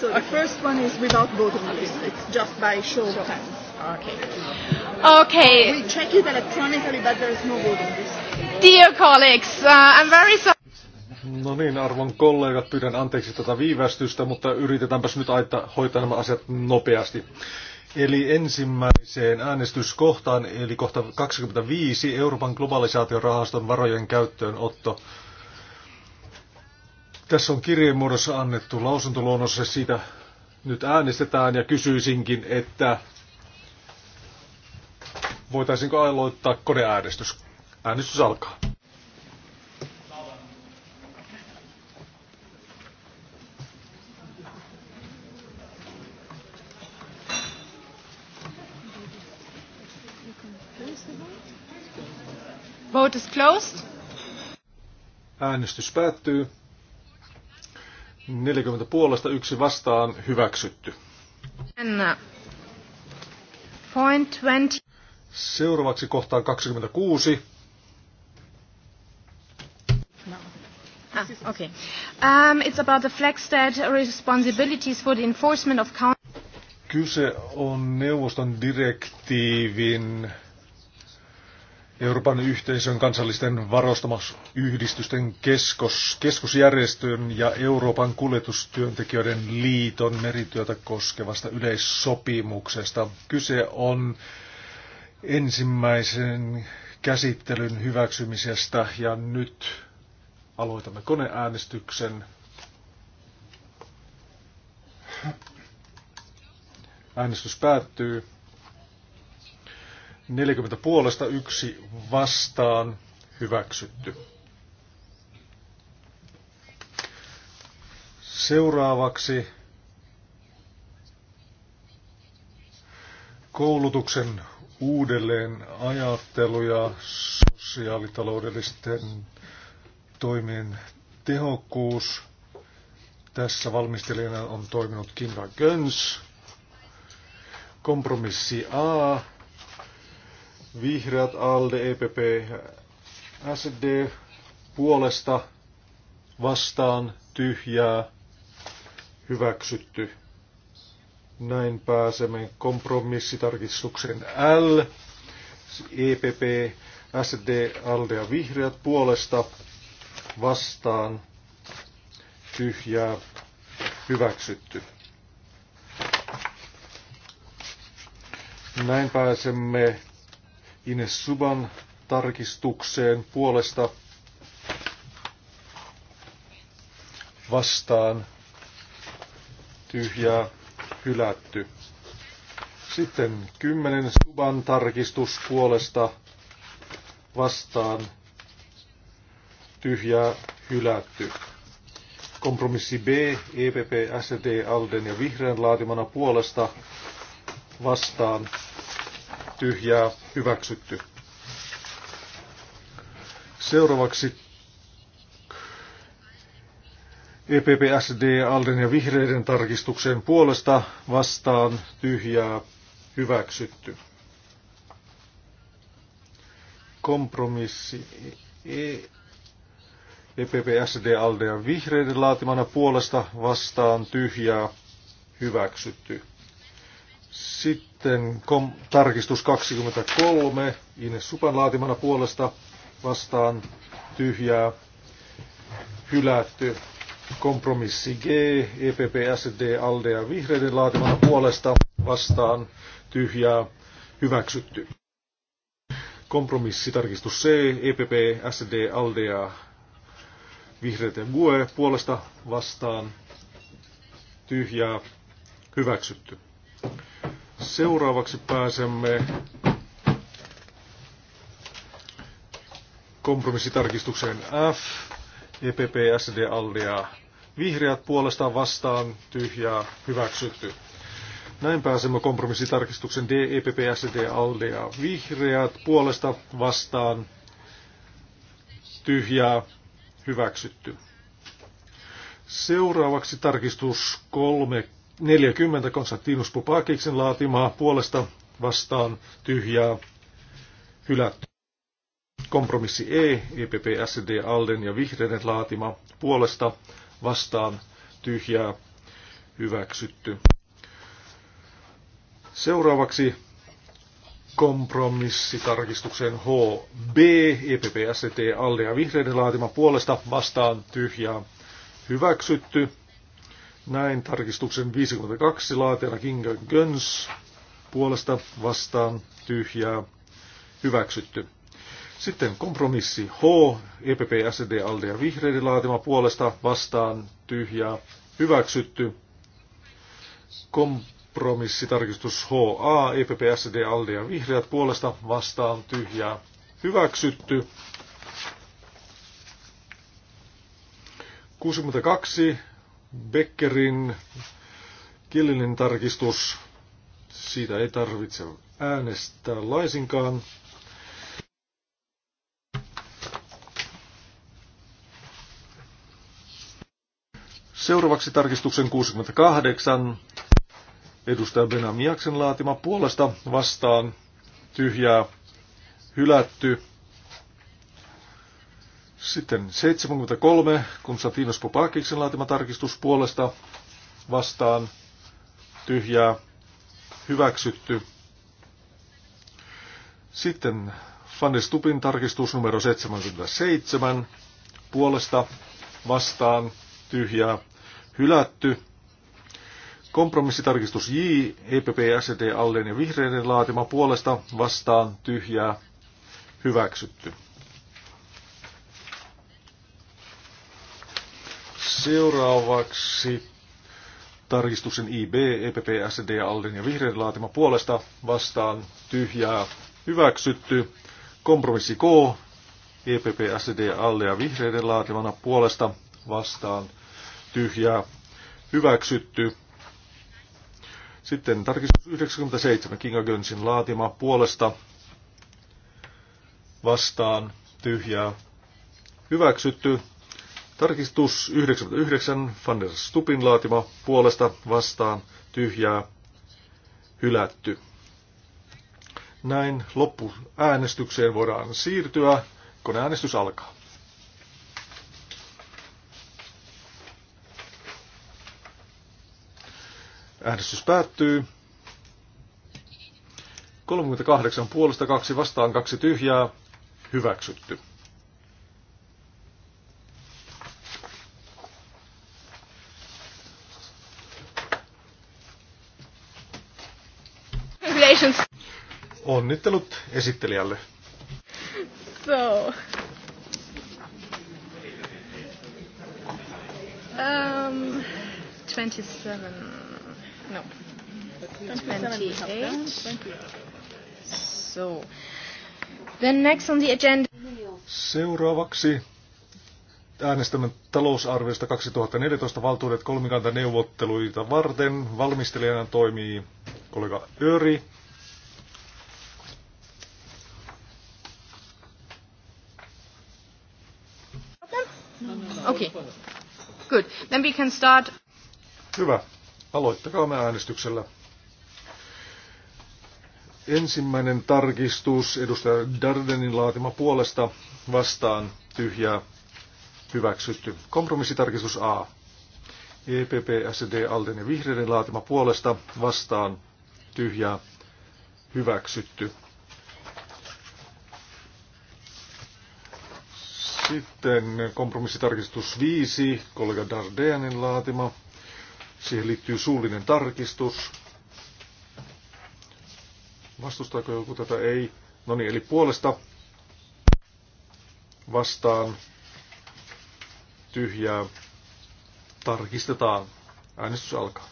So the first one is without voting list. It's just by show of hands. Okay. Okay. We check it electronically, but there is no voting list. Dear colleagues, uh, I'm very sorry. No niin, arvon kollegat, pyydän anteeksi tätä viivästystä, mutta yritetäänpäs nyt aita, hoitaa nämä asiat nopeasti. Eli ensimmäiseen äänestyskohtaan, eli kohta 25, Euroopan globalisaatiorahaston varojen käyttöönotto. otto tässä on kirjeen muodossa annettu lausuntoluonnos ja siitä nyt äänestetään ja kysyisinkin, että voitaisinko aloittaa koneäänestys. Äänestys alkaa. Vote is closed. Äänestys päättyy. 40 puolesta yksi vastaan hyväksytty. Uh, point 20. Seuraavaksi kohtaan 26. Ah, okay. Um, it's about the Flagstad responsibilities for the enforcement of Kyse on neuvoston direktiivin Euroopan yhteisön kansallisten varostamasyhdistysten keskos, keskusjärjestön ja Euroopan kuljetustyöntekijöiden liiton merityötä koskevasta yleissopimuksesta. Kyse on ensimmäisen käsittelyn hyväksymisestä ja nyt aloitamme koneäänestyksen. Äänestys päättyy. 40 puolesta yksi vastaan hyväksytty. Seuraavaksi koulutuksen uudelleen ajattelu ja sosiaalitaloudellisten toimien tehokkuus. Tässä valmistelijana on toiminut Kimra Göns. Kompromissi A Vihreät, ALDE, EPP, SD puolesta vastaan tyhjää hyväksytty. Näin pääsemme kompromissitarkistuksen L, EPP, SD, ALDE ja Vihreät puolesta vastaan tyhjää hyväksytty. Näin pääsemme Ines Suban tarkistukseen puolesta vastaan tyhjää hylätty. Sitten kymmenen Suban tarkistus puolesta vastaan tyhjää hylätty. Kompromissi B, EPP, SD, Alden ja Vihreän laatimana puolesta vastaan tyhjää hyväksytty. Seuraavaksi EPPSD Alden ja Vihreiden tarkistuksen puolesta vastaan tyhjää hyväksytty. Kompromissi e- EPPSD Alden ja Vihreiden laatimana puolesta vastaan tyhjää hyväksytty. Sitten kom- tarkistus 23, Ines Supan laatimana puolesta vastaan tyhjää, hylätty. Kompromissi G, EPP, SD, ALDE ja vihreiden laatimana puolesta vastaan tyhjää, hyväksytty. Kompromissi tarkistus C, EPP, SD, ALDE ja Vihreiden GUE puolesta vastaan tyhjää, hyväksytty. Seuraavaksi pääsemme kompromissitarkistukseen F, EPP, SD, ja vihreät puolestaan vastaan, tyhjää, hyväksytty. Näin pääsemme kompromissitarkistuksen D, EPP, SD, ja vihreät puolesta vastaan, tyhjää, hyväksytty. Seuraavaksi tarkistus 3. 40 Konstantinus Pupakiksen laatimaa puolesta vastaan tyhjää hylätty. Kompromissi E, EPP, SD, Alden ja Vihreiden laatima puolesta vastaan tyhjää hyväksytty. Seuraavaksi kompromissitarkistuksen HB, EPP, SD, Alden ja Vihreiden laatima puolesta vastaan tyhjää hyväksytty. Näin tarkistuksen 52 laatera Kinga Göns puolesta vastaan tyhjää hyväksytty. Sitten kompromissi H, EPP, SD, ALDE ja vihreiden laatima puolesta vastaan tyhjää hyväksytty. Kompromissitarkistus HA, EPP, SD, ALDE ja vihreät puolesta vastaan tyhjää hyväksytty. 62 Beckerin kielinen tarkistus. Siitä ei tarvitse äänestää laisinkaan. Seuraavaksi tarkistuksen 68. Edustaja Benamiaksen laatima puolesta vastaan tyhjää hylätty. Sitten 73, Konstantinos Popakiksen laatima tarkistus puolesta vastaan tyhjää hyväksytty. Sitten Fanny Stupin tarkistus numero 77 puolesta vastaan tyhjää hylätty. Kompromissitarkistus J, EPP, SED, Allen ja Vihreiden laatima puolesta vastaan tyhjää hyväksytty. Seuraavaksi tarkistuksen IB, EPP, SD ja Aldin ja Vihreiden laatima puolesta vastaan tyhjää hyväksytty. Kompromissi K, EPP, SD ja Alde ja Vihreiden laatimana puolesta vastaan tyhjää hyväksytty. Sitten tarkistus 97, Kinga Gönsin laatima puolesta vastaan tyhjää hyväksytty. Tarkistus 99, Van der Stupin laatima, puolesta vastaan, tyhjää, hylätty. Näin loppuäänestykseen voidaan siirtyä, kun äänestys alkaa. Äänestys päättyy. 38 puolesta, kaksi vastaan, kaksi tyhjää, hyväksytty. Onnittelut esittelijälle. So. Um, 27. No. 28. So. Then next on the agenda. Seuraavaksi äänestämme talousarviosta 2014 valtuudet kolmikantaneuvotteluita varten. Valmistelijana toimii kollega Öri. we can start. Hyvä. Aloittakaa me äänestyksellä. Ensimmäinen tarkistus edustaja Dardenin laatima puolesta vastaan tyhjää hyväksytty. Kompromissitarkistus A. EPP, SD, Alden ja Vihreiden laatima puolesta vastaan tyhjää hyväksytty. Sitten kompromissitarkistus 5, kollega Dardenin laatima. Siihen liittyy suullinen tarkistus. Vastustaako joku tätä? Ei. No niin, eli puolesta vastaan tyhjää tarkistetaan. Äänestys alkaa.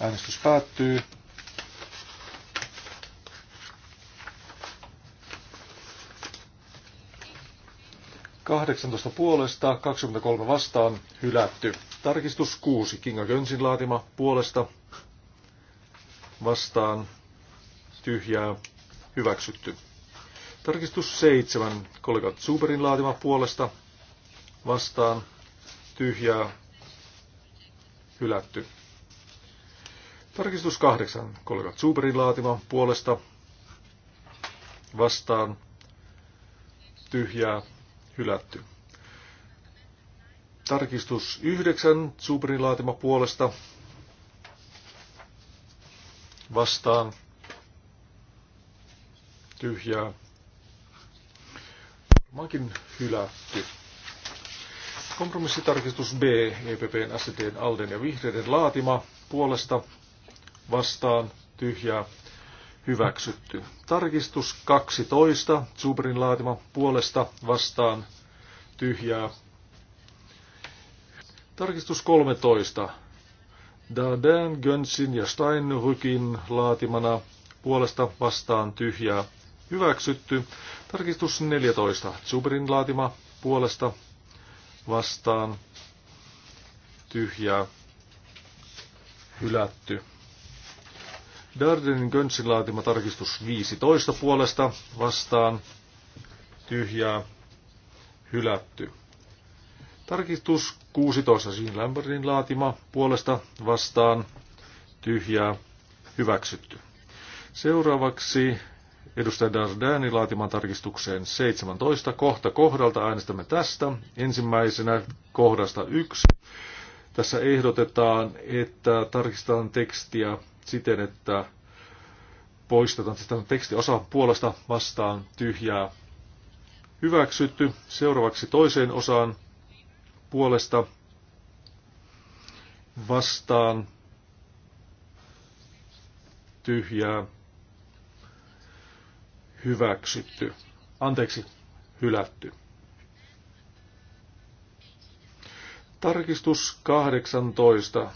Äänestys päättyy. 18 puolesta, 23 vastaan, hylätty. Tarkistus 6, Kinga Gönsin laatima puolesta, vastaan, tyhjää, hyväksytty. Tarkistus 7, kollega Zuberin laatima puolesta, vastaan, tyhjää, hylätty. Tarkistus 8, kollega Zuberin laatima puolesta, vastaan, tyhjää, hylätty. Tarkistus 9 Zubrin laatima puolesta vastaan tyhjää. Varmaankin hylätty. Kompromissitarkistus B, EPPn, SDn, Alden ja Vihreiden laatima puolesta vastaan tyhjää hyväksytty. Tarkistus 12, Zubrin laatima puolesta vastaan tyhjää. Tarkistus 13, Darden, Gönsin ja Steinrykin laatimana puolesta vastaan tyhjää hyväksytty. Tarkistus 14, Zubrin laatima puolesta vastaan tyhjää hylätty. Dardenin Gönsin laatima tarkistus 15 puolesta vastaan tyhjää hylätty. Tarkistus 16 Jean Lambertin laatima puolesta vastaan tyhjää hyväksytty. Seuraavaksi edustaja Dardani laatimaan tarkistukseen 17. Kohta kohdalta äänestämme tästä. Ensimmäisenä kohdasta 1. Tässä ehdotetaan, että tarkistetaan tekstiä siten, että poistetaan teksti tekstiosa puolesta vastaan tyhjää hyväksytty. Seuraavaksi toiseen osaan puolesta vastaan tyhjää hyväksytty. Anteeksi, hylätty. Tarkistus 18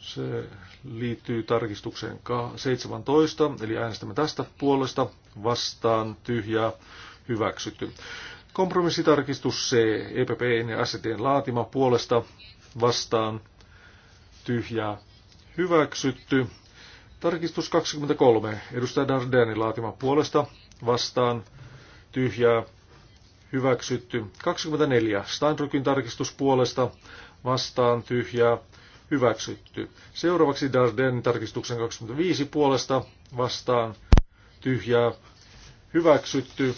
se liittyy tarkistukseen 17, eli äänestämme tästä puolesta vastaan tyhjää hyväksytty. Kompromissitarkistus C, EPPn ja SDn laatima puolesta vastaan tyhjää hyväksytty. Tarkistus 23, edustaja Dardenin laatima puolesta vastaan tyhjää hyväksytty. 24, Steinrückin tarkistus puolesta vastaan tyhjää hyväksytty. Seuraavaksi Darden tarkistuksen 25 puolesta vastaan tyhjää hyväksytty.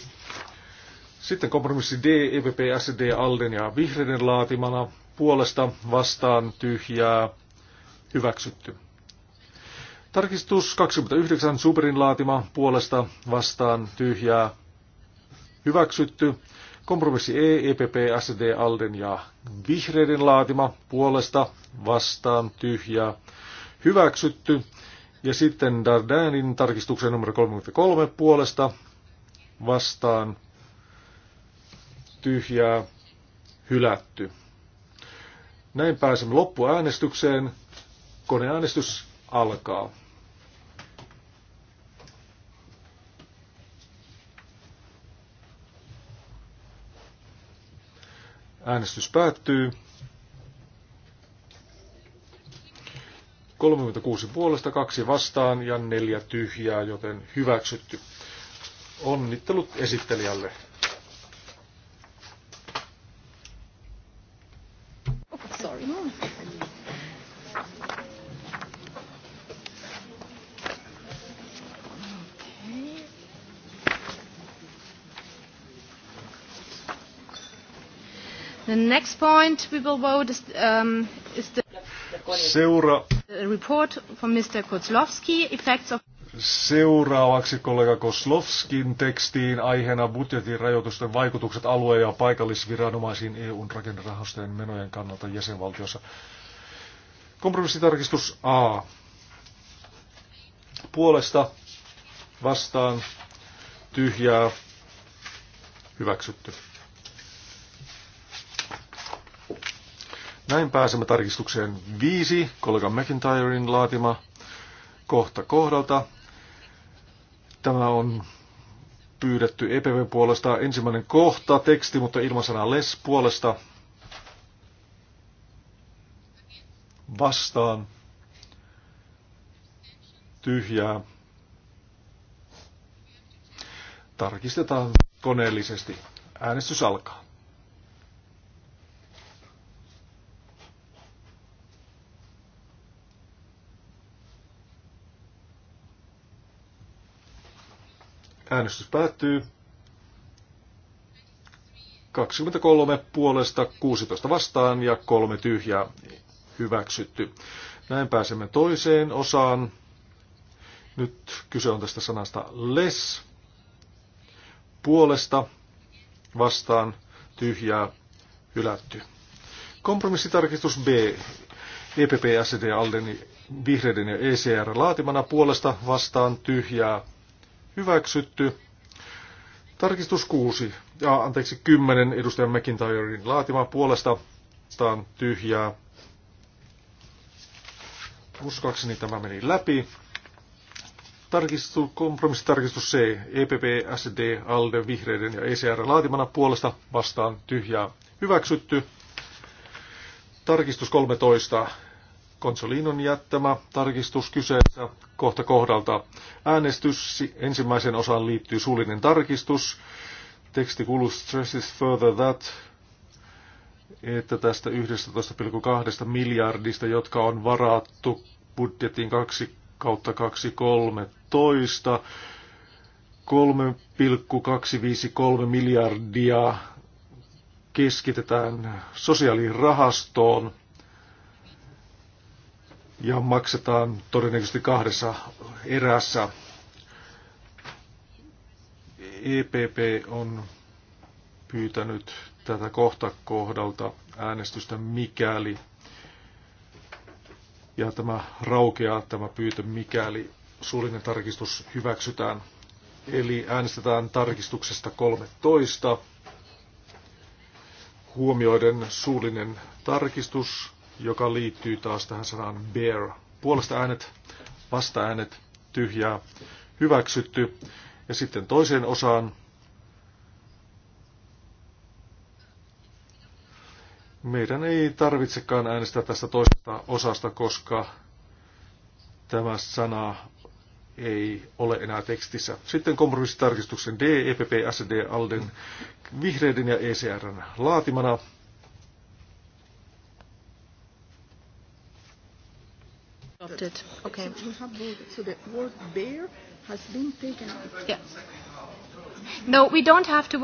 Sitten kompromissi D, EPP, SD, Alden ja Vihreiden laatimana puolesta vastaan tyhjää hyväksytty. Tarkistus 29, Superin laatima puolesta vastaan tyhjää hyväksytty. Kompromissi E, EPP, SD, Alden ja Vihreiden laatima puolesta vastaan tyhjää hyväksytty. Ja sitten Dardanin tarkistuksen numero 33 puolesta vastaan tyhjää hylätty. Näin pääsemme loppuäänestykseen. Koneäänestys alkaa. Äänestys päättyy. 36 puolesta, kaksi vastaan ja neljä tyhjää, joten hyväksytty. Onnittelut esittelijälle. next point we will vote is, um, is the, Seura- report from Mr. Kozlovski, effects of Seuraavaksi kollega Koslovskin tekstiin aiheena budjetin rajoitusten vaikutukset alue- ja paikallisviranomaisiin EUn rakennerahastojen menojen kannalta jäsenvaltiossa. Kompromissitarkistus A. Puolesta vastaan tyhjää hyväksytty. Näin pääsemme tarkistukseen viisi, kollega McIntyren laatima kohta kohdalta. Tämä on pyydetty EPV puolesta ensimmäinen kohta, teksti, mutta ilman sanaa les puolesta. Vastaan. Tyhjää. Tarkistetaan koneellisesti. Äänestys alkaa. Äänestys päättyy. 23 puolesta, 16 vastaan ja kolme tyhjää hyväksytty. Näin pääsemme toiseen osaan. Nyt kyse on tästä sanasta les. Puolesta, vastaan, tyhjää, hylätty. Kompromissitarkistus B. EPP, SD, Alden, Vihreiden ja ECR laatimana puolesta vastaan tyhjää hyväksytty. Tarkistus 6, ja anteeksi 10 edustajan McIntyrein laatima puolesta vastaan tyhjää. Uskoakseni tämä meni läpi. Tarkistus kompromissitarkistus C, EPP, SD, ALDE, Vihreiden ja ECR laatimana puolesta vastaan tyhjää hyväksytty. Tarkistus 13 Konsoliinon jättämä tarkistus kyseessä kohta kohdalta. Äänestys ensimmäisen osaan liittyy suullinen tarkistus. Teksti kuuluu stresses further that, että tästä 11,2 miljardista, jotka on varattu budjetin 2 kautta 2013, 3,253 miljardia keskitetään sosiaalirahastoon – ja maksetaan todennäköisesti kahdessa erässä. EPP on pyytänyt tätä kohta kohdalta äänestystä mikäli. Ja tämä raukeaa tämä pyytö mikäli suullinen tarkistus hyväksytään. Eli äänestetään tarkistuksesta 13 huomioiden suullinen tarkistus joka liittyy taas tähän sanaan bear. Puolesta äänet, vasta äänet, tyhjää, hyväksytty. Ja sitten toiseen osaan meidän ei tarvitsekaan äänestää tästä toisesta osasta, koska tämä sana ei ole enää tekstissä. Sitten kompromissitarkistuksen D, EPP, SD, ALDEN, Vihreiden ja ECRn laatimana Adopted. Okay. So we have both. So the word bear has been taken out. Yeah. No, we don't have to...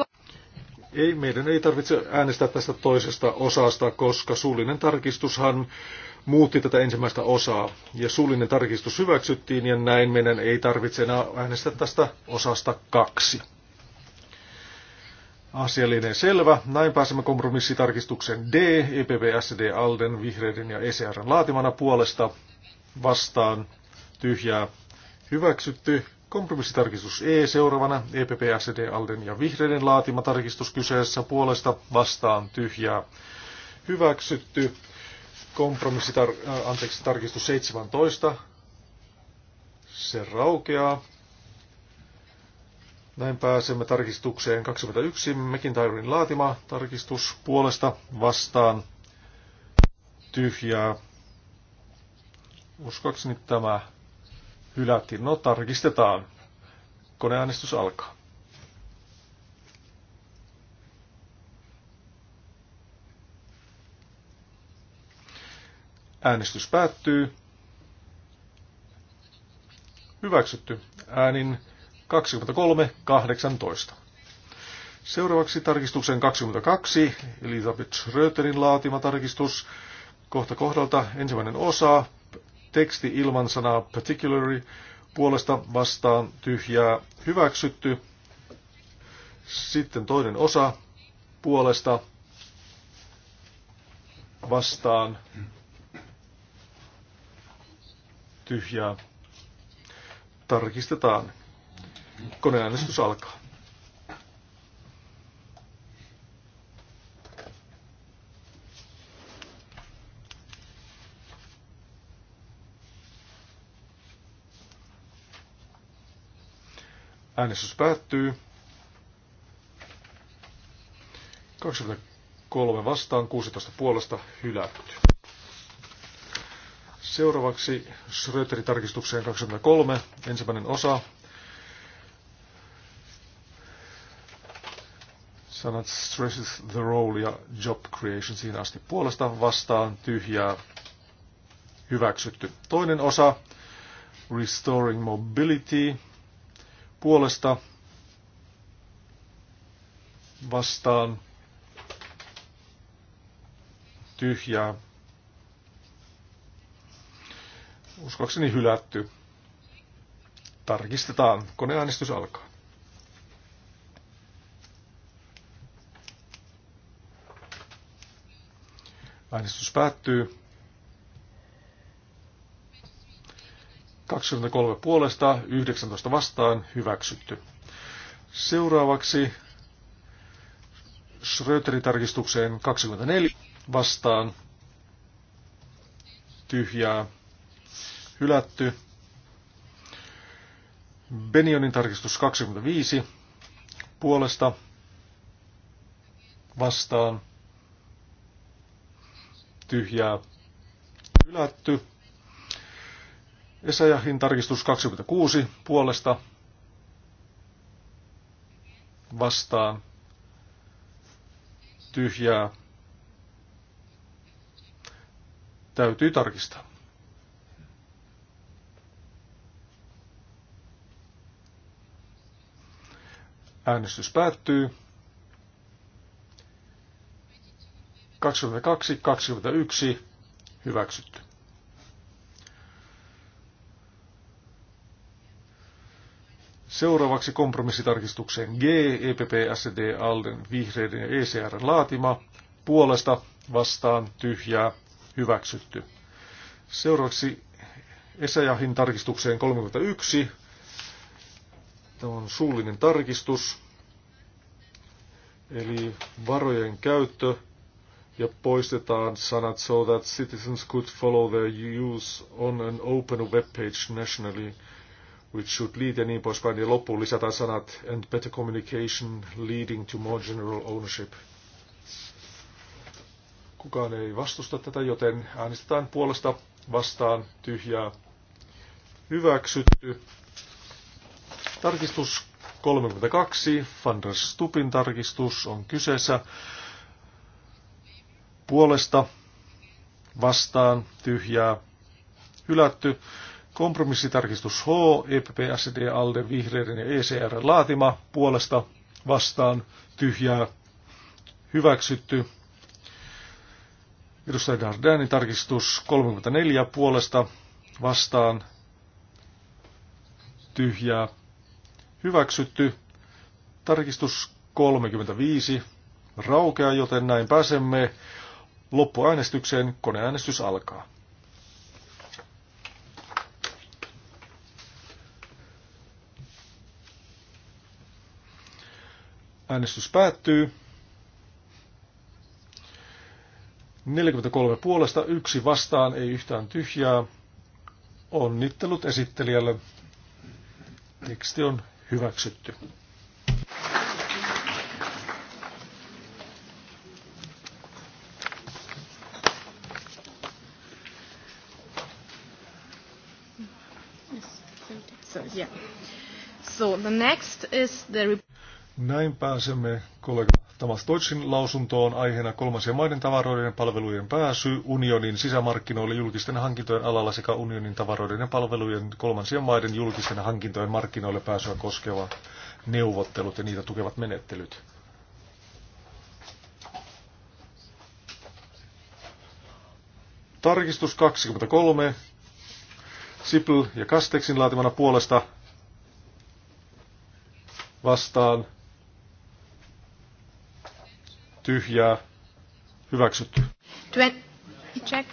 Ei, meidän ei tarvitse äänestää tästä toisesta osasta, koska suullinen tarkistushan muutti tätä ensimmäistä osaa. Ja suullinen tarkistus hyväksyttiin, ja näin meidän ei tarvitse enää äänestää tästä osasta kaksi. Asiallinen selvä. Näin pääsemme kompromissitarkistuksen D, EPP, SD, Alden, Vihreiden ja ECRn laatimana puolesta vastaan tyhjää hyväksytty. Kompromissitarkistus E seuraavana, EPP, SD, Alden ja Vihreiden laatima tarkistus kyseessä puolesta vastaan tyhjää hyväksytty. Kompromissitar, äh, anteeksi, tarkistus 17, se raukeaa. Näin pääsemme tarkistukseen 21, mekin Tyronin laatima tarkistus puolesta vastaan tyhjää Uskoakseni tämä hylättiin. No tarkistetaan. Koneäänestys alkaa. Äänestys päättyy. Hyväksytty. Äänin 23.18. Seuraavaksi tarkistuksen 22, Elisabeth Schröterin laatima tarkistus. Kohta kohdalta ensimmäinen osa teksti ilman sanaa particularly puolesta vastaan tyhjää hyväksytty. Sitten toinen osa puolesta vastaan tyhjää tarkistetaan. Koneäänestys alkaa. Äänestys päättyy. 23 vastaan, 16 puolesta hylätty. Seuraavaksi Schröterin tarkistukseen 23, ensimmäinen osa. Sanat stresses the role ja job creation siinä asti puolesta vastaan tyhjää hyväksytty. Toinen osa, restoring mobility, puolesta vastaan tyhjää. Uskoakseni hylätty. Tarkistetaan. Koneäänestys alkaa. Äänestys päättyy. 23 puolesta, 19 vastaan, hyväksytty. Seuraavaksi Schröterin tarkistukseen 24 vastaan, tyhjää, hylätty. Benionin tarkistus 25 puolesta vastaan tyhjää hylätty. Esajahin tarkistus 26 puolesta vastaan tyhjää täytyy tarkistaa. Äänestys päättyy. 22-21 hyväksytty. Seuraavaksi kompromissitarkistuksen G, EPP, SD, ALDEN, Vihreiden ja ECR laatima. Puolesta vastaan tyhjää hyväksytty. Seuraavaksi Esäjahin tarkistukseen 31. Tämä on suullinen tarkistus. Eli varojen käyttö ja poistetaan sanat so that citizens could follow their use on an open web page nationally which should lead ja niin poispäin. Ja loppuun lisätään sanat and better communication leading to more general ownership. Kukaan ei vastusta tätä, joten äänestetään puolesta vastaan tyhjää hyväksytty. Tarkistus 32, Van der Stupin tarkistus on kyseessä. Puolesta vastaan tyhjää hylätty. Kompromissitarkistus H, EPP, SD, ALDE, Vihreiden ja ECR laatima puolesta vastaan tyhjää hyväksytty. Edustaja Dardanin tarkistus 34 puolesta vastaan tyhjää hyväksytty. Tarkistus 35 raukeaa, joten näin pääsemme loppuäänestykseen. Koneäänestys alkaa. Äänestys päättyy. 43 puolesta, yksi vastaan, ei yhtään tyhjää. Onnittelut esittelijälle. Teksti on hyväksytty. So the next is the näin pääsemme kollega Thomas Deutschin lausuntoon aiheena kolmansien maiden tavaroiden ja palvelujen pääsy unionin sisämarkkinoille julkisten hankintojen alalla sekä unionin tavaroiden ja palvelujen kolmansien maiden julkisten hankintojen markkinoille pääsyä koskeva neuvottelut ja niitä tukevat menettelyt. Tarkistus 23. Sipl ja Kasteksin laatimana puolesta vastaan tyhjää, hyväksytty. Check.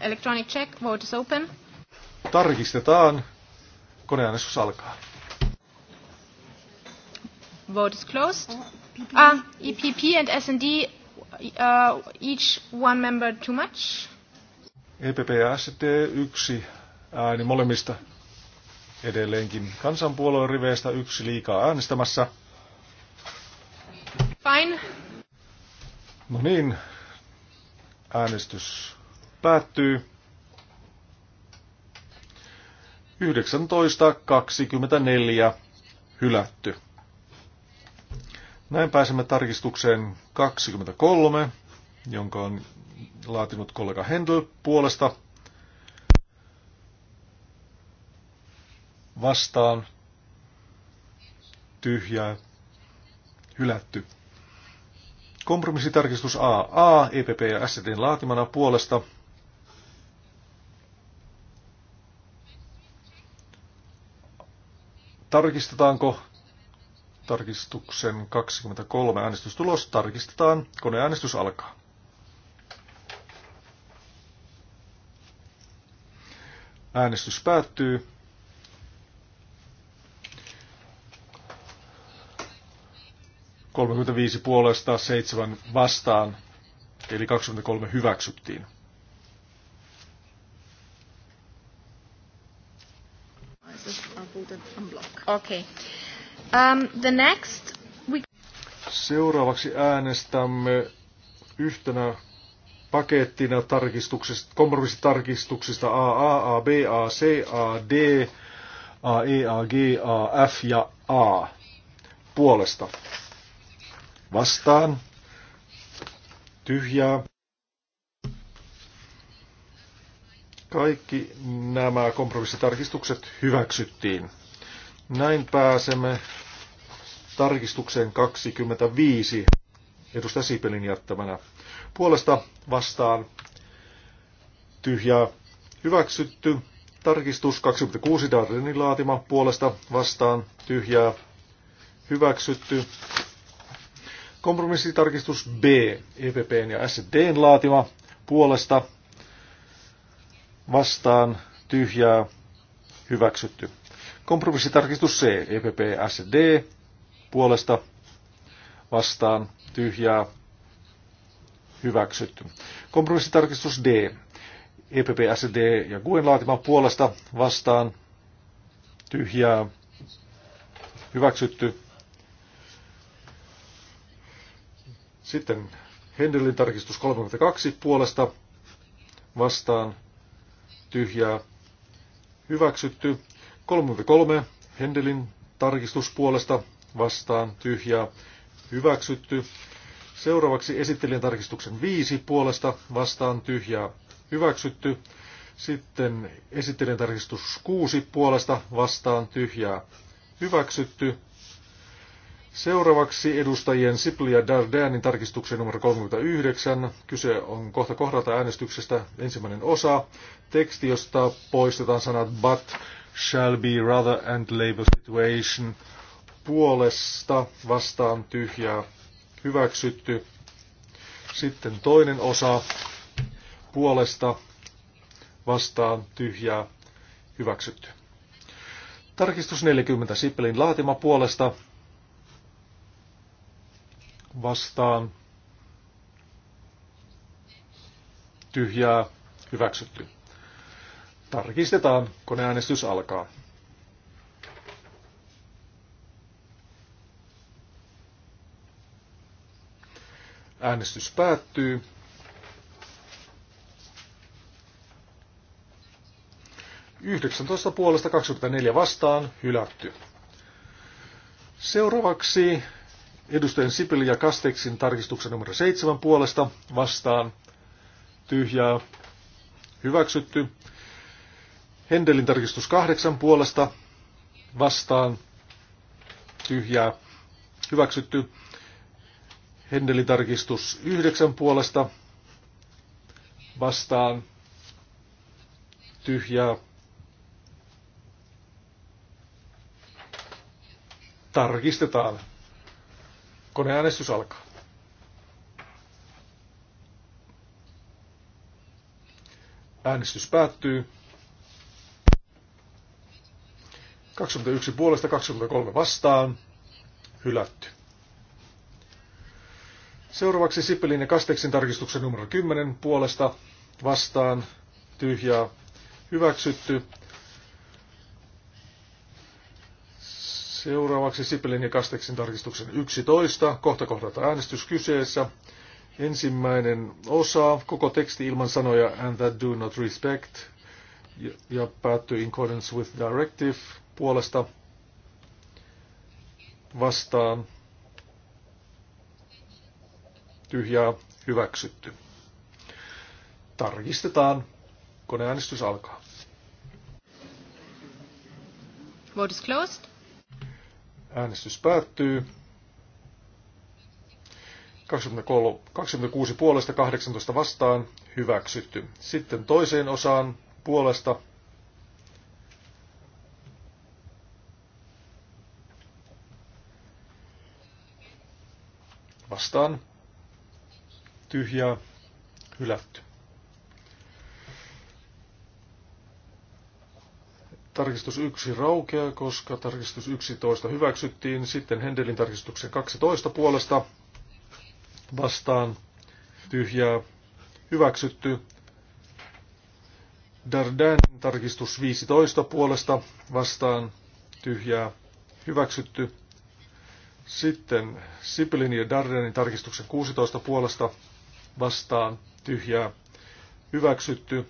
Electronic check. Vote is open. Tarkistetaan. Koneäänestys alkaa. Vote is closed. Ah, EPP and SND uh, each one member too much. EPP ja SD, yksi ääni molemmista edelleenkin kansanpuolueen riveistä, yksi liikaa äänestämässä. Fine. No niin, äänestys päättyy. 19.24 hylätty. Näin pääsemme tarkistukseen 23, jonka on laatinut kollega Hendel puolesta. Vastaan tyhjää hylätty. Kompromissitarkistus AA, EPP ja SDn laatimana puolesta. Tarkistetaanko tarkistuksen 23 äänestystulos? Tarkistetaan. Koneäänestys alkaa. Äänestys päättyy. 35 puolesta, 7 vastaan, eli 23 hyväksyttiin. Okay. Um, the next we... Seuraavaksi äänestämme yhtenä pakettina tarkistuksista, kompromissitarkistuksista AA, AB, AC, AD, AE, AG, AF ja A puolesta vastaan, tyhjää. Kaikki nämä kompromissitarkistukset hyväksyttiin. Näin pääsemme tarkistukseen 25 edustaja Sipelin jättämänä. Puolesta vastaan tyhjää hyväksytty. Tarkistus 26 Darlinin laatima puolesta vastaan tyhjää hyväksytty. Kompromissitarkistus B, EPPn ja SDn laatima puolesta vastaan tyhjää hyväksytty. Kompromissitarkistus C, EPP, SD puolesta vastaan tyhjää hyväksytty. Kompromissitarkistus D, EPP, SD ja Guen laatima puolesta vastaan tyhjää hyväksytty. Sitten Hendelin tarkistus 32 puolesta vastaan tyhjää hyväksytty. 33 Hendelin tarkistus puolesta vastaan tyhjää hyväksytty. Seuraavaksi esittelijän tarkistuksen 5 puolesta vastaan tyhjää hyväksytty. Sitten esittelijän tarkistus 6 puolesta vastaan tyhjää hyväksytty. Seuraavaksi edustajien Sipli ja Dardanin tarkistuksen numero 39. Kyse on kohta kohdalta äänestyksestä ensimmäinen osa. Teksti, josta poistetaan sanat but, shall be, rather and labor situation. Puolesta vastaan tyhjää hyväksytty. Sitten toinen osa. Puolesta vastaan tyhjää hyväksytty. Tarkistus 40 Sipelin laatima puolesta vastaan tyhjää hyväksytty. Tarkistetaan, koneäänestys alkaa. Äänestys päättyy. puolesta 24 vastaan hylätty. Seuraavaksi edustajien Sipeli ja Kasteksin tarkistuksen numero 7 puolesta vastaan tyhjää hyväksytty. Hendelin tarkistus 8 puolesta vastaan tyhjää hyväksytty. Hendelin tarkistus 9 puolesta vastaan tyhjää tarkistetaan. Koneäänestys alkaa. Äänestys päättyy. 21 puolesta 23 vastaan. Hylätty. Seuraavaksi Sippelin ja Kasteksin tarkistuksen numero 10 puolesta vastaan tyhjää hyväksytty. Seuraavaksi Sipelin ja Kasteksin tarkistuksen 11. Kohta kohdata äänestys kyseessä. Ensimmäinen osa, koko teksti ilman sanoja and that do not respect ja, ja päättyy in accordance with directive puolesta vastaan tyhjää hyväksytty. Tarkistetaan. Koneäänestys alkaa. Vote is closed. Äänestys päättyy. 23, 26 puolesta 18 vastaan hyväksytty. Sitten toiseen osaan puolesta vastaan tyhjää hylätty. Tarkistus 1 raukeaa, koska tarkistus 11 hyväksyttiin. Sitten Hendelin tarkistuksen 12 puolesta vastaan tyhjää hyväksytty. Dardanin tarkistus 15 puolesta vastaan tyhjää hyväksytty. Sitten Sipelin ja Dardanin tarkistuksen 16 puolesta vastaan tyhjää hyväksytty.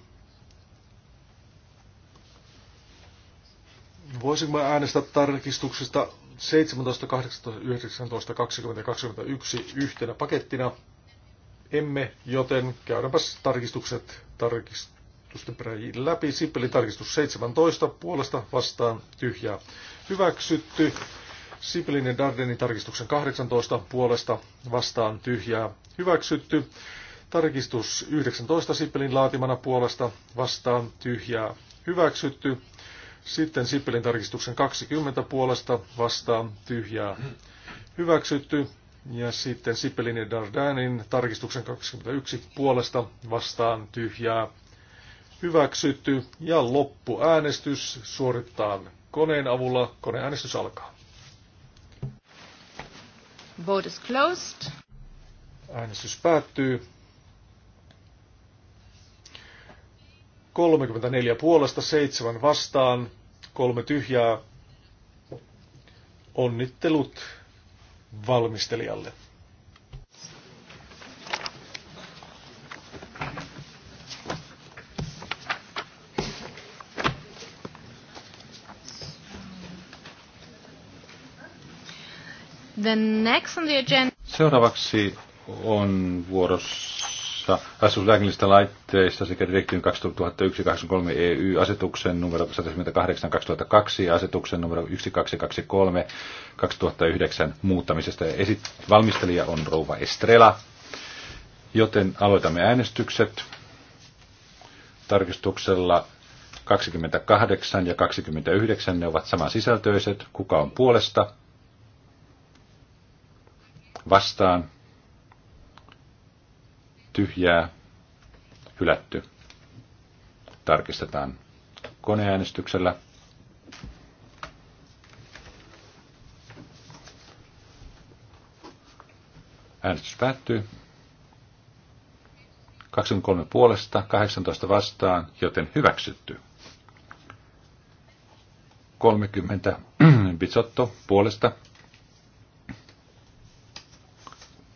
Voisinko mä äänestää tarkistuksista 17, 18, 19, 20, 21 yhtenä pakettina? Emme, joten käydäänpä tarkistukset tarkistusten peräjiin läpi. Sippeli tarkistus 17, puolesta vastaan tyhjää hyväksytty. Sipelin ja Dardenin tarkistuksen 18 puolesta vastaan tyhjää hyväksytty. Tarkistus 19 Sipelin laatimana puolesta vastaan tyhjää hyväksytty. Sitten Sipelin tarkistuksen 20 puolesta vastaan tyhjää hyväksytty. Ja sitten Sipelin ja Dardanin tarkistuksen 21 puolesta vastaan tyhjää hyväksytty. Ja loppuäänestys suoritetaan koneen avulla. Koneäänestys alkaa. Vote is closed. Äänestys päättyy. 34 puolesta, 7 vastaan, kolme tyhjää. Onnittelut valmistelijalle. The next on the agenda. Seuraavaksi on vuorossa muassa asetuslääkinnällisistä laitteista sekä direktiivin 2001 2003 eu asetuksen numero 178-2002 ja asetuksen numero 1223-2009 muuttamisesta. Esit- valmistelija on Rouva Estrela, joten aloitamme äänestykset tarkistuksella 28 ja 29, ne ovat samansisältöiset. Kuka on puolesta? Vastaan tyhjää, hylätty. Tarkistetaan koneäänestyksellä. Äänestys päättyy. 23 puolesta, 18 vastaan, joten hyväksytty. 30 Bizzotto puolesta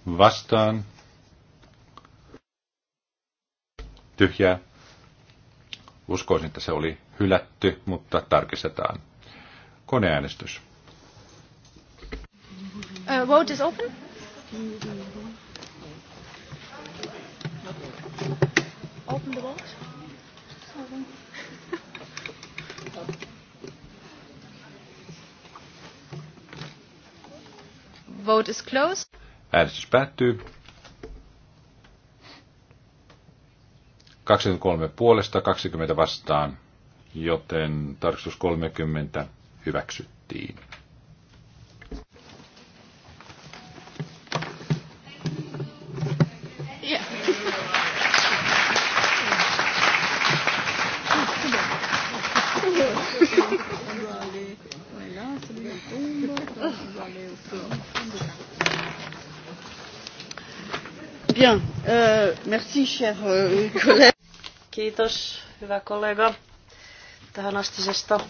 vastaan tyhjää. Uskoisin, että se oli hylätty, mutta tarkistetaan. Koneäänestys. Uh, vote is open. Open the vote. Vote is closed. Äänestys päättyy. 23 puolesta, 20 vastaan, joten tarkistus 30 hyväksyttiin. Bien, euh, merci chers euh, collègues. Kiitos, hyvä kollega, tähän astisesta.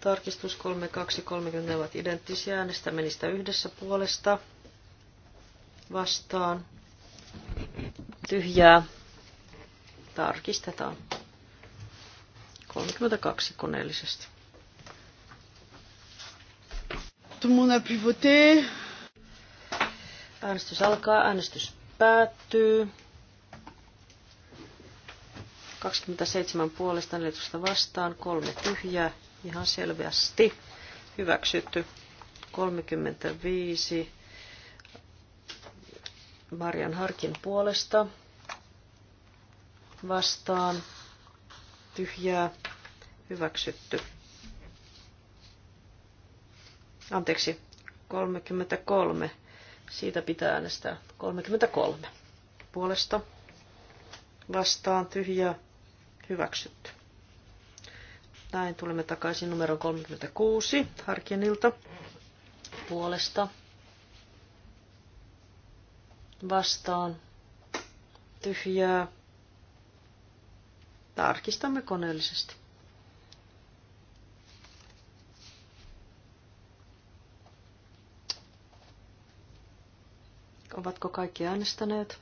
Tarkistus 3230 ovat identtisiä. Äänestämme niistä yhdessä puolesta vastaan. Tyhjää. Tarkistetaan. 32 koneellisesti. Tout a pu voter. Äänestys alkaa, äänestys päättyy. 27 puolesta 14 vastaan, kolme tyhjää, ihan selvästi hyväksytty. 35 Marian Harkin puolesta vastaan, tyhjää, hyväksytty. Anteeksi, 33. Siitä pitää äänestää 33 puolesta vastaan tyhjää Hyväksytty. Näin tulemme takaisin numero 36 Harkinilta puolesta vastaan tyhjää. Tarkistamme koneellisesti. Ovatko kaikki äänestäneet?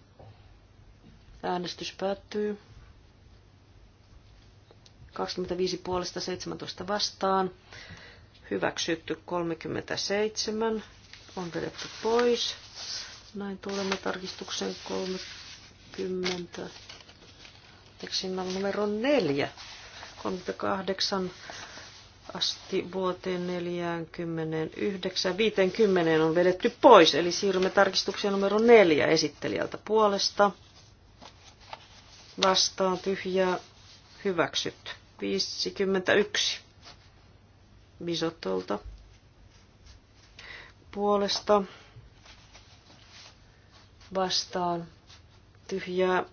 Äänestys päättyy. 25 puolesta 17 vastaan. Hyväksytty 37. On vedetty pois. Näin tulemme tarkistuksen 30. teksin on numero 4. 38 asti vuoteen 49. 50 on vedetty pois, eli siirrymme tarkistukseen numero 4 esittelijältä puolesta. Vastaan tyhjää hyväksytty. 51 Bisotolta puolesta vastaan tyhjää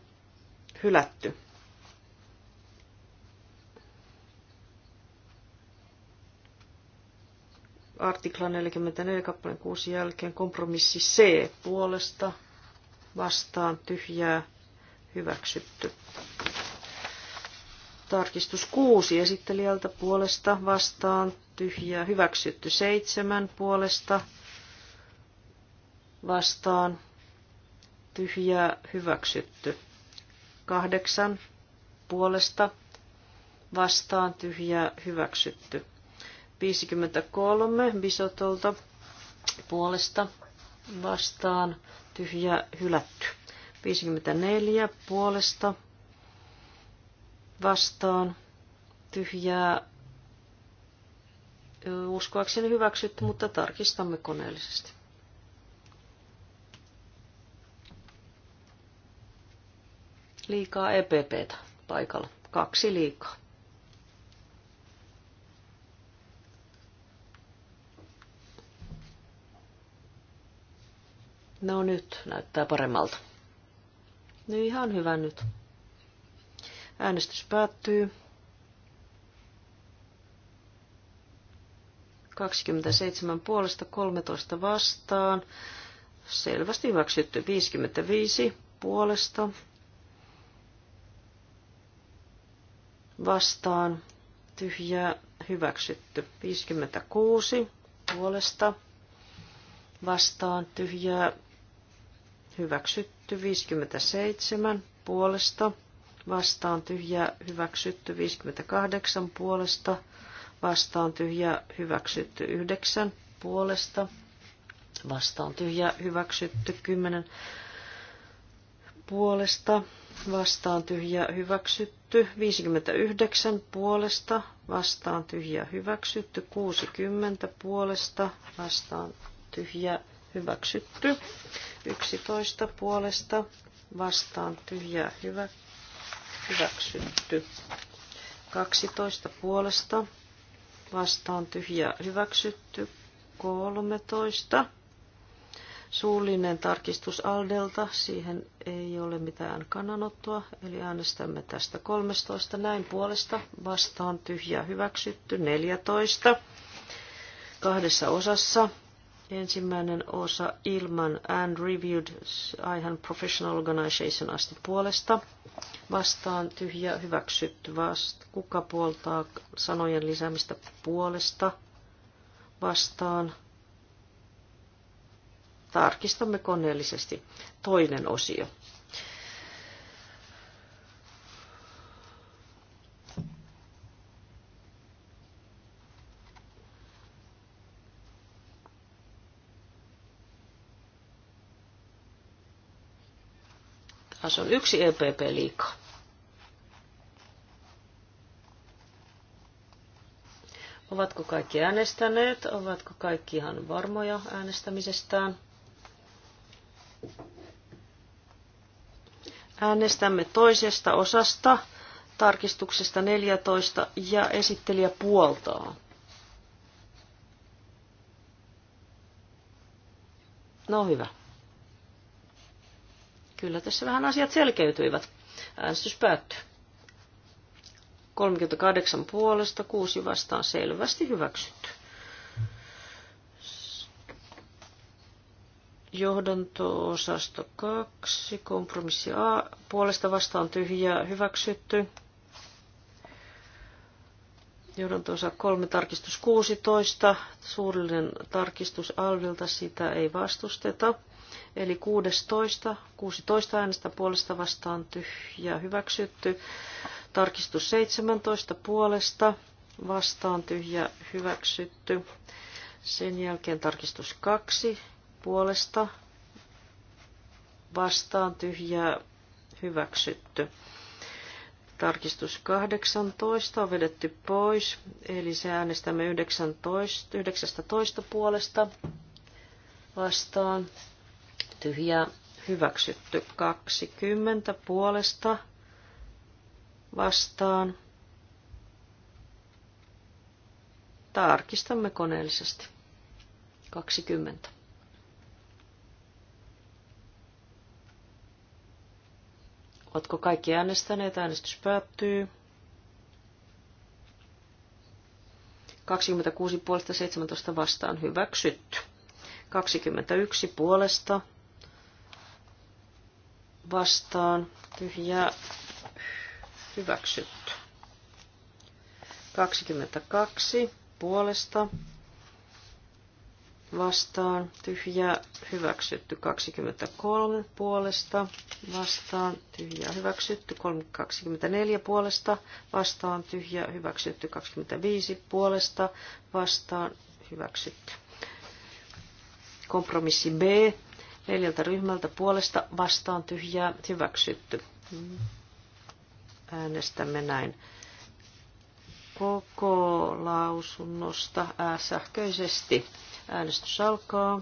hylätty. Artikla 44 kappaleen 6 jälkeen kompromissi C puolesta vastaan tyhjää hyväksytty. Tarkistus 6 esittelijältä puolesta vastaan tyhjä Hyväksytty 7 puolesta vastaan tyhjä Hyväksytty 8 puolesta vastaan tyhjä Hyväksytty 53 bisotolta puolesta vastaan tyhjä Hylätty 54 puolesta vastaan tyhjää uskoakseni hyväksytty, mutta tarkistamme koneellisesti. Liikaa EPPtä paikalla. Kaksi liikaa. No nyt näyttää paremmalta. No ihan hyvä nyt. Äänestys päättyy. 27 puolesta 13 vastaan. Selvästi hyväksytty 55 puolesta vastaan. Tyhjää hyväksytty 56 puolesta vastaan. Tyhjää hyväksytty 57 puolesta vastaan tyhjä hyväksytty 58 puolesta, vastaan tyhjä hyväksytty 9 puolesta, vastaan tyhjä hyväksytty 10 puolesta, vastaan tyhjä hyväksytty 59 puolesta, vastaan tyhjä hyväksytty 60 puolesta, vastaan tyhjä hyväksytty 11 puolesta, vastaan tyhjä hyväksytty hyväksytty. 12 puolesta vastaan tyhjä hyväksytty. 13 suullinen tarkistus Aldelta. Siihen ei ole mitään kannanottoa, eli äänestämme tästä 13. Näin puolesta vastaan tyhjä hyväksytty 14. Kahdessa osassa Ensimmäinen osa ilman and reviewed aihan professional organization asti puolesta. Vastaan tyhjä hyväksytty vast. Kuka puoltaa sanojen lisäämistä puolesta? Vastaan. Tarkistamme koneellisesti. Toinen osio. Se on yksi EPP liikaa. Ovatko kaikki äänestäneet? Ovatko kaikki ihan varmoja äänestämisestään? Äänestämme toisesta osasta tarkistuksesta 14 ja esittelijä puoltaa. No hyvä. Kyllä tässä vähän asiat selkeytyivät. Äänestys päättyy. 38 puolesta, 6 vastaan selvästi hyväksytty. Johdanto-osasto 2, kompromissi A, puolesta vastaan tyhjää hyväksytty. Johdanto-osa 3, tarkistus 16, suurellinen tarkistus Alvilta, sitä ei vastusteta. Eli 16, 16 äänestä puolesta vastaan ja hyväksytty. Tarkistus 17 puolesta vastaan tyhjä hyväksytty. Sen jälkeen tarkistus 2 puolesta vastaan ja hyväksytty. Tarkistus 18 on vedetty pois, eli se äänestämme 19, 19 puolesta vastaan tyhjää hyväksytty 20 puolesta vastaan. Tarkistamme koneellisesti. 20. Oletko kaikki äänestäneet? Äänestys päättyy. 26 puolesta 17 vastaan hyväksytty. 21 puolesta vastaan tyhjää hyväksytty. 22 puolesta vastaan tyhjää hyväksytty. 23 puolesta vastaan tyhjää hyväksytty. 24 puolesta vastaan tyhjä hyväksytty. 25 puolesta vastaan hyväksytty. Kompromissi B neljältä ryhmältä puolesta vastaan tyhjää hyväksytty. Äänestämme näin koko lausunnosta ää, sähköisesti. Äänestys alkaa.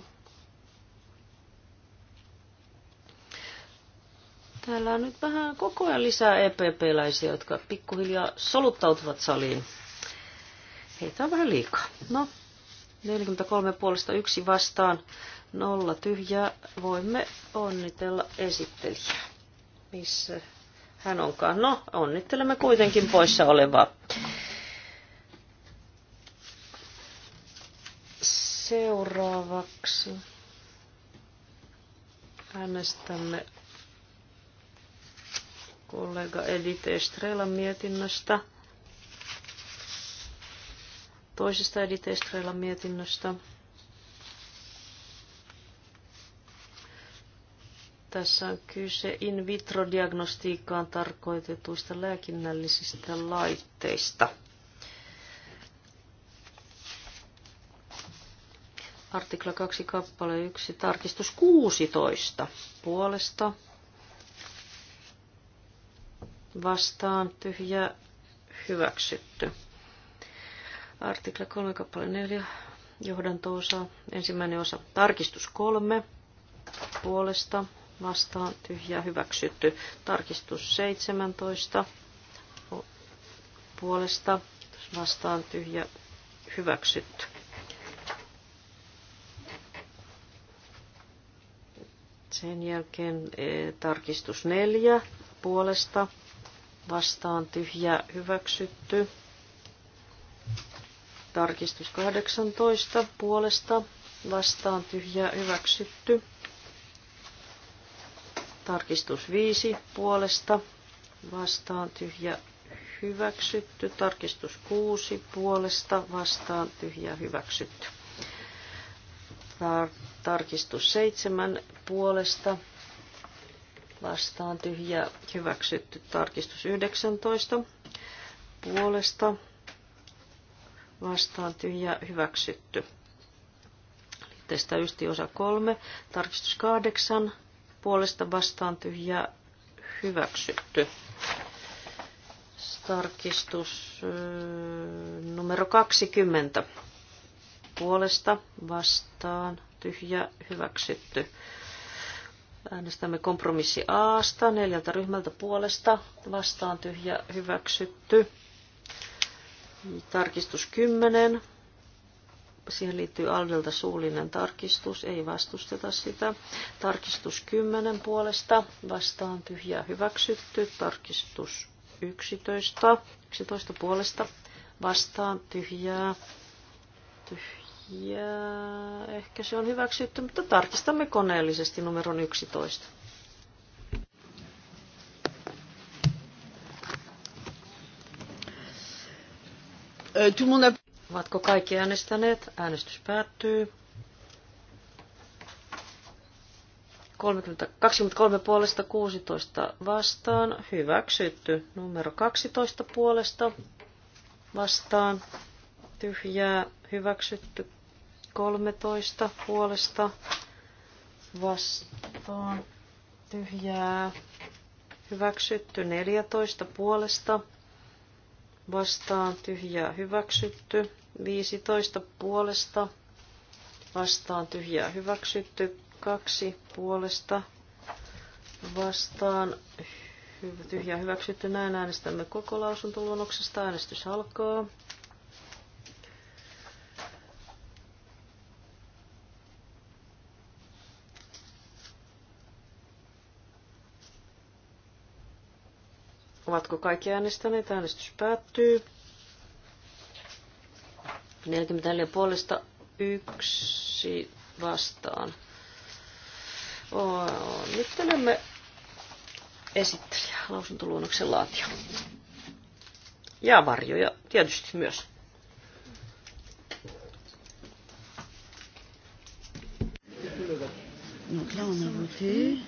Täällä on nyt vähän koko ajan lisää EPP-läisiä, jotka pikkuhiljaa soluttautuvat saliin. Heitä on vähän liikaa. No, 43 puolesta yksi vastaan nolla tyhjää. Voimme onnitella esittelijää. Missä hän onkaan? No, onnittelemme kuitenkin poissa olevaa. Seuraavaksi äänestämme kollega Edith Estrelan mietinnöstä. Toisesta Edith Estrelan mietinnöstä. Tässä on kyse in vitro-diagnostiikkaan tarkoitetuista lääkinnällisistä laitteista. Artikla 2 kappale 1, tarkistus 16 puolesta. Vastaan tyhjä hyväksytty. Artikla 3 kappale 4, johdanto-osa, ensimmäinen osa, tarkistus 3 puolesta vastaan tyhjä hyväksytty. Tarkistus 17 puolesta vastaan tyhjä hyväksytty. Sen jälkeen e, tarkistus 4 puolesta vastaan tyhjä hyväksytty. Tarkistus 18 puolesta vastaan tyhjä hyväksytty. Tarkistus 5 puolesta vastaan tyhjä hyväksytty. Tarkistus 6 puolesta vastaan tyhjä hyväksytty. tarkistus 7 puolesta vastaan tyhjä hyväksytty. Tarkistus 19 puolesta vastaan tyhjä hyväksytty. Liitteestä ysti osa 3, tarkistus 8 puolesta vastaan tyhjä hyväksytty. Tarkistus numero 20. Puolesta vastaan tyhjä hyväksytty. Äänestämme kompromissi Aasta neljältä ryhmältä puolesta vastaan tyhjä hyväksytty. Tarkistus 10 siihen liittyy Aldelta suullinen tarkistus, ei vastusteta sitä. Tarkistus 10 puolesta, vastaan tyhjä. hyväksytty. Tarkistus 11, 11 puolesta, vastaan tyhjää, tyhjää, ehkä se on hyväksytty, mutta tarkistamme koneellisesti numeron 11. Euh, tout le monde a Ovatko kaikki äänestäneet? Äänestys päättyy. 30, 23 puolesta 16 vastaan. Hyväksytty. Numero 12 puolesta vastaan. Tyhjää. Hyväksytty. 13 puolesta vastaan. Tyhjää. Hyväksytty. 14 puolesta vastaan. Tyhjää. Hyväksytty. 15 puolesta vastaan tyhjää hyväksytty. 2 puolesta vastaan tyhjää hyväksytty. Näin äänestämme koko lausuntoluonnoksesta. Äänestys alkaa. Ovatko kaikki äänestäneet? Äänestys päättyy. 44 puolesta yksi vastaan. Onnittelemme esittelijä lausuntoluonnoksen laatio. Ja varjoja tietysti myös. Donc là, on a voté.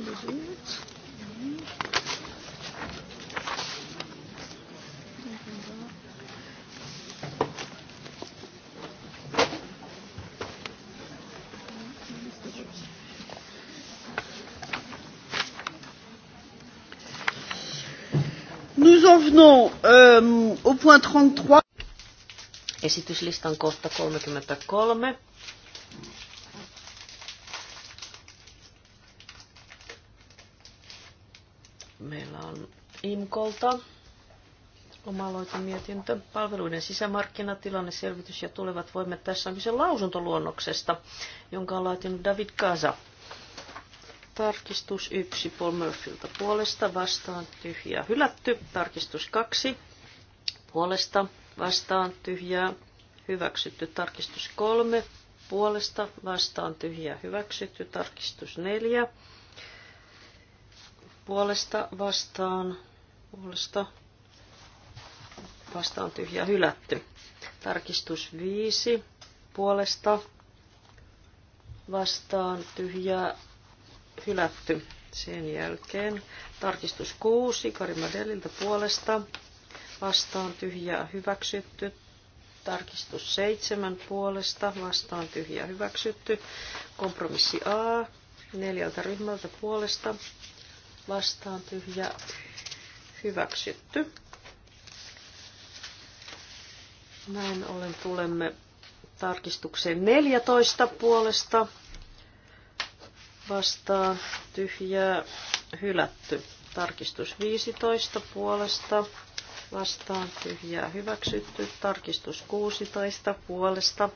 revenons euh, au point 33. Esityslistan kohta 33. Meillä on IMKolta oma palveluiden sisämarkkinatilanne, selvitys ja tulevat voimet Tässä on kyse lausuntoluonnoksesta, jonka on laatinut David Kaza. Tarkistus 1 Paul Murphyltä puolesta vastaan tyhjää hylätty. Tarkistus 2 puolesta vastaan tyhjää hyväksytty. Tarkistus 3 puolesta vastaan tyhjää hyväksytty. Tarkistus 4 puolesta vastaan puolesta vastaan tyhjää hylätty. Tarkistus 5 puolesta vastaan tyhjää hylätty. Sen jälkeen tarkistus 6 Karimadellilta puolesta vastaan tyhjä hyväksytty. Tarkistus 7 puolesta vastaan tyhjä hyväksytty. Kompromissi A neljältä ryhmältä puolesta vastaan tyhjä hyväksytty. Näin ollen tulemme tarkistukseen 14 puolesta vastaa tyhjää hylätty. Tarkistus 15 puolesta vastaan tyhjää hyväksytty. Tarkistus 16 puolesta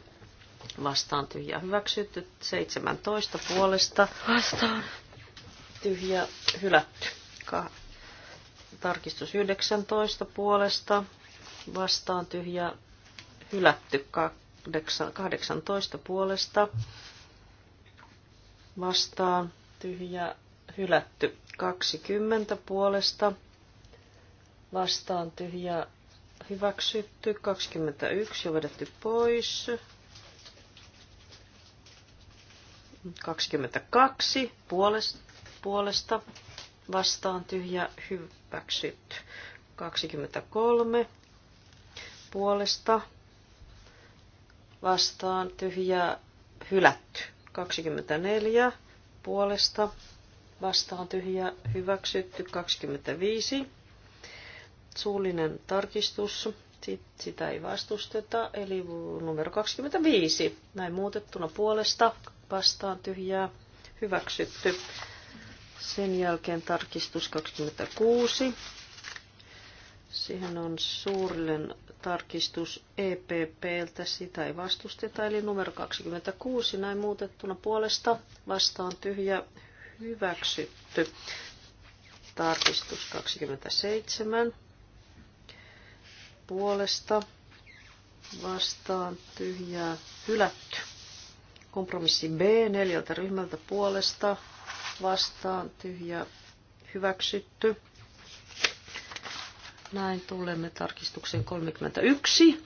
vastaan tyhjää hyväksytty. 17 puolesta vastaan tyhjää hylätty. Tarkistus 19 puolesta vastaan tyhjää hylätty. 18 puolesta vastaan tyhjä hylätty. 20 puolesta vastaan tyhjä hyväksytty. 21 ja vedetty pois. 22 puolesta, puolesta vastaan tyhjä hyväksytty. 23 puolesta vastaan tyhjä hylätty. 24 puolesta vastaan tyhjä hyväksytty 25. Suullinen tarkistus, sitä ei vastusteta, eli numero 25, näin muutettuna puolesta vastaan tyhjää hyväksytty. Sen jälkeen tarkistus 26. Siihen on suurinen tarkistus EPPltä, sitä ei vastusteta, eli numero 26 näin muutettuna puolesta vastaan tyhjä hyväksytty. Tarkistus 27 puolesta vastaan tyhjää hylätty. Kompromissi B neljältä ryhmältä puolesta vastaan tyhjä hyväksytty. Näin tulemme tarkistukseen 31.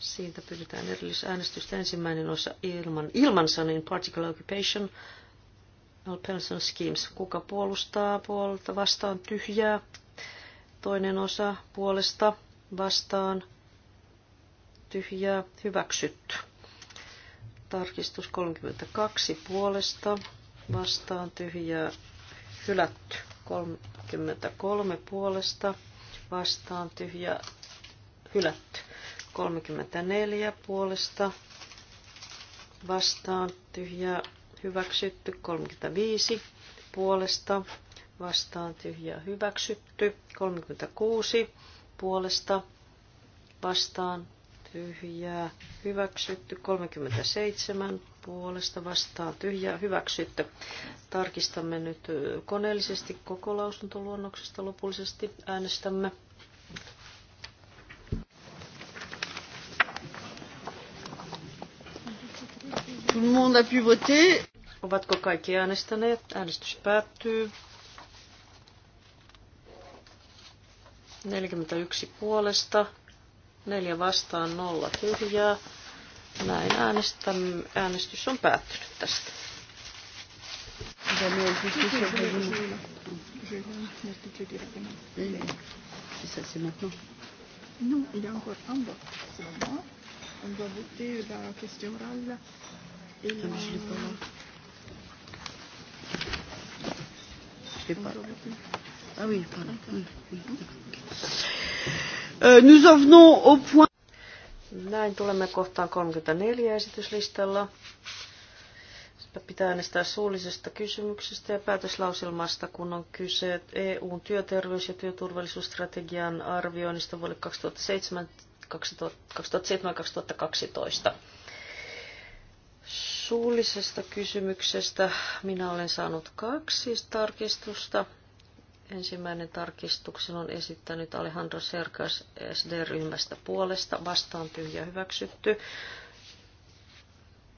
Siitä pyydetään erillisäänestystä ensimmäinen osa ilman, ilman sanin particular occupation all no, pension schemes. Kuka puolustaa puolta vastaan tyhjää? Toinen osa puolesta vastaan tyhjää hyväksytty. Tarkistus 32 puolesta vastaan tyhjää hylätty. 33 puolesta vastaan tyhjä hylätty. 34 puolesta vastaan tyhjä hyväksytty. 35 puolesta vastaan tyhjä hyväksytty. 36 puolesta vastaan tyhjää, hyväksytty, 37 puolesta vastaan, tyhjää, hyväksytty. Tarkistamme nyt koneellisesti koko lausuntoluonnoksesta lopullisesti, äänestämme. Tout le monde a pu voter. Ovatko kaikki äänestäneet? Äänestys päättyy. 41 puolesta, Neljä vastaan, nolla tyhjää. Näin äänestämme. äänestys on päättynyt tästä. Non, il y a encore un vote. C'est moi. On doit voter la question orale. Et la... Je l'ai pas là. Je l'ai pas. Ah oui, pardon. Mm. Mm. Euh, nous en venons au point... Näin tulemme kohtaan 34 esityslistalla. Sitä pitää äänestää suullisesta kysymyksestä ja päätöslauselmasta, kun on kyse EUn työterveys- ja työturvallisuusstrategian arvioinnista vuodelle 2007-2012. Suullisesta kysymyksestä minä olen saanut kaksi tarkistusta. Ensimmäinen tarkistuksen on esittänyt Alejandro Serkas SD-ryhmästä puolesta. Vastaan tyhjä hyväksytty.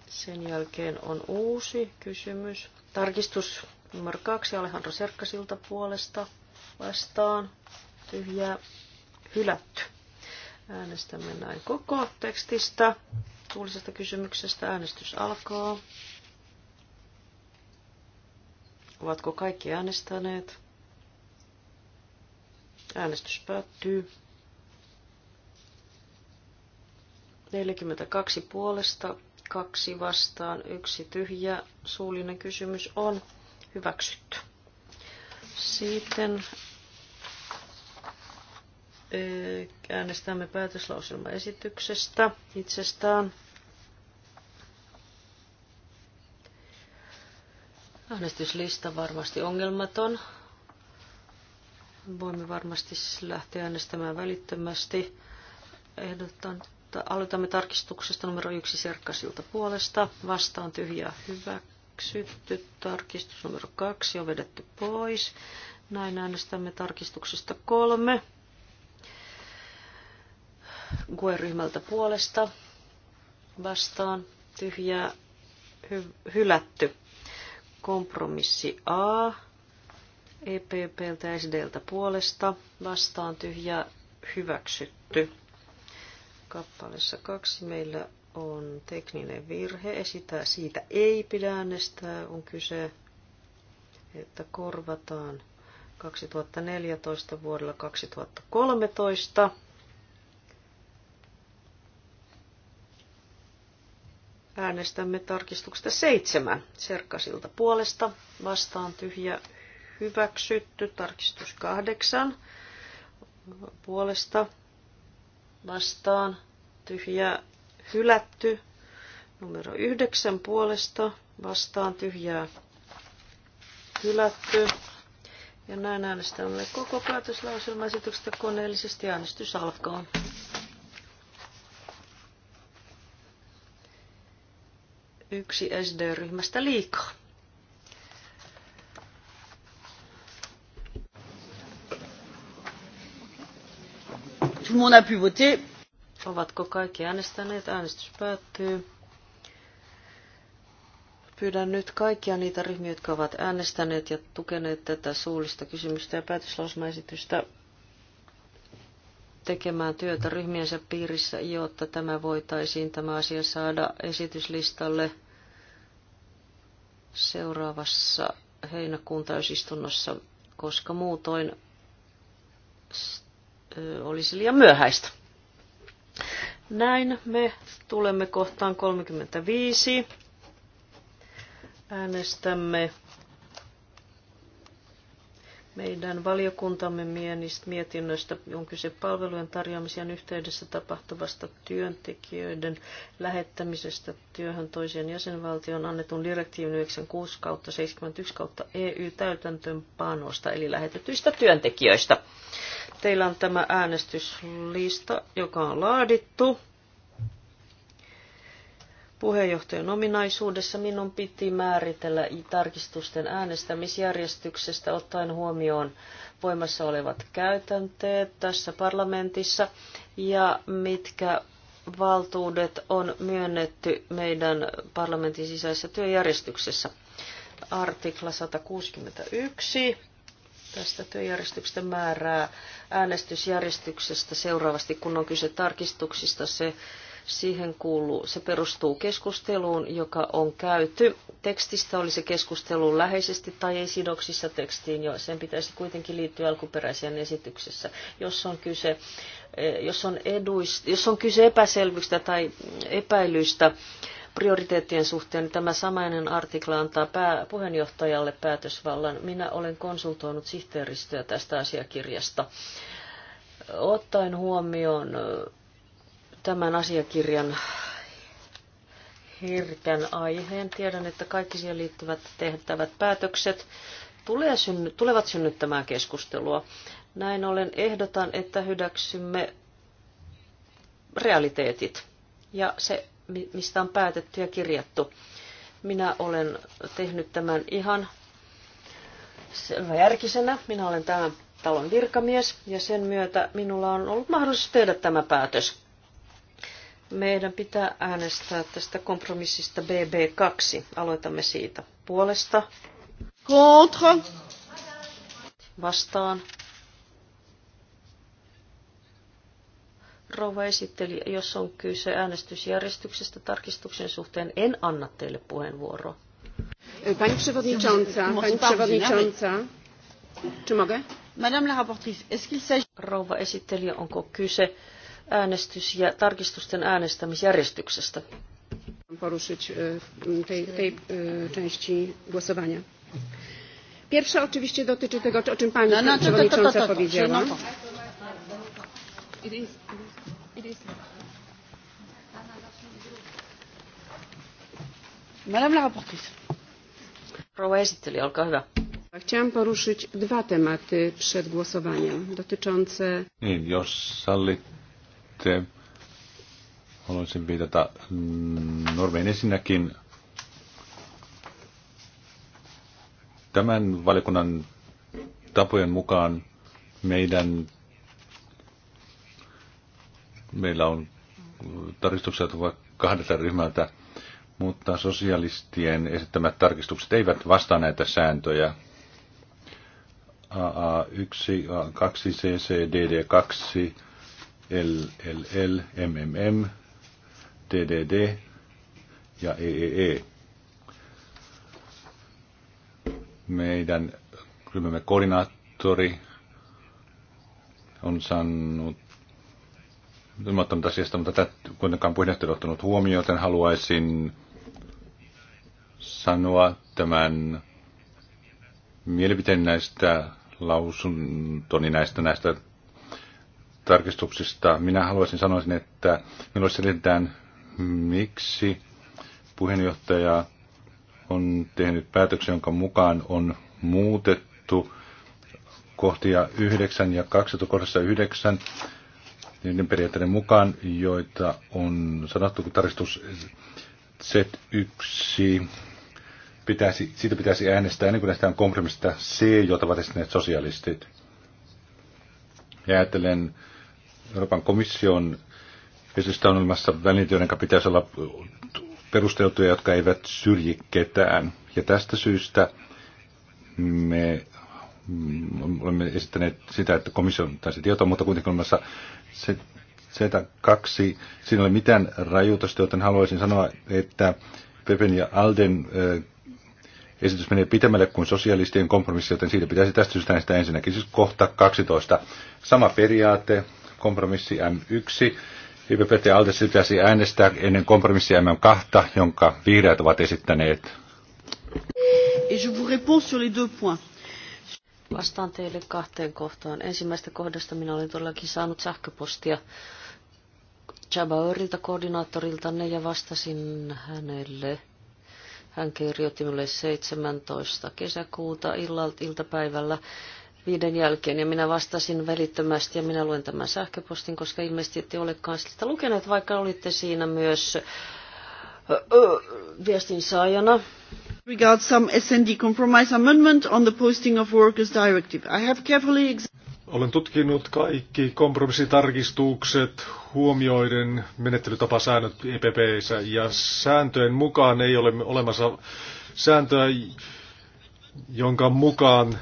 Sen jälkeen on uusi kysymys. Tarkistus numero kaksi Alejandro Serkkasilta puolesta vastaan. tyhjä hylätty. Äänestämme näin koko tekstistä. Tuulisesta kysymyksestä äänestys alkaa. Ovatko kaikki äänestäneet? Äänestys päättyy. 42 puolesta, kaksi vastaan, yksi tyhjä. Suullinen kysymys on hyväksytty. Sitten eh, äänestämme päätöslauselmaesityksestä itsestään. Äänestyslista varmasti ongelmaton. Voimme varmasti lähteä äänestämään välittömästi. Ehdotan, että aloitamme tarkistuksesta numero yksi serkkasilta puolesta. Vastaan tyhjää hyväksytty. Tarkistus numero kaksi on vedetty pois. Näin äänestämme tarkistuksesta kolme. GUE-ryhmältä puolesta vastaan tyhjää hy- hylätty. Kompromissi A EPPltä ja SDltä puolesta vastaan tyhjä hyväksytty. Kappaleessa kaksi meillä on tekninen virhe. esitä siitä ei pidä äänestää. On kyse, että korvataan 2014 vuodella 2013. Äänestämme tarkistuksesta seitsemän. Serkkasilta puolesta vastaan tyhjä hyväksytty. Tarkistus kahdeksan puolesta vastaan tyhjä, hylätty. Numero yhdeksän puolesta vastaan tyhjää hylätty. Ja näin äänestämme koko päätöslauselmaesityksestä koneellisesti. Äänestys alkaa. Yksi SD-ryhmästä liikaa. Tout le monde a pu voter. Ovatko kaikki äänestäneet? Äänestys päättyy. Pyydän nyt kaikkia niitä ryhmiä, jotka ovat äänestäneet ja tukeneet tätä suullista kysymystä ja päätöslausmaesitystä tekemään työtä ryhmiensä piirissä, jotta tämä voitaisiin tämä asia saada esityslistalle seuraavassa heinäkuun täysistunnossa, koska muutoin olisi liian myöhäistä. Näin me tulemme kohtaan 35. Äänestämme meidän valiokuntamme mietinnöstä on kyse palvelujen tarjoamisen yhteydessä tapahtuvasta työntekijöiden lähettämisestä työhön toiseen jäsenvaltioon annetun direktiivin 96 71 EU täytäntöönpanosta eli lähetetyistä työntekijöistä. Teillä on tämä äänestyslista, joka on laadittu. Puheenjohtajan ominaisuudessa minun piti määritellä tarkistusten äänestämisjärjestyksestä ottaen huomioon voimassa olevat käytänteet tässä parlamentissa ja mitkä valtuudet on myönnetty meidän parlamentin sisäisessä työjärjestyksessä. Artikla 161 tästä työjärjestyksestä määrää äänestysjärjestyksestä seuraavasti, kun on kyse tarkistuksista. Se Siihen kuuluu, se perustuu keskusteluun, joka on käyty. Tekstistä oli se keskustelu läheisesti tai ei sidoksissa tekstiin, jo sen pitäisi kuitenkin liittyä alkuperäiseen esityksessä, jos on kyse, eh, jos on eduista, jos on kyse epäselvyistä tai epäilyistä prioriteettien suhteen, niin tämä samainen artikla antaa pää, puheenjohtajalle päätösvallan. Minä olen konsultoinut sihteeristöä tästä asiakirjasta. Ottaen huomioon eh, tämän asiakirjan herkän aiheen. Tiedän, että kaikki siihen liittyvät tehtävät päätökset tulee synny, tulevat synnyttämään keskustelua. Näin ollen ehdotan, että hyväksymme realiteetit ja se, mistä on päätetty ja kirjattu. Minä olen tehnyt tämän ihan järkisenä. Minä olen tämän talon virkamies ja sen myötä minulla on ollut mahdollisuus tehdä tämä päätös. Meidän pitää äänestää tästä kompromissista BB2. Aloitamme siitä puolesta. Contre. Vastaan. Rouva esitteli, jos on kyse äänestysjärjestyksestä tarkistuksen suhteen, en anna teille puheenvuoroa. E, pani przewodnicząca, pani przewodnicząca, czy mogę? Madame la rapportrice, est-ce qu'il s'agit... Rouva esitteli, onko kyse äänestys- ja tarkistusten äänestämisjärjestyksestä. Poruszyć e, tej, tej e, części głosowania. Pierwsza oczywiście dotyczy tego, o czym pani no, no, przewodnicząca to, to, to, to, powiedziała. No, to. It Madame la rapporteure. Chciałam poruszyć dwa tematy przed głosowaniem dotyczące... Nie, niin, jos sallitte sitten haluaisin viitata Norveen ensinnäkin. Tämän valikunnan tapojen mukaan meidän meillä on tarkistuksia ovat kahdelta ryhmältä, mutta sosialistien esittämät tarkistukset eivät vastaa näitä sääntöjä. AA1, A2, CC, DD2, LLL, MMM, DDD ja EEE. E e. Meidän ryhmämme koordinaattori on saanut ilmoittanut asiasta, mutta tätä kuitenkaan puheenjohtaja ottanut huomioon, joten haluaisin sanoa tämän mielipiteen näistä lausuntoni näistä, näistä tarkistuksista. Minä haluaisin sanoa, että minulle selitetään, miksi puheenjohtaja on tehnyt päätöksen, jonka mukaan on muutettu kohtia 9 ja 12 kohdassa 9 niiden periaatteiden mukaan, joita on sanottu, kun tarkistus Z1 pitäisi, siitä pitäisi äänestää ennen kuin näistä kompromissista C, jota ovat esittäneet sosialistit. Ja ajattelen Euroopan komission esitystä on olemassa välineitä, joiden pitäisi olla perusteltuja, jotka eivät syrji ketään. Ja tästä syystä me olemme esittäneet sitä, että komission tai se tietoa, mutta kuitenkin olemassa se, se kaksi, siinä ei ole mitään rajoitusta, joten haluaisin sanoa, että Pepen ja Alden eh, esitys menee pitemmälle kuin sosialistien kompromissi, joten siitä pitäisi tästä syystä näistä ensinnäkin. Siis kohta 12. Sama periaate, kompromissi M1. IPPT Altessa pitäisi äänestää ennen kompromissia m 2 jonka vihreät ovat esittäneet. Et je vous réponds sur les deux points. Vastaan teille kahteen kohtaan. Ensimmäistä kohdasta minä olen todellakin saanut sähköpostia Jabaorilta koordinaattoriltanne ja vastasin hänelle. Hän kirjoitti minulle 17. kesäkuuta illalta, iltapäivällä viiden jälkeen ja minä vastasin välittömästi ja minä luen tämän sähköpostin, koska ilmeisesti ette olekaan sitä lukeneet, vaikka olitte siinä myös viestin saajana. Regards some SND compromise amendment on the posting of workers directive. I have carefully olen tutkinut kaikki kompromissitarkistukset huomioiden menettelytapasäännöt EPPissä ja sääntöjen mukaan ei ole olemassa sääntöä, jonka mukaan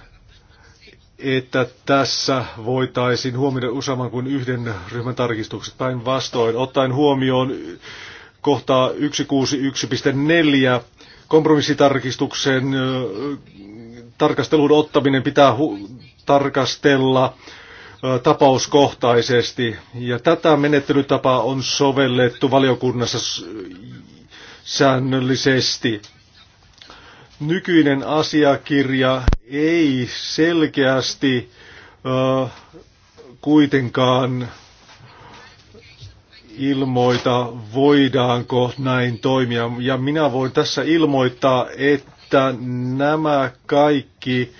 että tässä voitaisiin huomioida useamman kuin yhden ryhmän tarkistukset päinvastoin, ottaen huomioon kohtaa 161.4 kompromissitarkistuksen tarkastelun ottaminen pitää tarkastella tapauskohtaisesti. Ja tätä menettelytapaa on sovellettu valiokunnassa säännöllisesti. Nykyinen asiakirja ei selkeästi äh, kuitenkaan ilmoita, voidaanko näin toimia. Ja minä voin tässä ilmoittaa, että nämä kaikki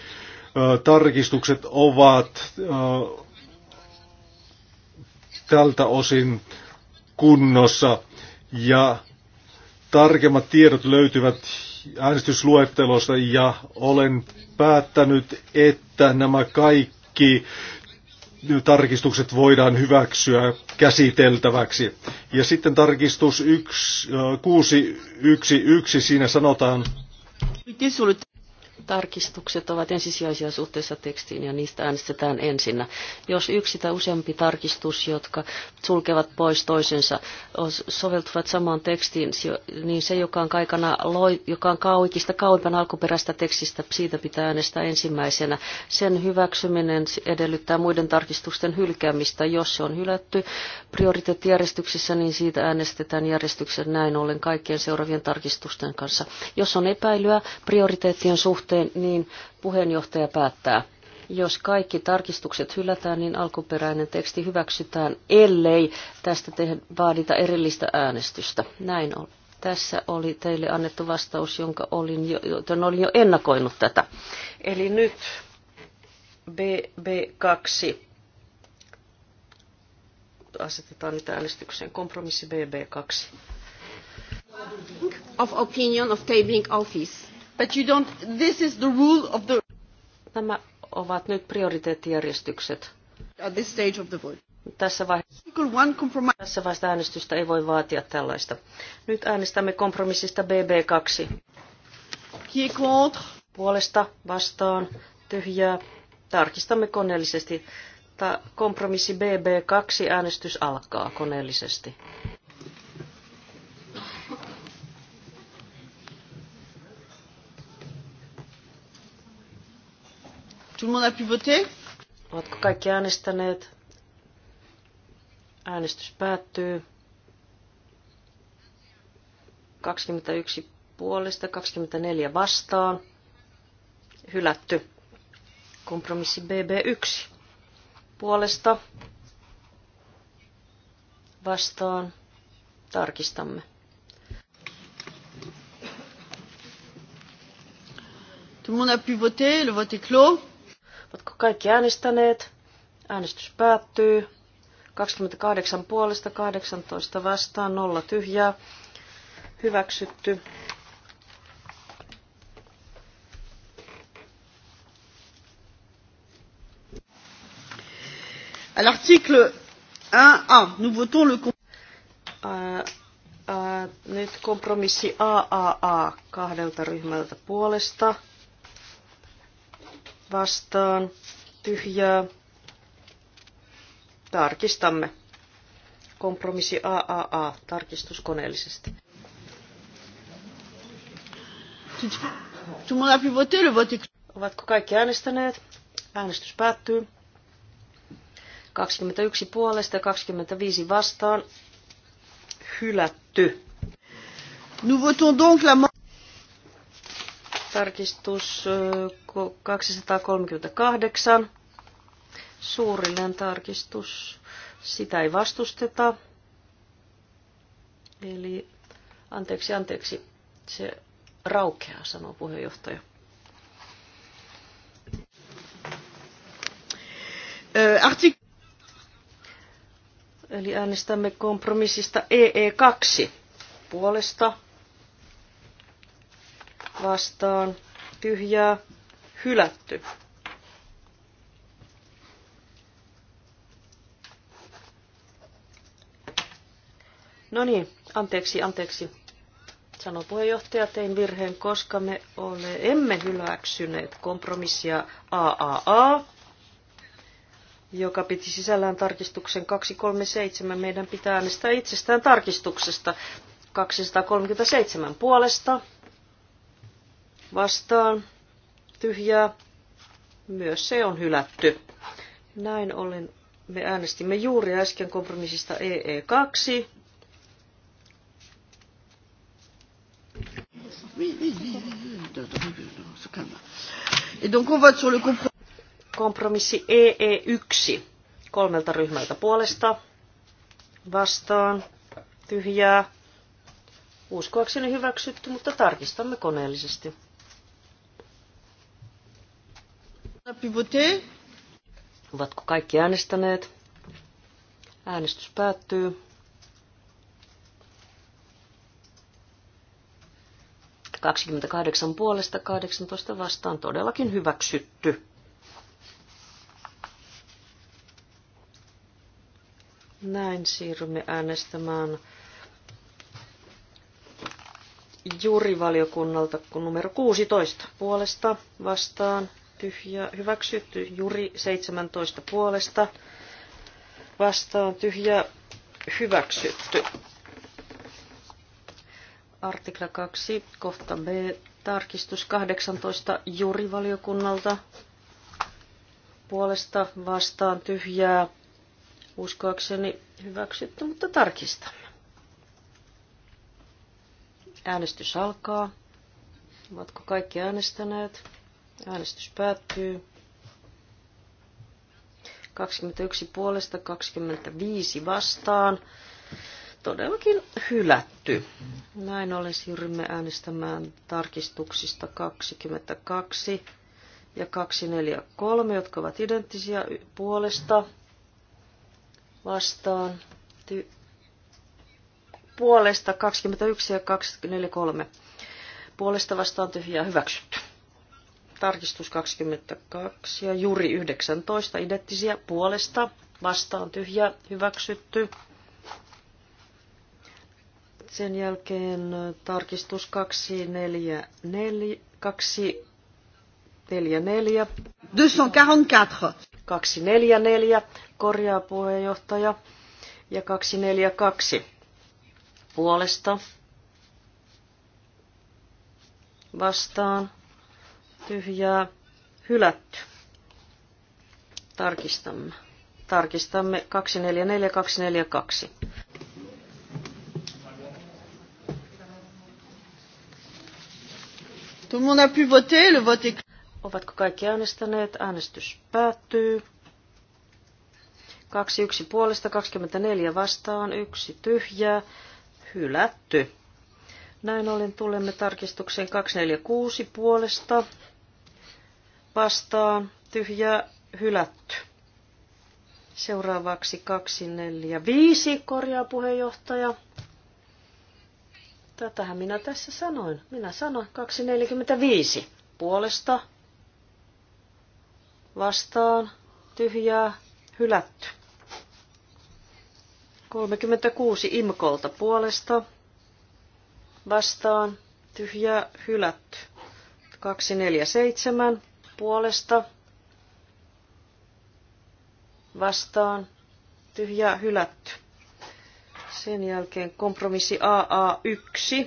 äh, tarkistukset ovat äh, tältä osin kunnossa. Ja tarkemmat tiedot löytyvät äänestysluettelossa ja olen päättänyt, että nämä kaikki tarkistukset voidaan hyväksyä käsiteltäväksi. Ja sitten tarkistus 611, siinä sanotaan Tarkistukset ovat ensisijaisia suhteessa tekstiin ja niistä äänestetään ensinnä. Jos yksi tai useampi tarkistus, jotka sulkevat pois toisensa, soveltuvat samaan tekstiin, niin se, joka on, kaikana, joka on kaikista kauimpana alkuperäistä tekstistä, siitä pitää äänestää ensimmäisenä. Sen hyväksyminen edellyttää muiden tarkistusten hylkäämistä. Jos se on hylätty prioriteettijärjestyksessä, niin siitä äänestetään järjestyksen näin ollen kaikkien seuraavien tarkistusten kanssa. Jos on epäilyä prioriteettien suhteen, suhteen, niin puheenjohtaja päättää. Jos kaikki tarkistukset hylätään, niin alkuperäinen teksti hyväksytään, ellei tästä te- vaadita erillistä äänestystä. Näin on. Tässä oli teille annettu vastaus, jonka olin jo, joten olin jo ennakoinut tätä. Eli nyt BB2 asetetaan nyt äänestykseen. Kompromissi BB2. Of opinion of tabling office. But you don't, this is the rule of the... Nämä ovat nyt prioriteettijärjestykset. At this stage of the vote. Tässä vaiheessa, vaihe- äänestystä ei voi vaatia tällaista. Nyt äänestämme kompromissista BB2. Qui Puolesta, vastaan, tyhjää. Tarkistamme koneellisesti. Ta- kompromissi BB2 äänestys alkaa koneellisesti. Tout le monde a pu voter? Ovatko kaikki äänestäneet? Äänestys päättyy. 21 puolesta, 24 vastaan. Hylätty. Kompromissi BB1. Puolesta. Vastaan. Tarkistamme. Tout le monde a pu voter, le vote est clos. Oletko kaikki äänestäneet? Äänestys päättyy. 28 puolesta, 18 vastaan, 0 tyhjää. Hyväksytty. À l'article 1A, nous votons le nyt kompromissi AAA kahdelta ryhmältä puolesta vastaan, tyhjää. Tarkistamme. Kompromissi AAA, tarkistus koneellisesti. Ovatko kaikki äänestäneet? Äänestys päättyy. 21 puolesta ja 25 vastaan. Hylätty. Nous votons donc la Tarkistus 238. Suurinen tarkistus. Sitä ei vastusteta. Eli anteeksi, anteeksi. Se raukeaa, sanoo puheenjohtaja. Artik- Eli äänestämme kompromissista EE2 puolesta vastaan tyhjää hylätty. No niin, anteeksi, anteeksi, sanoi puheenjohtaja, tein virheen, koska me ole, emme hyväksyneet kompromissia AAA, joka piti sisällään tarkistuksen 237. Meidän pitää äänestää itsestään tarkistuksesta 237 puolesta vastaan tyhjää. Myös se on hylätty. Näin ollen me äänestimme juuri äsken kompromissista EE2. Kompromissi EE1 kolmelta ryhmältä puolesta vastaan tyhjää. Uskoakseni hyväksytty, mutta tarkistamme koneellisesti. Ovatko kaikki äänestäneet? Äänestys päättyy. Kaksikymmentäkahdeksan puolesta 18 vastaan todellakin hyväksytty. Näin siirrymme äänestämään jurivaliokunnalta numero 16 puolesta vastaan tyhjä hyväksytty. Juri 17 puolesta vastaan tyhjä hyväksytty. Artikla 2, kohta B, tarkistus 18 jurivaliokunnalta puolesta vastaan tyhjää uskoakseni hyväksytty, mutta tarkistamme. Äänestys alkaa. Ovatko kaikki äänestäneet? Äänestys päättyy. 21 puolesta 25 vastaan. Todellakin hylätty. Näin ollen siirrymme äänestämään tarkistuksista 22 ja 243, jotka ovat identtisiä puolesta vastaan. Ty- puolesta 21 ja 243. Puolesta vastaan tyhjää hyväksytty tarkistus 22 ja juuri 19 identtisiä puolesta vastaan tyhjä hyväksytty. Sen jälkeen tarkistus 244 244 244 244 korjaa puheenjohtaja ja 242 puolesta vastaan tyhjää hylätty. Tarkistamme. Tarkistamme 244242. Tout le monde a pu voter, le vote est... Ovatko kaikki äänestäneet? Äänestys päättyy. 21 puolesta, 24 vastaan, yksi tyhjää, hylätty. Näin ollen tulemme tarkistukseen 246 puolesta vastaa tyhjää hylätty. Seuraavaksi 245 korjaa puheenjohtaja. Tätähän minä tässä sanoin. Minä sanoin 245 puolesta vastaan tyhjää hylätty. 36 imkolta puolesta vastaan tyhjää hylätty. 247 puolesta vastaan tyhjä hylätty. Sen jälkeen kompromissi AA1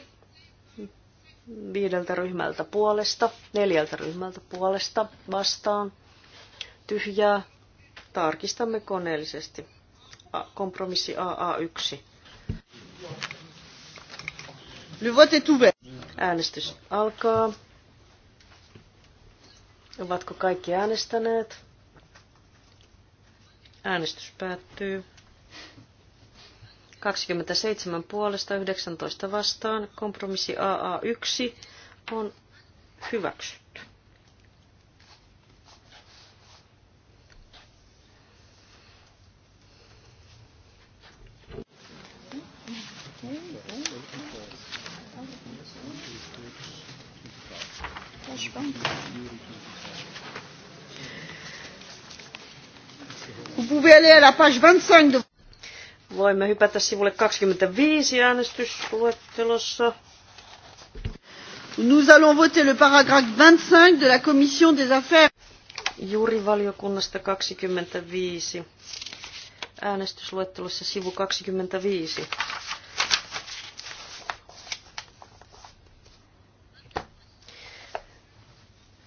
viideltä ryhmältä puolesta, neljältä ryhmältä puolesta vastaan tyhjää. Tarkistamme koneellisesti. Kompromissi AA1. Le vote est ouvert. Äänestys alkaa. Ovatko kaikki äänestäneet? Äänestys päättyy. 27 puolesta 19 vastaan. Kompromissi AA1 on hyväksytty. you. pouvez aller à la page 25 de... Voimme hypätä sivulle 25 äänestysluettelossa. Nous allons voter le paragraphe 25 de la commission des affaires. Juuri valiokunnasta 25. Äänestysluettelossa sivu 25.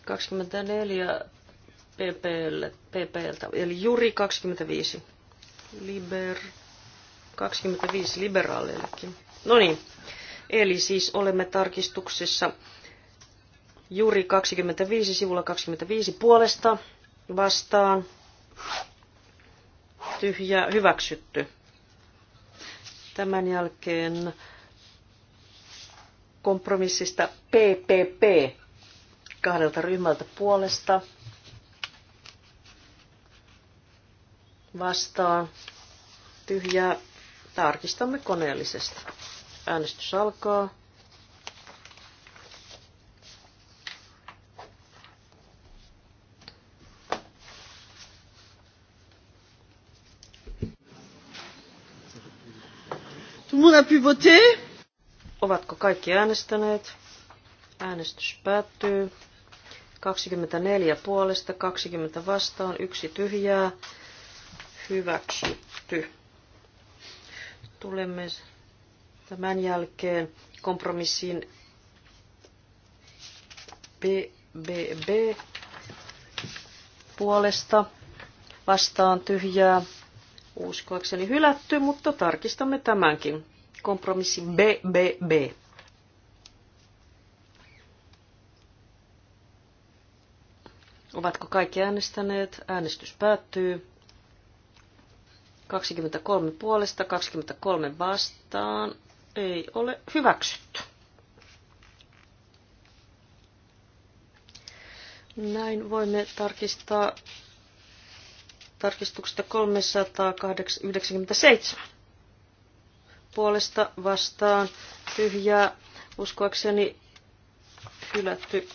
Kaksikymmentäneljä PPL, PPLtä, eli Juri 25. Liber, 25 liberaaleillekin. No niin, eli siis olemme tarkistuksessa Juri 25, sivulla 25 puolesta vastaan. Tyhjä hyväksytty. Tämän jälkeen kompromissista PPP kahdelta ryhmältä puolesta vastaan tyhjää. Tarkistamme koneellisesti. Äänestys alkaa. Ovatko kaikki äänestäneet? Äänestys päättyy. 24 puolesta, 20 vastaan, yksi tyhjää hyväksytty. Tulemme tämän jälkeen kompromissiin BBB puolesta vastaan tyhjää uskoakseni hylätty, mutta tarkistamme tämänkin. Kompromissi BBB. Ovatko kaikki äänestäneet? Äänestys päättyy. 23 puolesta, 23 vastaan. Ei ole hyväksytty. Näin voimme tarkistaa tarkistuksesta 397. Puolesta vastaan tyhjää uskoakseni hylätty,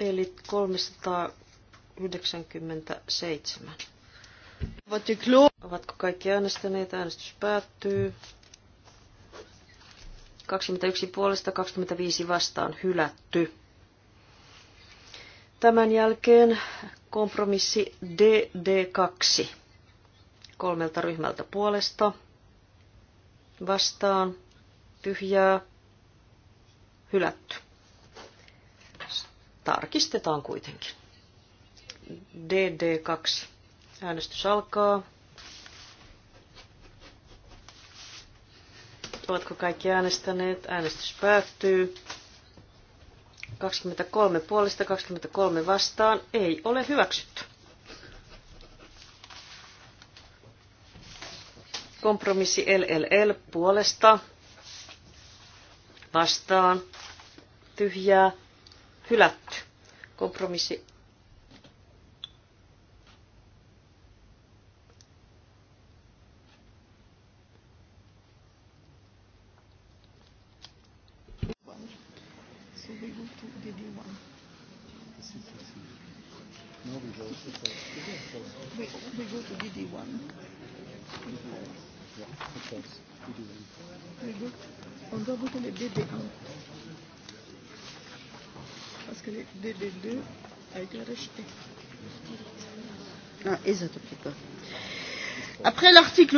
eli 397. Ovatko kaikki äänestäneet? Äänestys päättyy. 21 puolesta 25 vastaan hylätty. Tämän jälkeen kompromissi DD2 kolmelta ryhmältä puolesta vastaan tyhjää hylätty. Tarkistetaan kuitenkin. DD2. Äänestys alkaa. Ovatko kaikki äänestäneet? Äänestys päättyy. 23 puolesta, 23 vastaan. Ei ole hyväksytty. Kompromissi LLL puolesta, vastaan, tyhjää, hylätty. Kompromissi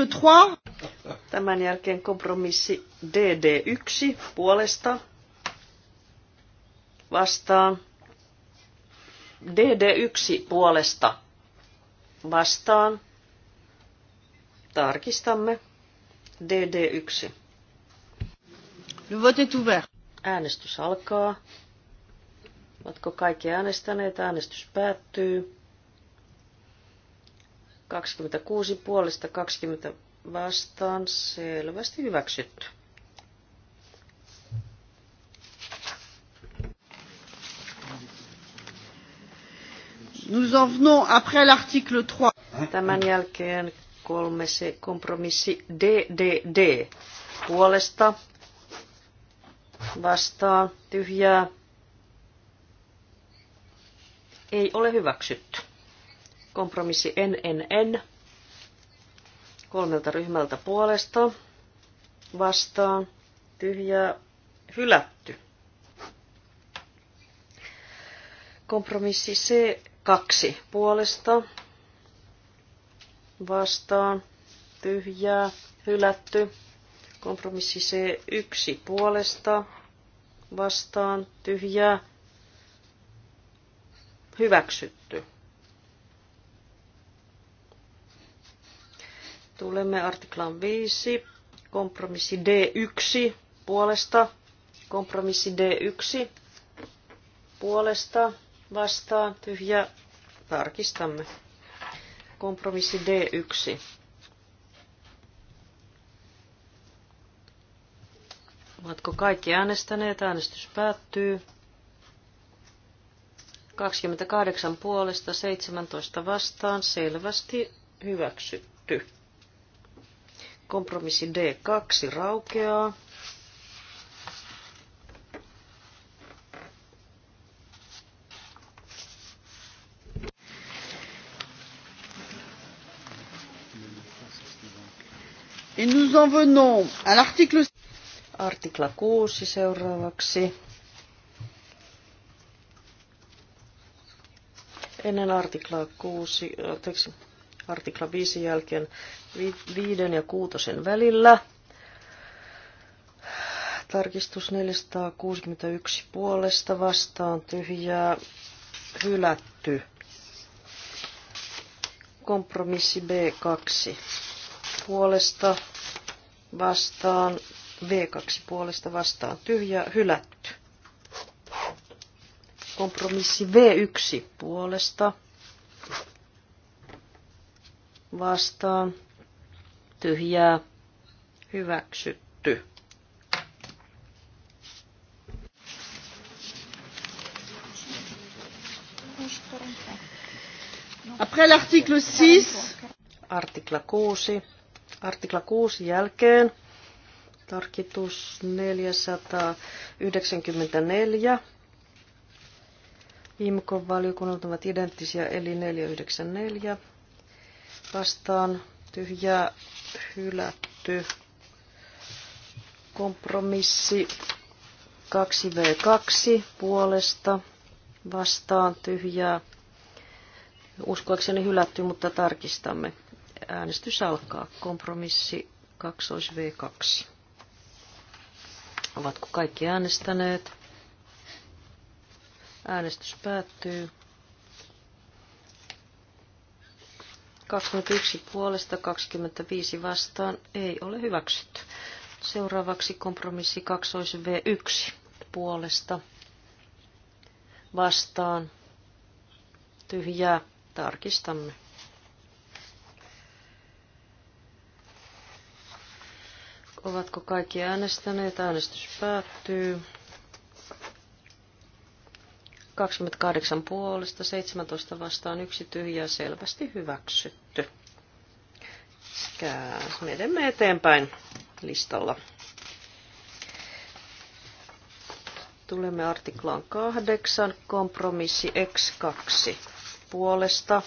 Article 3. Tämän jälkeen kompromissi DD1 puolesta vastaan. DD1 puolesta vastaan. Tarkistamme. DD1. Le vote est ouvert. Äänestys alkaa. Ovatko kaikki äänestäneet? Äänestys päättyy. 26 puolesta 20 vastaan selvästi hyväksytty. Nous en venons après l'article 3. Tämän jälkeen kolme se kompromissi DDD puolesta vastaan tyhjää ei ole hyväksytty. Kompromissi NNN kolmelta ryhmältä puolesta vastaan tyhjää hylätty. Kompromissi C2 puolesta vastaan tyhjää hylätty. Kompromissi C1 puolesta vastaan tyhjää hyväksytty. Tulemme artiklaan 5, kompromissi D1 puolesta, kompromissi D1 puolesta, vastaan, tyhjä, tarkistamme. Kompromissi D1. Ovatko kaikki äänestäneet? Äänestys päättyy. 28 puolesta, 17 vastaan, selvästi hyväksytty. Kompromissi D2 raukeaa. Et nous en venons à l'article Artikla 6 seuraavaksi. Ennen artiklaa 6, anteeksi, artikla 5 jälkeen viiden ja kuutosen välillä. Tarkistus 461 puolesta vastaan tyhjää hylätty. Kompromissi B2 puolesta vastaan, V2 puolesta vastaan tyhjä hylätty. Kompromissi V1 puolesta vastaan tyhjää hyväksytty. Après l'article 6, artikla 6, artikla 6 jälkeen tarkitus 494. viimekon valiokunnat ovat identtisiä, eli 494 vastaan tyhjää hylätty. Kompromissi 2v2 puolesta vastaan tyhjää. Uskoakseni hylätty, mutta tarkistamme. Äänestys alkaa. Kompromissi 2v2. Ovatko kaikki äänestäneet? Äänestys päättyy. 21 puolesta 25 vastaan ei ole hyväksytty. Seuraavaksi kompromissi 2 V1 puolesta vastaan tyhjää tarkistamme. Ovatko kaikki äänestäneet? Äänestys päättyy. 28 puolesta, 17 vastaan, yksi tyhjä, selvästi hyväksytty. Sekä menemme eteenpäin listalla. Tulemme artiklaan 8, kompromissi X2 puolesta,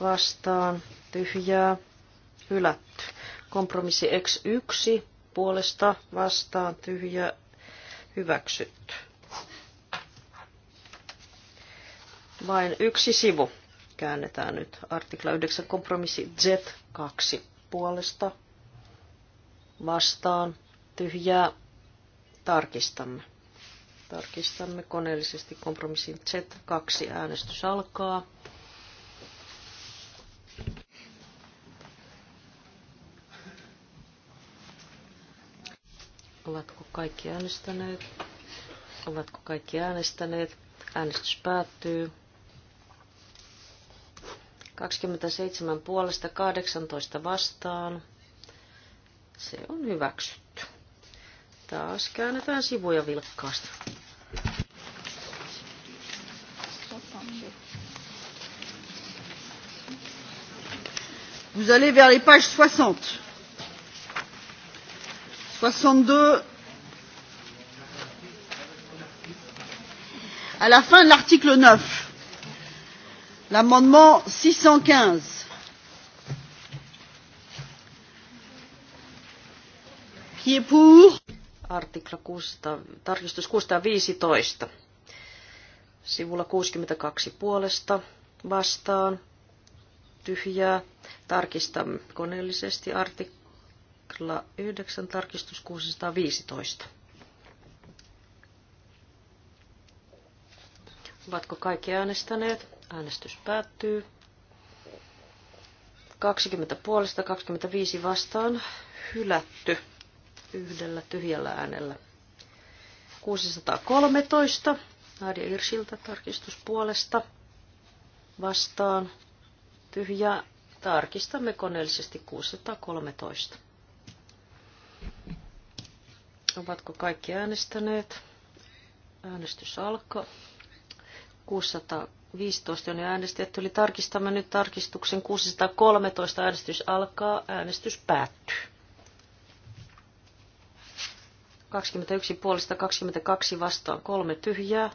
vastaan, tyhjää, hylätty. Kompromissi X1 puolesta, vastaan, tyhjä, hyväksytty. Vain yksi sivu käännetään nyt. Artikla 9 kompromissi Z2 puolesta vastaan tyhjää tarkistamme. Tarkistamme koneellisesti kompromissin Z2. Äänestys alkaa. Ovatko kaikki äänestäneet? Ovatko kaikki äänestäneet? Äänestys päättyy. 27 puolesta 18 vastaan. Se on hyväksytty. Taas käännetään sivuja vilkkaasti. Vous allez vers les pages 60. 62 à la fin de l'article 9 l'amendement six cent quinze qui est pour Article 6, tarkistus 615 sivulla 62 puolesta vastaan tyhjää tarkistamme koneellisesti artikla 9 tarkistus 615 Ovatko kaikki äänestäneet? Äänestys päättyy. 20 puolesta, 25 vastaan. Hylätty yhdellä tyhjällä äänellä. 613. Nadia Irsiltä tarkistuspuolesta vastaan. Tyhjä. Tarkistamme koneellisesti 613. Ovatko kaikki äänestäneet? Äänestys alkoi. 613. 15 on jo äänestetty, eli tarkistamme nyt tarkistuksen 613. Äänestys alkaa, äänestys päättyy. 21 puolesta 22 vastaan kolme tyhjää.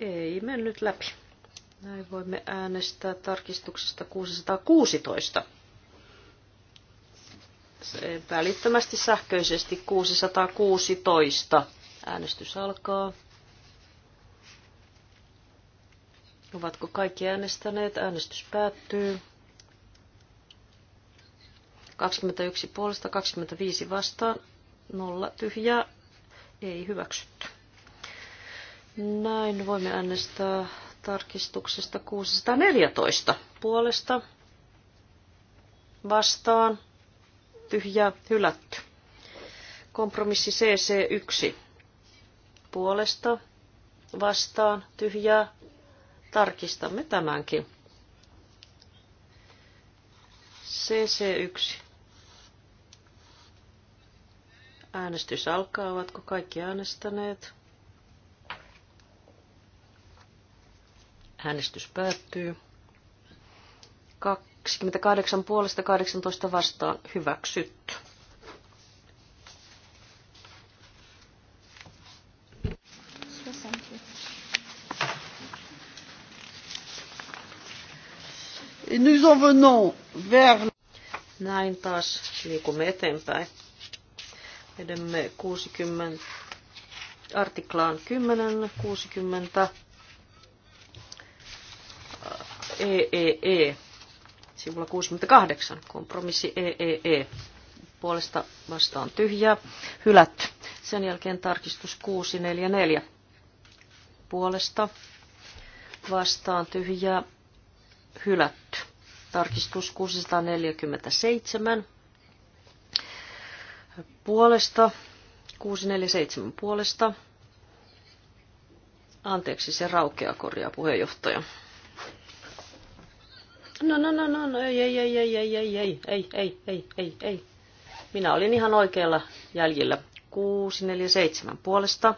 Ei mennyt läpi. Näin voimme äänestää tarkistuksesta 616. Se välittömästi sähköisesti 616. Äänestys alkaa. Ovatko kaikki äänestäneet? Äänestys päättyy. 21 puolesta, 25 vastaan, 0 tyhjää, ei hyväksytty. Näin voimme äänestää tarkistuksesta 614 puolesta vastaan tyhjää hylätty. Kompromissi CC1 puolesta vastaan tyhjää Tarkistamme tämänkin. CC1. Äänestys alkaa. Ovatko kaikki äänestäneet? Äänestys päättyy. 28 puolesta 18 vastaan hyväksytty. nous en venons vers... Näin taas liikumme eteenpäin. Edemme 60, artiklaan 10, 60, EEE, sivulla 68, kompromissi EEE, e e. puolesta vastaan tyhjää, hylätty. Sen jälkeen tarkistus 644, puolesta vastaan tyhjää, hylätty. Tarkistus 647 puolesta, 647 puolesta. Anteeksi, se raukea korjaa puheenjohtaja. No, no, no, no, no, ei, ei, ei, ei, ei, ei, ei, ei, ei, ei, ei, ei. Minä olin ihan oikealla jäljellä. 647 puolesta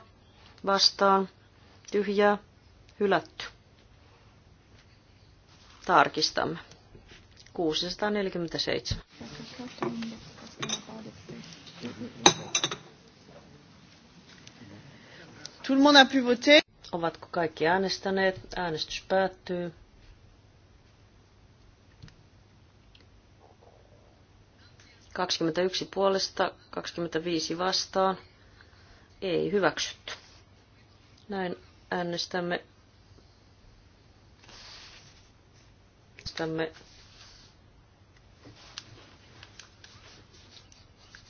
vastaan. Tyhjää. Hylätty. Tarkistamme. 647. Tout le monde a pu voter. Ovatko kaikki äänestäneet? Äänestys päättyy. yksi puolesta, 25 vastaan. Ei hyväksytty. Näin äänestämme äänestämme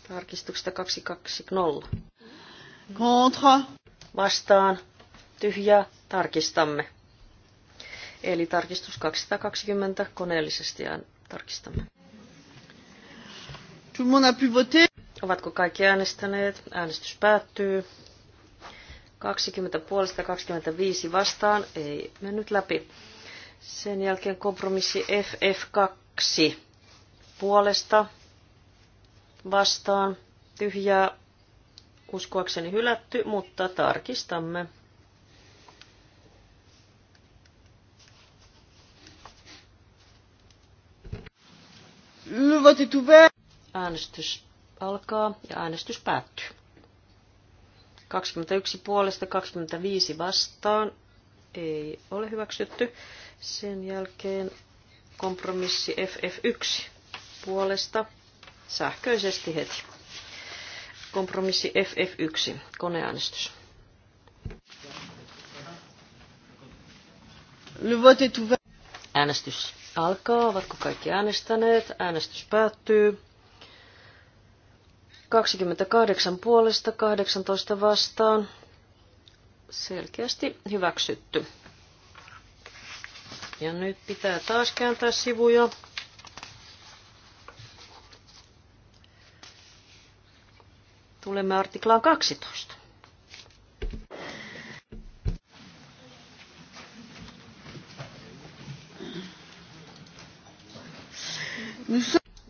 Tarkistuksesta 220. Kontra. Vastaan. Tyhjää. Tarkistamme. Eli tarkistus 220 koneellisesti ja tarkistamme. Tout le monde a pu voter. Ovatko kaikki äänestäneet? Äänestys päättyy. 20 puolesta 25 vastaan ei mennyt läpi. Sen jälkeen kompromissi FF2 puolesta vastaan tyhjää uskoakseni hylätty, mutta tarkistamme. Äänestys alkaa ja äänestys päättyy. 21 puolesta 25 vastaan ei ole hyväksytty. Sen jälkeen kompromissi FF1 puolesta sähköisesti heti. Kompromissi FF1, koneäänestys. Äänestys alkaa. Ovatko kaikki äänestäneet? Äänestys päättyy. 28 puolesta, 18 vastaan. Selkeästi hyväksytty. Ja nyt pitää taas kääntää sivuja. Tulemme artiklaan 12.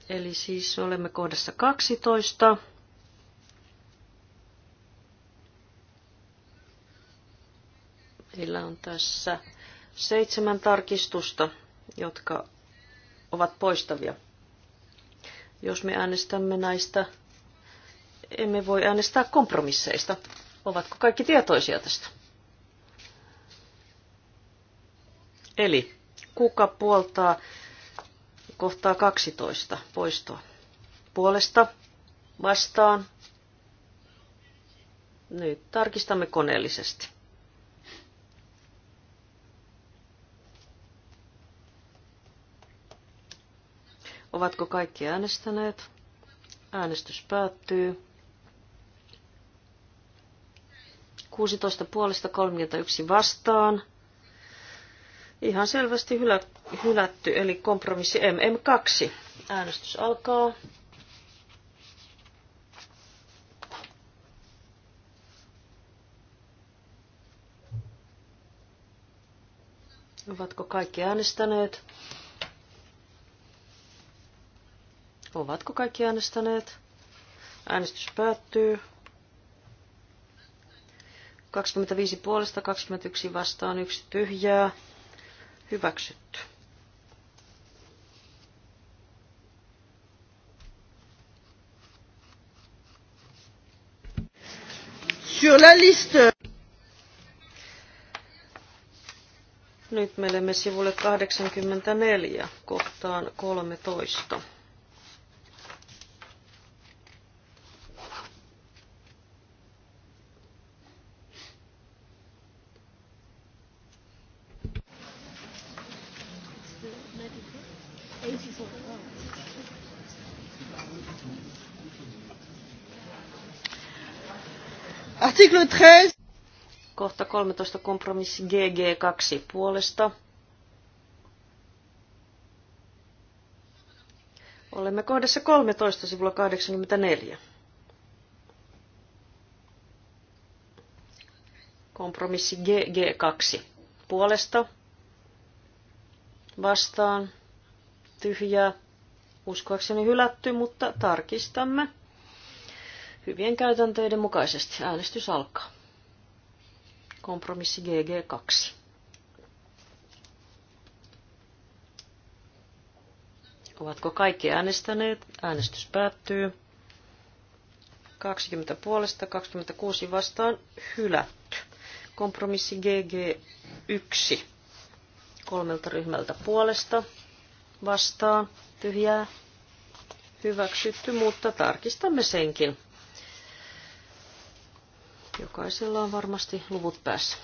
Eli siis olemme kohdassa 12. Meillä on tässä seitsemän tarkistusta, jotka ovat poistavia. Jos me äänestämme näistä emme voi äänestää kompromisseista. Ovatko kaikki tietoisia tästä? Eli kuka puoltaa kohtaa 12 poistoa? Puolesta, vastaan. Nyt tarkistamme koneellisesti. Ovatko kaikki äänestäneet? Äänestys päättyy. 16 puolesta 31 vastaan. Ihan selvästi hylä, hylätty, eli kompromissi MM2. Äänestys alkaa. Ovatko kaikki äänestäneet? Ovatko kaikki äänestäneet? Äänestys päättyy. 25 puolesta, 21 vastaan, yksi tyhjää. Hyväksytty. Sur la liste. Nyt menemme sivulle 84 kohtaan 13. 13. Kohta 13 kompromissi GG2 puolesta. Olemme kohdassa 13 sivulla 84. Kompromissi GG2 puolesta. Vastaan. Tyhjää. Uskoakseni hylätty, mutta tarkistamme hyvien käytänteiden mukaisesti. Äänestys alkaa. Kompromissi GG2. Ovatko kaikki äänestäneet? Äänestys päättyy. 20 puolesta, 26 vastaan hylätty. Kompromissi GG1. Kolmelta ryhmältä puolesta vastaan tyhjää hyväksytty, mutta tarkistamme senkin. Jokaisella on varmasti luvut päässä.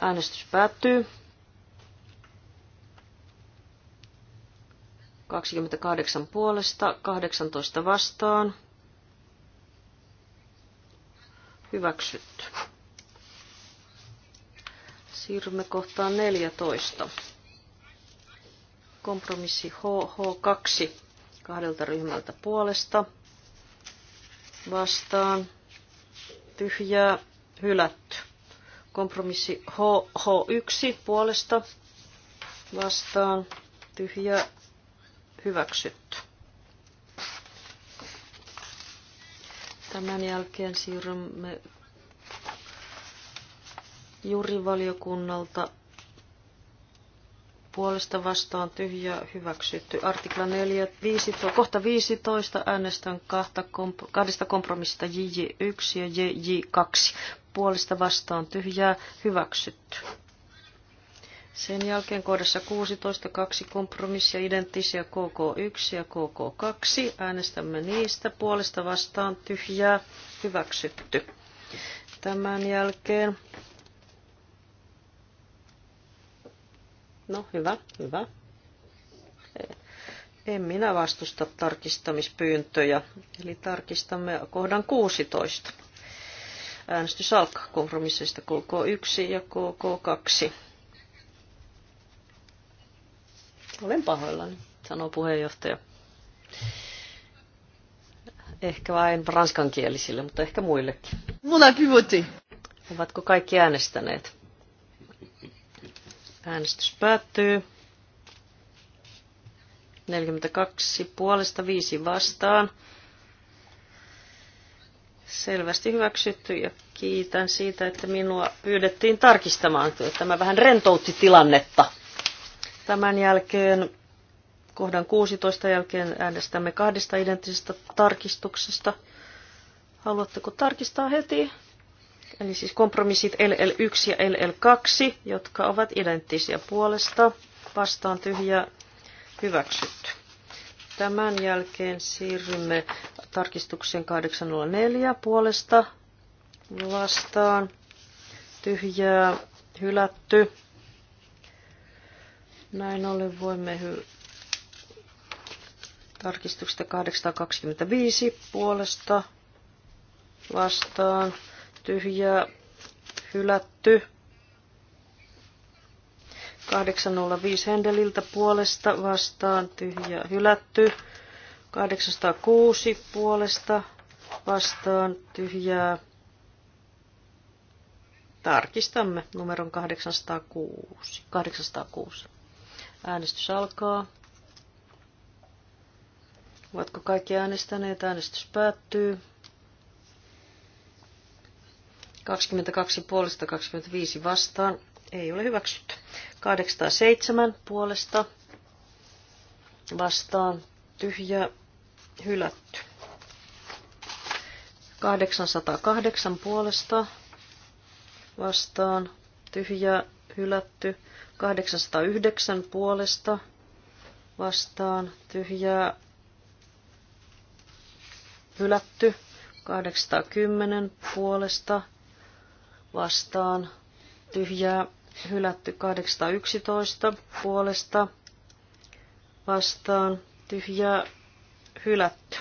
Äänestys päättyy. 28 puolesta, 18 vastaan. Hyväksytty. Siirrymme kohtaan 14. Kompromissi HH2 kahdelta ryhmältä puolesta vastaan tyhjää hylätty. Kompromissi h 1 puolesta vastaan tyhjää hyväksytty. Tämän jälkeen siirrymme juurivaliokunnalta puolesta vastaan tyhjä hyväksytty. Artikla 4, 15, kohta 15 äänestän kahta, komp kahdesta kompromissista JJ1 ja JJ2. Puolesta vastaan tyhjää hyväksytty. Sen jälkeen kohdassa 16, kaksi kompromissia identtisiä KK1 ja KK2. Äänestämme niistä puolesta vastaan tyhjää hyväksytty. Tämän jälkeen No hyvä, hyvä. En minä vastusta tarkistamispyyntöjä, eli tarkistamme kohdan 16. Äänestys alkaa kompromisseista KK1 ja KK2. Olen pahoillani, sanoo puheenjohtaja. Ehkä vain ranskankielisille, mutta ehkä muillekin. Mun Ovatko kaikki äänestäneet? Äänestys päättyy. 42 puolesta 5 vastaan. Selvästi hyväksytty ja kiitän siitä, että minua pyydettiin tarkistamaan. Tämä vähän rentoutti tilannetta. Tämän jälkeen kohdan 16 jälkeen äänestämme kahdesta identtisestä tarkistuksesta. Haluatteko tarkistaa heti? Eli siis kompromissit LL1 ja LL2, jotka ovat identtisiä puolesta. Vastaan tyhjä hyväksytty. Tämän jälkeen siirrymme tarkistukseen 804 puolesta vastaan. Tyhjää hylätty. Näin ollen voimme hy- tarkistuksesta 825 puolesta vastaan tyhjää hylätty. 805 Hendeliltä puolesta vastaan tyhjä hylätty. 806 puolesta vastaan tyhjää. Tarkistamme numeron 806. 806. Äänestys alkaa. Ovatko kaikki äänestäneet? Äänestys päättyy. 22 puolesta 25 vastaan. Ei ole hyväksytty. 807 puolesta vastaan. Tyhjä hylätty. 808 puolesta vastaan. Tyhjä hylätty. 809 puolesta vastaan. tyhjä hylätty. 810 puolesta vastaan vastaan tyhjää hylätty 811 puolesta vastaan tyhjää hylätty.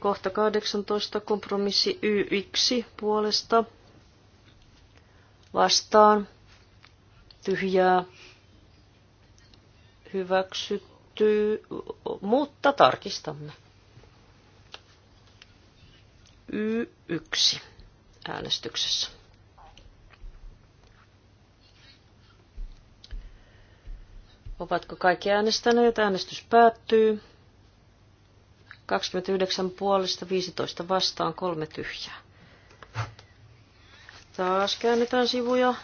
Kohta 18 kompromissi Y1 puolesta vastaan tyhjää hyväksytty, mutta tarkistamme. Y1 äänestyksessä. Ovatko kaikki äänestäneet? Äänestys päättyy. 29 puolesta, 15 vastaan, kolme tyhjää. Taas käännetään sivuja.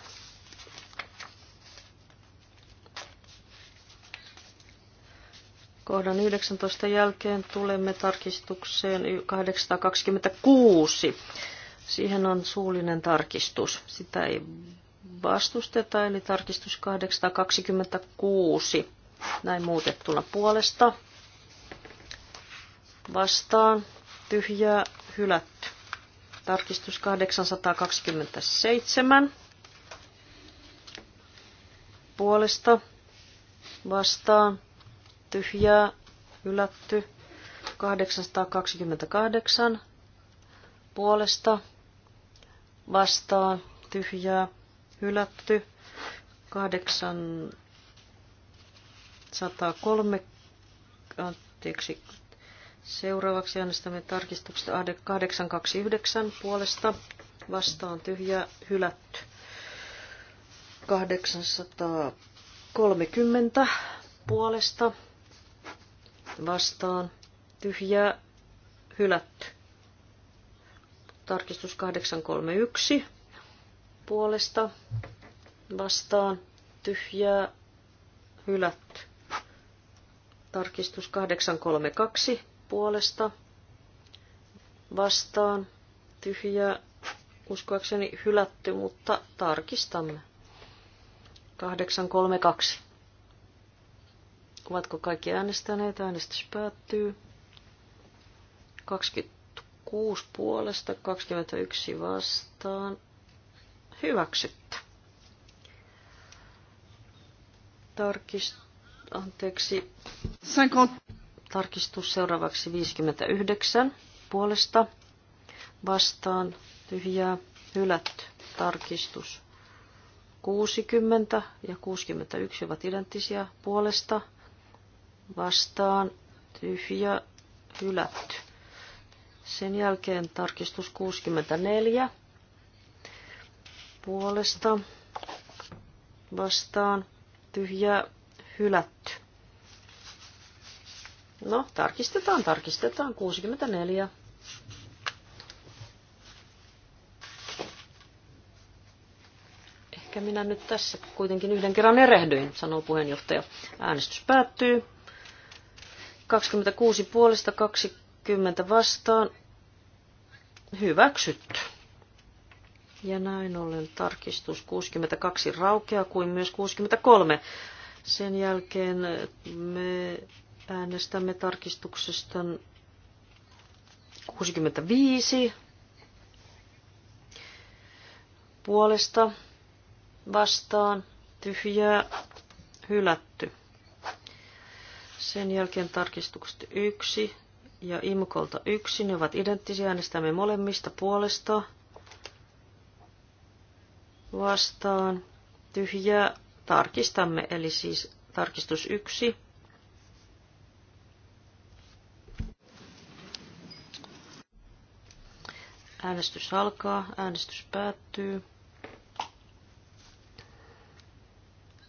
Kohdan 19 jälkeen tulemme tarkistukseen 826. Siihen on suullinen tarkistus. Sitä ei vastustetaan, eli tarkistus 826, näin muutettuna puolesta. Vastaan, tyhjää, hylätty. Tarkistus 827, puolesta, vastaan, tyhjää, hylätty. 828, puolesta, vastaan, tyhjää, hylätty. 803, anteeksi, seuraavaksi äänestämme tarkistuksesta 829 puolesta vastaan tyhjä hylätty. 830 puolesta vastaan tyhjä hylätty. Tarkistus 831 puolesta vastaan tyhjää hylätty. Tarkistus 832 puolesta vastaan tyhjää uskoakseni hylätty, mutta tarkistamme. 832. Ovatko kaikki äänestäneet? Äänestys päättyy. 26 puolesta, 21 vastaan hyväksyttä. Tarkist... Anteeksi. Tarkistus seuraavaksi 59 puolesta. Vastaan tyhjää hylätty. Tarkistus 60 ja 61 ovat identtisiä puolesta. Vastaan tyhjä hylätty. Sen jälkeen tarkistus 64 puolesta vastaan tyhjää hylätty. No, tarkistetaan, tarkistetaan. 64. Ehkä minä nyt tässä kuitenkin yhden kerran erehdyin, sanoo puheenjohtaja. Äänestys päättyy. 26 puolesta, 20 vastaan. Hyväksytty. Ja näin ollen tarkistus 62 raukea kuin myös 63. Sen jälkeen me äänestämme tarkistuksesta 65 puolesta vastaan tyhjää hylätty. Sen jälkeen tarkistukset 1 ja imkolta 1, ne ovat identtisiä, äänestämme molemmista puolesta vastaan, tyhjää, tarkistamme, eli siis tarkistus 1. Äänestys alkaa, äänestys päättyy.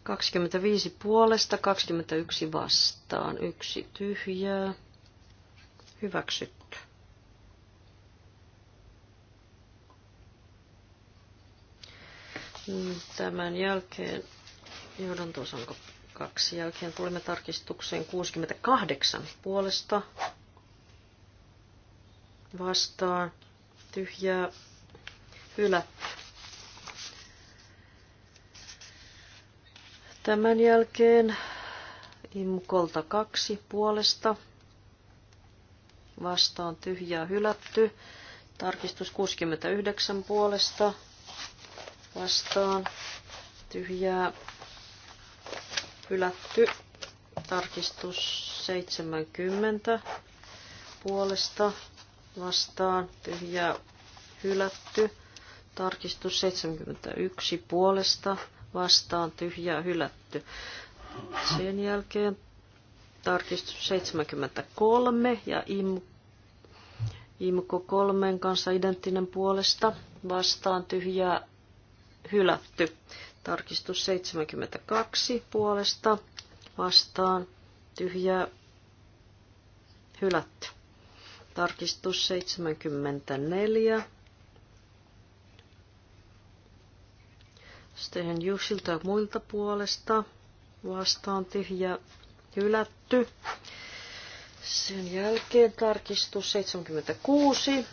25 puolesta, 21 vastaan, yksi tyhjää. Hyväksytty. Tämän jälkeen onko kaksi jälkeen tulemme tarkistukseen 68 puolesta vastaan tyhjää hylätty. Tämän jälkeen Imkolta kaksi puolesta. Vastaan tyhjää hylätty. Tarkistus 69 puolesta vastaan tyhjää hylätty. Tarkistus 70 puolesta vastaan tyhjää hylätty. Tarkistus 71 puolesta vastaan tyhjää hylätty. Sen jälkeen tarkistus 73 ja im, imko kolmen kanssa identtinen puolesta vastaan tyhjää hylätty. Tarkistus 72 puolesta vastaan tyhjää hylätty. Tarkistus 74. Sitten Jussilta ja muilta puolesta vastaan tyhjä hylätty. Sen jälkeen tarkistus 76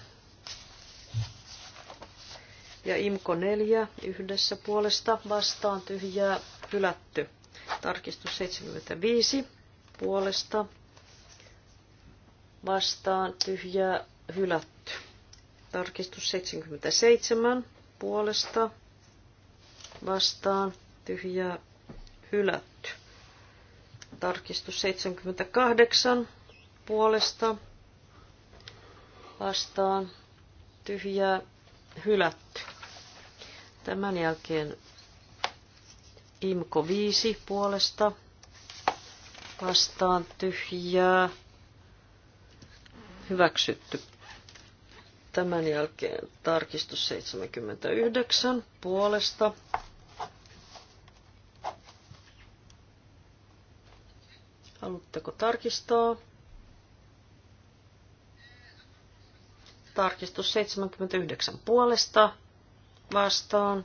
ja IMKO 4 yhdessä puolesta vastaan tyhjää hylätty. Tarkistus 75 puolesta vastaan tyhjää hylätty. Tarkistus 77 puolesta vastaan tyhjää hylätty. Tarkistus 78 puolesta vastaan tyhjää hylätty. Tämän jälkeen IMKO 5 puolesta vastaan tyhjää hyväksytty. Tämän jälkeen tarkistus 79 puolesta Haluatteko tarkistaa? Tarkistus 79 puolesta vastaan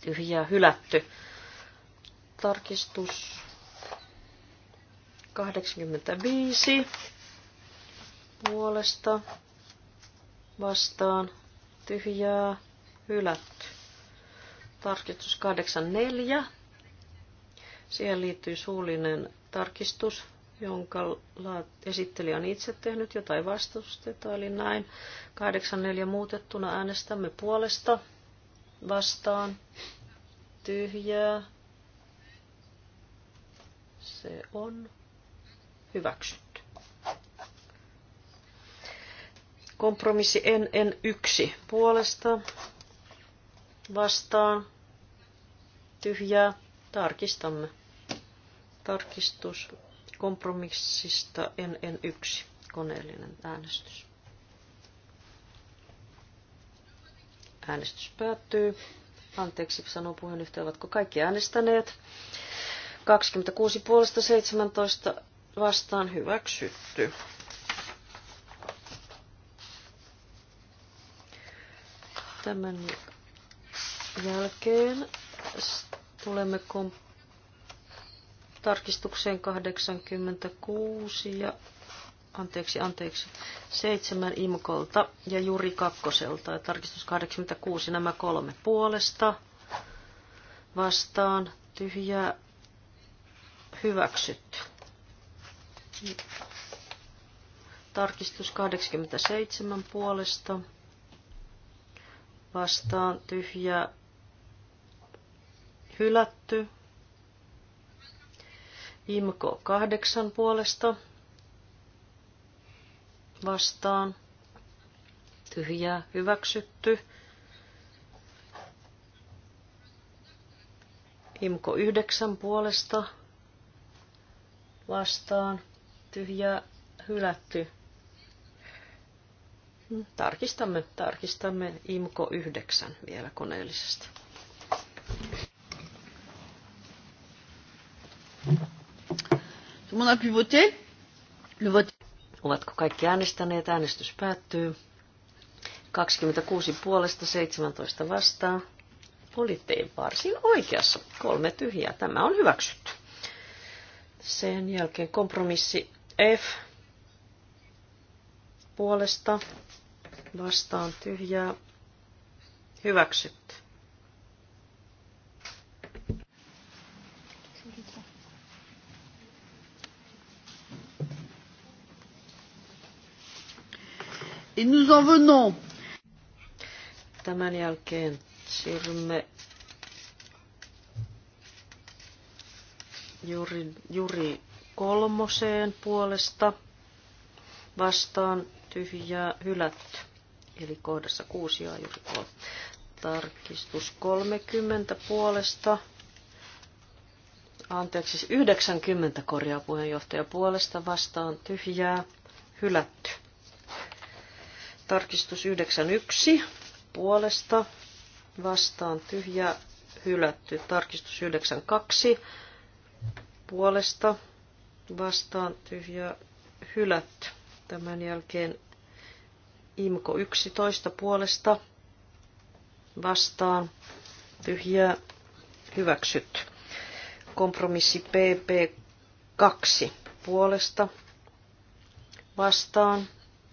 tyhjää hylätty. Tarkistus 85 puolesta vastaan tyhjää hylätty. Tarkistus 84. Siihen liittyy suullinen tarkistus jonka esittelijä on itse tehnyt, jotain vastustetta eli näin. 84 muutettuna äänestämme puolesta, vastaan, tyhjää. Se on hyväksytty. Kompromissi NN1 puolesta, vastaan, tyhjää, tarkistamme. Tarkistus kompromissista nn yksi koneellinen äänestys. Äänestys päättyy. Anteeksi, sanoo puheenjohtaja, ovatko kaikki äänestäneet? 26 puolesta 17 vastaan hyväksytty. Tämän jälkeen tulemme komp- tarkistukseen 86 ja anteeksi, anteeksi, seitsemän Imkolta ja Juri Kakkoselta ja tarkistus 86, nämä kolme puolesta vastaan tyhjää hyväksytty. Tarkistus 87 puolesta vastaan tyhjää hylätty. Imko kahdeksan puolesta vastaan. Tyhjää hyväksytty. Imko yhdeksän puolesta vastaan. Tyhjää hylätty. Tarkistamme, tarkistamme IMKO yhdeksän vielä koneellisesti. Tout le monde a pu voter? Le vote. Ovatko kaikki äänestäneet? Äänestys päättyy. 26 puolesta 17 vastaan. Olitte varsin oikeassa. Kolme tyhjää. Tämä on hyväksytty. Sen jälkeen kompromissi F puolesta vastaan tyhjää hyväksytty. Et nous en venons. Tämän jälkeen siirrymme Juri, Juri kolmoseen puolesta vastaan tyhjää hylätty. Eli kohdassa kuusi ja Juri kolme. Tarkistus 30 puolesta. Anteeksi, siis 90 korjaa puheenjohtaja puolesta vastaan tyhjää hylätty. Tarkistus 91 puolesta vastaan tyhjä hylätty. Tarkistus 92 puolesta vastaan tyhjä hylätty. Tämän jälkeen Imko 11 puolesta vastaan tyhjä hyväksytty. Kompromissi PP2 puolesta vastaan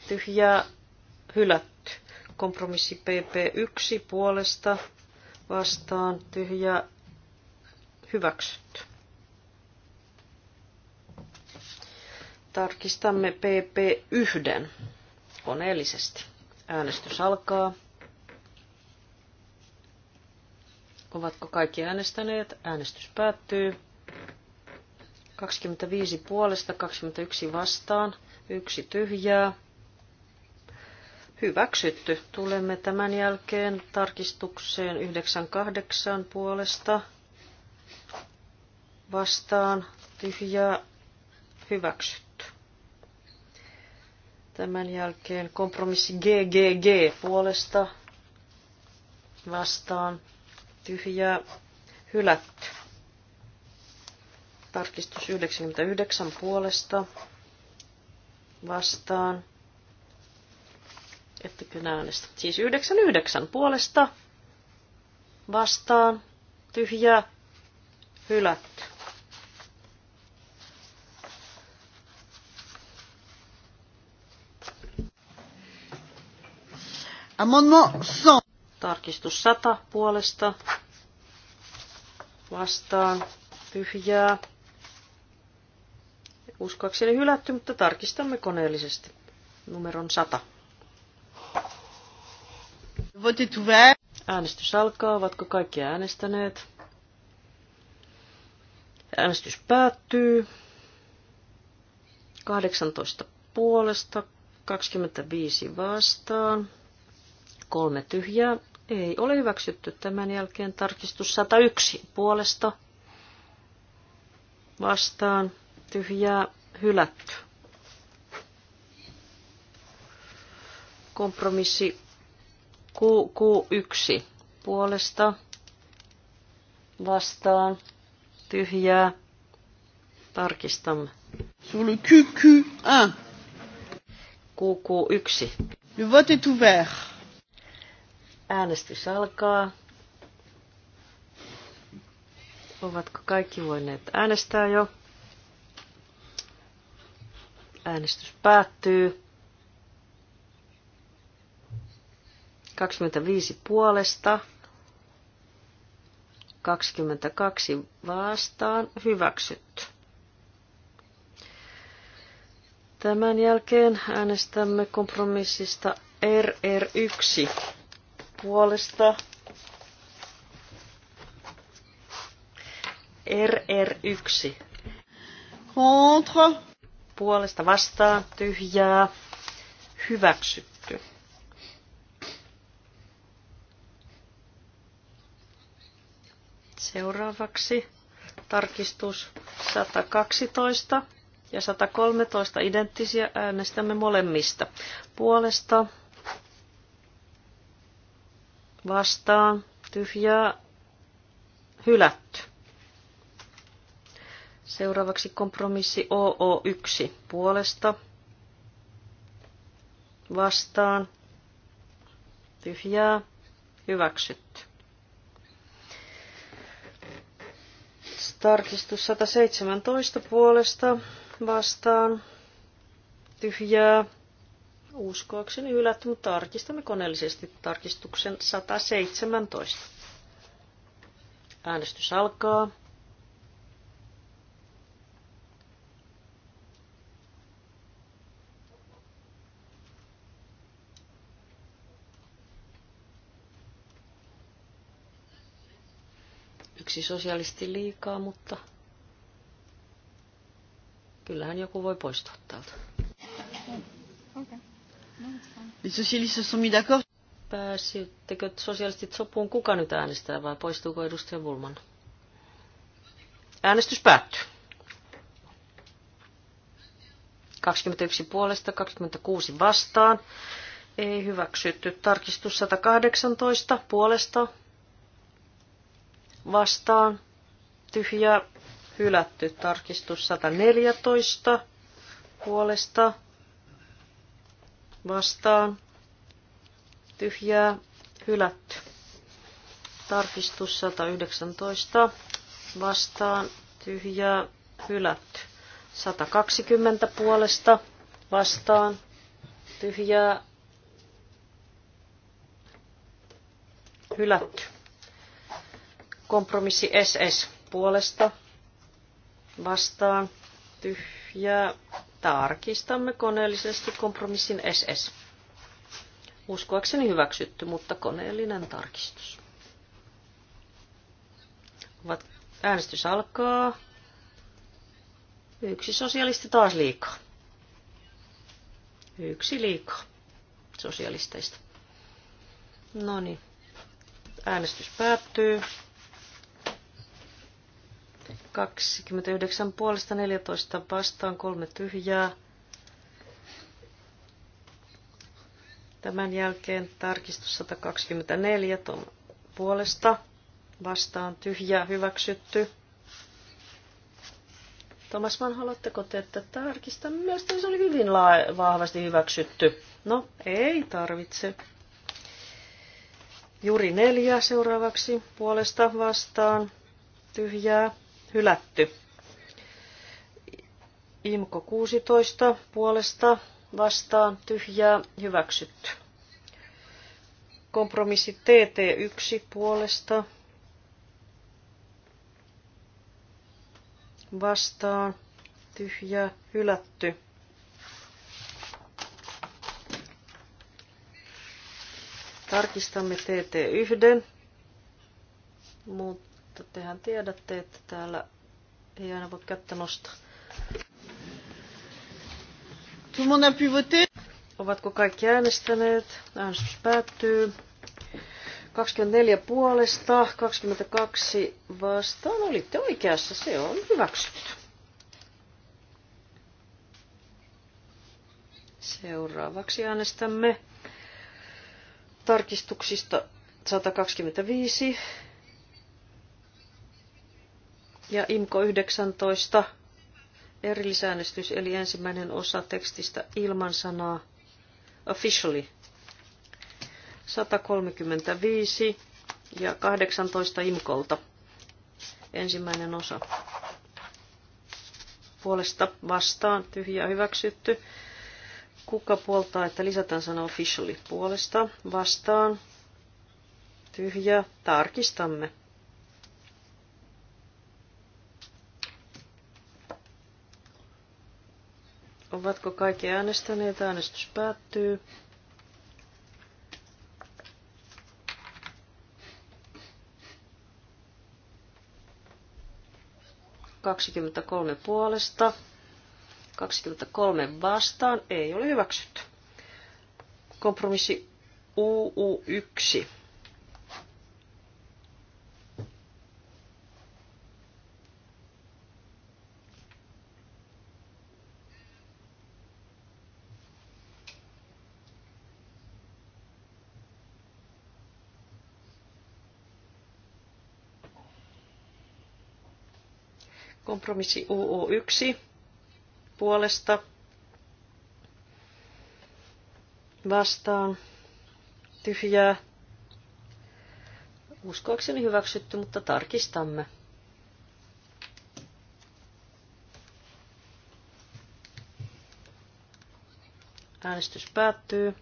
tyhjää hylätty. Kompromissi PP1 puolesta vastaan tyhjä hyväksytty. Tarkistamme PP1 koneellisesti. Äänestys alkaa. Ovatko kaikki äänestäneet? Äänestys päättyy. 25 puolesta, 21 vastaan, yksi tyhjää. Hyväksytty. Tulemme tämän jälkeen tarkistukseen 98 puolesta. Vastaan tyhjää hyväksytty. Tämän jälkeen kompromissi GGG puolesta vastaan tyhjää hylätty. Tarkistus 99 puolesta vastaan kyllä äänestät. Siis 99 puolesta vastaan tyhjää hylätty. Tarkistus 100 puolesta. Vastaan. Tyhjää. Uskoakseni hylätty, mutta tarkistamme koneellisesti. Numeron 100. Vote est Äänestys alkaa. Ovatko kaikki äänestäneet? Äänestys päättyy. 18 puolesta, 25 vastaan, kolme tyhjää. Ei ole hyväksytty tämän jälkeen tarkistus 101 puolesta vastaan, tyhjää hylätty. Kompromissi QQ1 puolesta vastaan tyhjää. Tarkistamme. Sulle QQ1. QQ1. Le vote est ouvert. Äänestys alkaa. Ovatko kaikki voineet äänestää jo? Äänestys päättyy. 25 puolesta, 22 vastaan, hyväksytty. Tämän jälkeen äänestämme kompromissista RR1 puolesta. RR1. Contre. Puolesta vastaan, tyhjää, hyväksytty. Seuraavaksi tarkistus 112 ja 113 identtisiä äänestämme molemmista. Puolesta vastaan tyhjää hylätty. Seuraavaksi kompromissi OO1 puolesta vastaan tyhjää hyväksytty. Tarkistus 117 puolesta vastaan. Tyhjää. Uskoakseni hylätty, mutta tarkistamme koneellisesti tarkistuksen 117. Äänestys alkaa. Yksi sosialisti liikaa, mutta kyllähän joku voi poistua täältä. No, Pääsittekö sosialistit sopuun, kuka nyt äänestää vai poistuuko edustaja Bulman? Äänestys päättyy. 21 puolesta, 26 vastaan. Ei hyväksytty. Tarkistus 118 puolesta vastaan, tyhjä hylätty. Tarkistus 114 puolesta vastaan, tyhjää, hylätty. Tarkistus 119 vastaan, tyhjää, hylätty. 120 puolesta vastaan, tyhjää, hylätty. Kompromissi SS puolesta vastaan tyhjää. Tarkistamme koneellisesti kompromissin SS. Uskoakseni hyväksytty, mutta koneellinen tarkistus. äänestys alkaa. Yksi sosialisti taas liikaa. Yksi liikaa sosialisteista. No niin, äänestys päättyy. 29 puolesta 14 vastaan, kolme tyhjää. Tämän jälkeen tarkistus 124 ton puolesta vastaan tyhjää hyväksytty. Thomas Mann, haluatteko te, että tarkistamme? Mielestäni se oli hyvin vahvasti hyväksytty. No, ei tarvitse. Juri neljä seuraavaksi puolesta vastaan. Tyhjää hylätty. Imko 16 puolesta vastaan tyhjää hyväksytty. Kompromissi TT1 puolesta vastaan tyhjää hylätty. Tarkistamme TT1, mutta mutta tehän tiedätte, että täällä ei aina voi kättä nostaa. Tout le Ovatko kaikki äänestäneet? Äänestys päättyy. 24 puolesta, 22 vastaan. Olitte oikeassa, se on hyväksytty. Seuraavaksi äänestämme tarkistuksista 125 ja IMKO 19 erillisäänestys, eli ensimmäinen osa tekstistä ilman sanaa officially. 135 ja 18 IMKOlta ensimmäinen osa. Puolesta vastaan, tyhjä hyväksytty. Kuka puoltaa, että lisätään sana officially? Puolesta vastaan, tyhjä, tarkistamme. Ovatko kaikki äänestäneet? Äänestys päättyy. kolme puolesta, 23 vastaan, ei ole hyväksytty. Kompromissi UU1 Kompromissi UU1 puolesta vastaan tyhjää. Uskoakseni hyväksytty, mutta tarkistamme. Äänestys päättyy.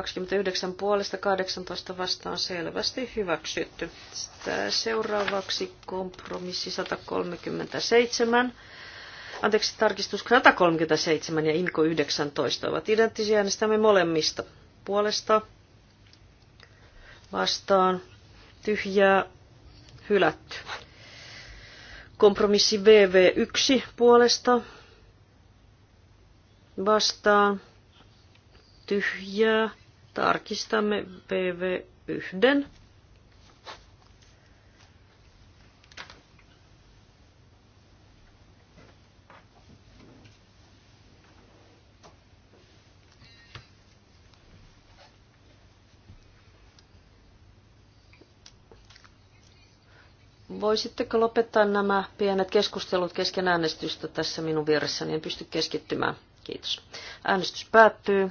29 puolesta 18 vastaan selvästi hyväksytty. seuraavaksi kompromissi 137. Anteeksi, tarkistus 137 ja INKO 19 ovat identtisiä. Äänestämme molemmista puolesta vastaan tyhjää hylätty. Kompromissi VV1 puolesta vastaan tyhjää Tarkistamme PV1. Voisitteko lopettaa nämä pienet keskustelut kesken äänestystä tässä minun vieressäni? En pysty keskittymään. Kiitos. Äänestys päättyy.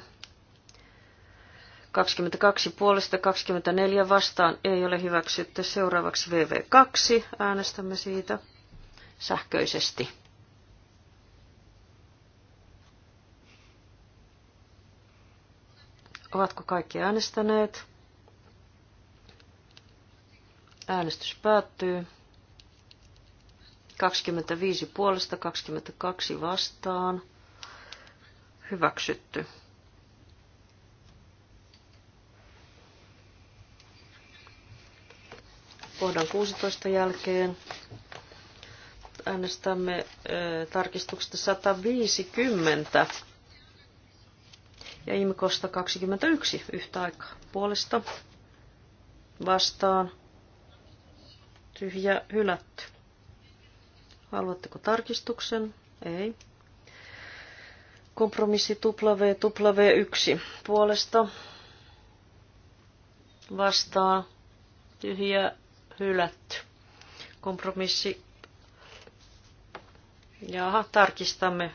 22 puolesta 24 vastaan ei ole hyväksytty. Seuraavaksi VV2. Äänestämme siitä sähköisesti. Ovatko kaikki äänestäneet? Äänestys päättyy. 25 puolesta 22 vastaan. Hyväksytty. kohdan 16 jälkeen. Äänestämme tarkistuksesta 150 ja IMKosta 21 yhtä aikaa puolesta vastaan tyhjä hylätty. Haluatteko tarkistuksen? Ei. Kompromissi W, W1 puolesta vastaan tyhjä hylätty. Kompromissi. Jaha, tarkistamme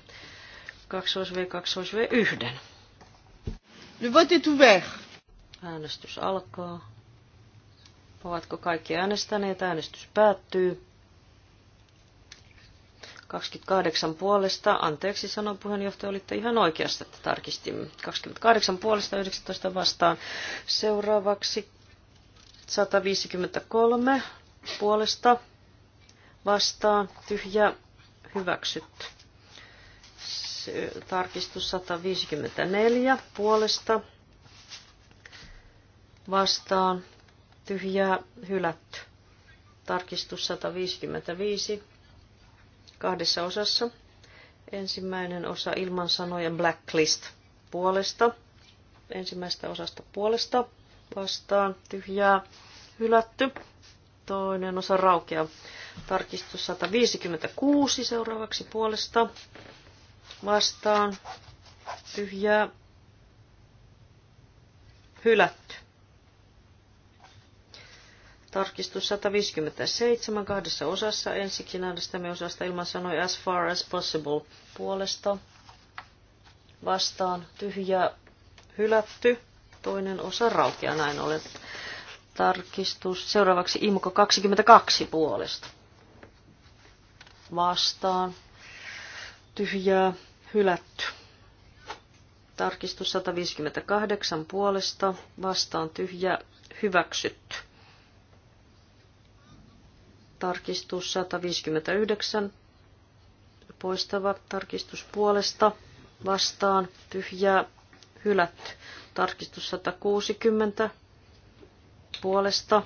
2V, 2V, 1. Le vote est ouvert. Äänestys alkaa. Ovatko kaikki äänestäneet? Äänestys päättyy. 28 puolesta, anteeksi sanon puheenjohtaja, olitte ihan oikeassa, että tarkistimme. 28 puolesta, 19 vastaan. Seuraavaksi 153 puolesta vastaan tyhjä hyväksytty. Tarkistus 154 puolesta vastaan tyhjä hylätty. Tarkistus 155 kahdessa osassa. Ensimmäinen osa ilman sanojen blacklist puolesta. Ensimmäistä osasta puolesta vastaan tyhjää hylätty. Toinen osa raukea. Tarkistus 156 seuraavaksi puolesta vastaan tyhjää hylätty. Tarkistus 157 kahdessa osassa. Ensiksi äänestämme osasta ilman sanoi as far as possible puolesta. Vastaan tyhjä hylätty toinen osa raukea näin ollen. Tarkistus. Seuraavaksi IMKO 22 puolesta. Vastaan. Tyhjää. Hylätty. Tarkistus 158 puolesta. Vastaan tyhjä. Hyväksytty. Tarkistus 159 poistava tarkistus puolesta vastaan tyhjää hylätty. Tarkistus 160 puolesta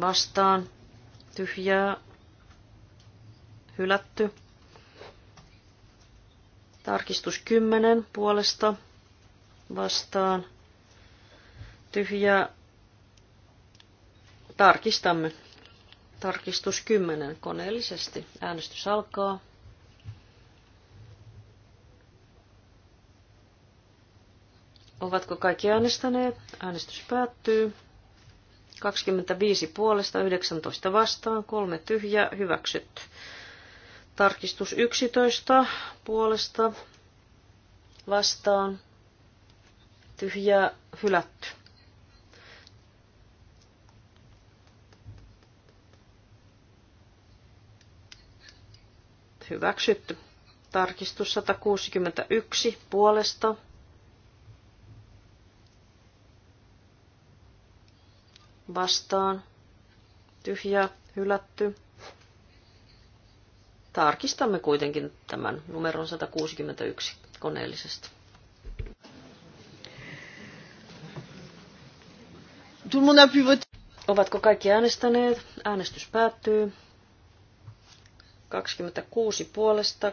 vastaan tyhjää hylätty. Tarkistus 10 puolesta vastaan tyhjää tarkistamme. Tarkistus 10 koneellisesti. Äänestys alkaa. Ovatko kaikki äänestäneet? Äänestys päättyy. 25 puolesta, 19 vastaan, kolme tyhjää, hyväksytty. Tarkistus 11 puolesta, vastaan, tyhjä hylätty. Hyväksytty. Tarkistus 161 puolesta, vastaan, tyhjä, hylätty. Tarkistamme kuitenkin tämän numeron 161 koneellisesti. Ovatko kaikki äänestäneet? Äänestys päättyy. 26 puolesta,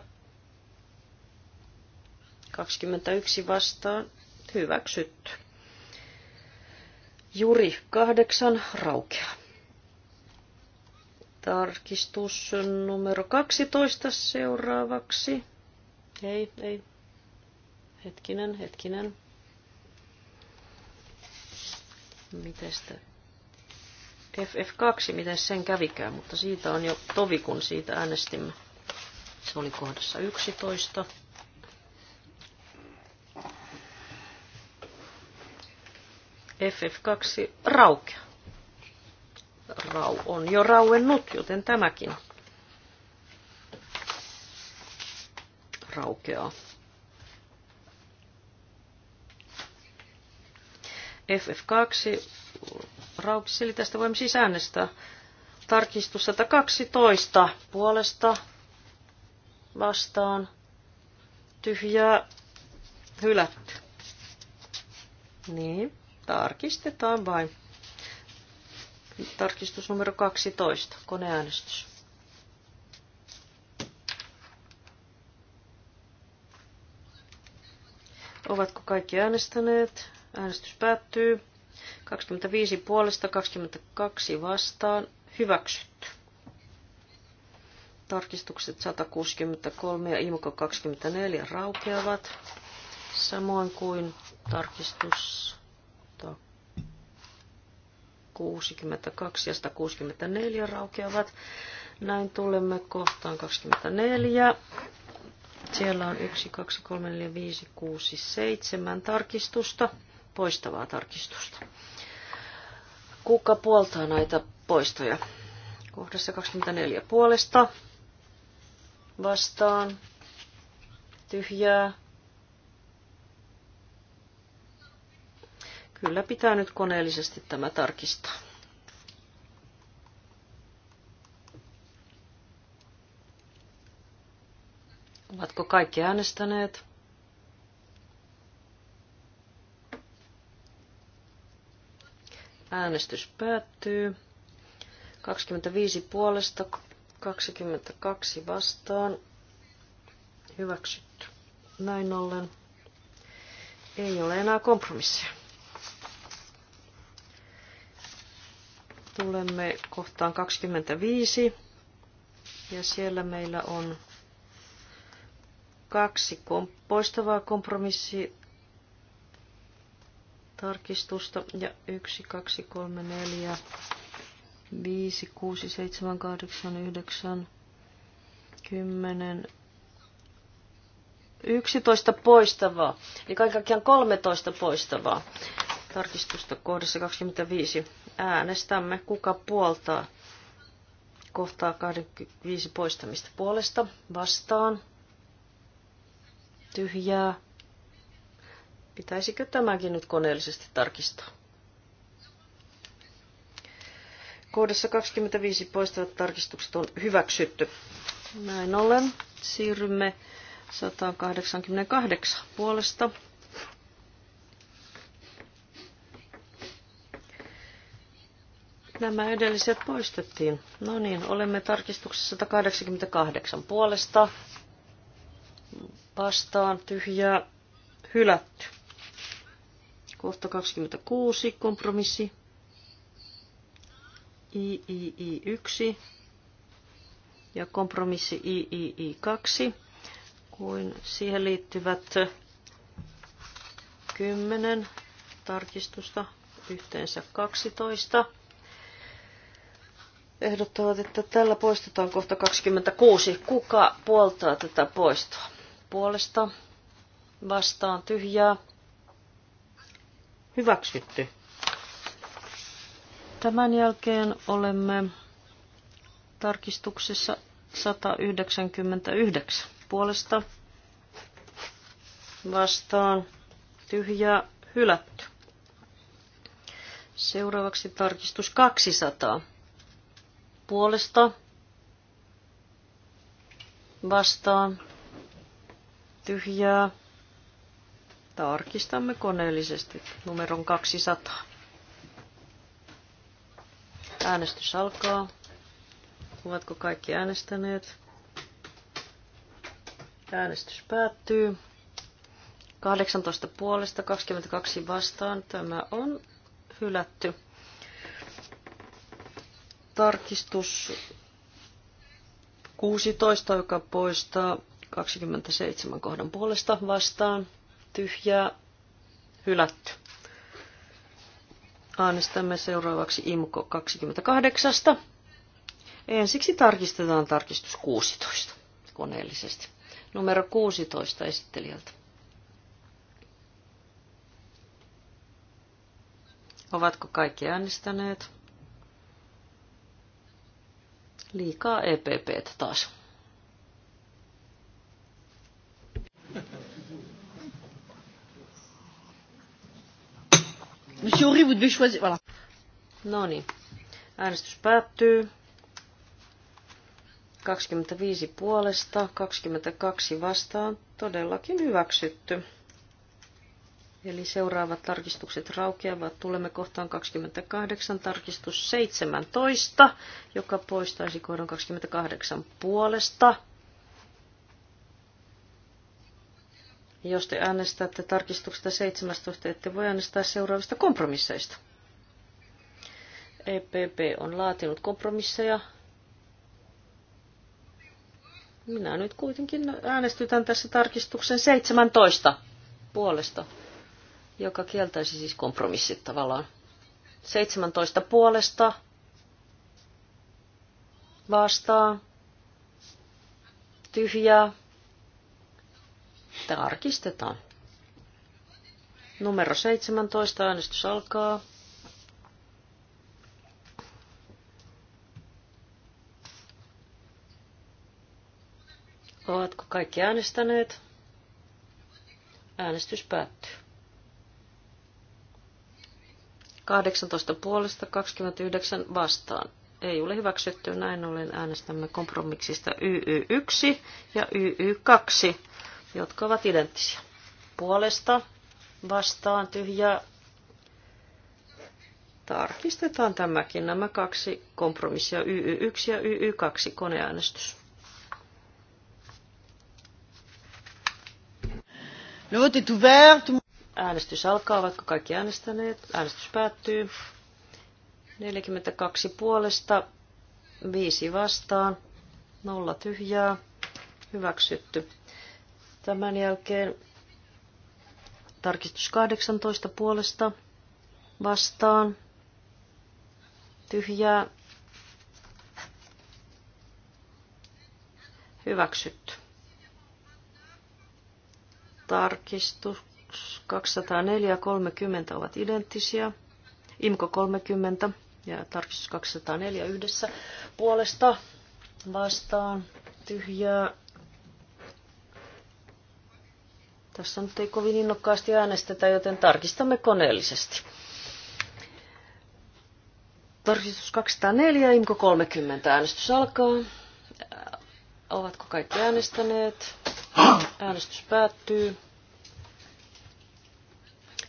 21 vastaan, hyväksytty. Juri kahdeksan raukea. Tarkistus numero 12 seuraavaksi. Ei, ei. Hetkinen, hetkinen. Mites te? FF2, miten sen kävikään, mutta siitä on jo tovi, kun siitä äänestimme. Se oli kohdassa 11. FF2 raukea. Rau on jo rauennut, joten tämäkin raukeaa. FF2 raukesi, eli tästä voimme sisäännestää Tarkistus 112 puolesta vastaan tyhjää hylätty. Niin. Tarkistetaan vain. Tarkistus numero 12, koneäänestys. Ovatko kaikki äänestäneet? Äänestys päättyy. 25 puolesta, 22 vastaan. Hyväksytty. Tarkistukset 163 ja IMOKO 24 raukeavat. Samoin kuin tarkistus 162 ja 164 raukeavat. Näin tulemme kohtaan 24. Siellä on 1, 2, 3, 4, 5, 6, 7 tarkistusta, poistavaa tarkistusta. Kuka puoltaa näitä poistoja? Kohdassa 24 puolesta vastaan tyhjää Kyllä pitää nyt koneellisesti tämä tarkistaa. Ovatko kaikki äänestäneet? Äänestys päättyy. 25 puolesta, 22 vastaan. Hyväksytty. Näin ollen ei ole enää kompromissia. tulemme kohtaan 25 ja siellä meillä on kaksi kom- poistavaa tarkistusta ja 1, 2, 3, 4, 5, 6, 7, 8, 9, 10, 11 poistavaa, eli kaiken kaikkiaan 13 poistavaa tarkistusta kohdassa 25. Äänestämme, kuka puoltaa kohtaa 25 poistamista puolesta, vastaan, tyhjää. Pitäisikö tämäkin nyt koneellisesti tarkistaa? Kohdassa 25 poistavat tarkistukset on hyväksytty. Näin ollen siirrymme 188 puolesta Nämä edelliset poistettiin. No niin, olemme tarkistuksessa 188 puolesta. Vastaan tyhjää hylätty. Kohta 26, kompromissi. III1 ja kompromissi III2, kuin siihen liittyvät 10 tarkistusta, yhteensä 12 ehdottavat, että tällä poistetaan kohta 26. Kuka puoltaa tätä poistoa? Puolesta vastaan tyhjää. Hyväksytty. Tämän jälkeen olemme tarkistuksessa 199 puolesta vastaan tyhjää hylätty. Seuraavaksi tarkistus 200 puolesta vastaan tyhjää. Tarkistamme koneellisesti numeron 200. Äänestys alkaa. Ovatko kaikki äänestäneet? Äänestys päättyy. 18 puolesta, 22 vastaan. Tämä on hylätty. Tarkistus 16, joka poistaa 27 kohdan puolesta vastaan. Tyhjää hylätty. Äänestämme seuraavaksi IMKO 28. Ensiksi tarkistetaan tarkistus 16 koneellisesti. Numero 16 esittelijältä. Ovatko kaikki äänestäneet? Liikaa EPP taas. Monsieur Horry, vous devez choisir. Voilà. No niin. Äänestys päättyy. 25 puolesta, 22 vastaan. Todellakin hyväksytty. Eli seuraavat tarkistukset raukeavat. Tulemme kohtaan 28, tarkistus 17, joka poistaisi kohdan 28 puolesta. Jos te äänestätte tarkistuksesta 17, ette voi äänestää seuraavista kompromisseista. EPP on laatinut kompromisseja. Minä nyt kuitenkin äänestytän tässä tarkistuksen 17 puolesta joka kieltäisi siis kompromissit tavallaan. 17 puolesta vastaan tyhjää. Tarkistetaan. Numero 17, äänestys alkaa. Ovatko kaikki äänestäneet? Äänestys päättyy. 18 puolesta 29 vastaan. Ei ole hyväksytty, näin ollen äänestämme kompromissista YY1 ja YY2, jotka ovat identtisiä. Puolesta vastaan tyhjä. Tarkistetaan tämäkin nämä kaksi kompromissia YY1 ja YY2 koneäänestys. Le vote est ouvert. Äänestys alkaa, vaikka kaikki äänestäneet. Äänestys päättyy. 42 puolesta, 5 vastaan, 0 tyhjää, hyväksytty. Tämän jälkeen tarkistus 18 puolesta vastaan, tyhjää, hyväksytty. Tarkistus 204 ja 30 ovat identtisiä. Imko 30 ja tarkistus 204 yhdessä puolesta vastaan tyhjää. Tässä nyt ei kovin innokkaasti äänestetä, joten tarkistamme koneellisesti. Tarkistus 204, IMKO 30. Äänestys alkaa. Ovatko kaikki äänestäneet? Äänestys päättyy.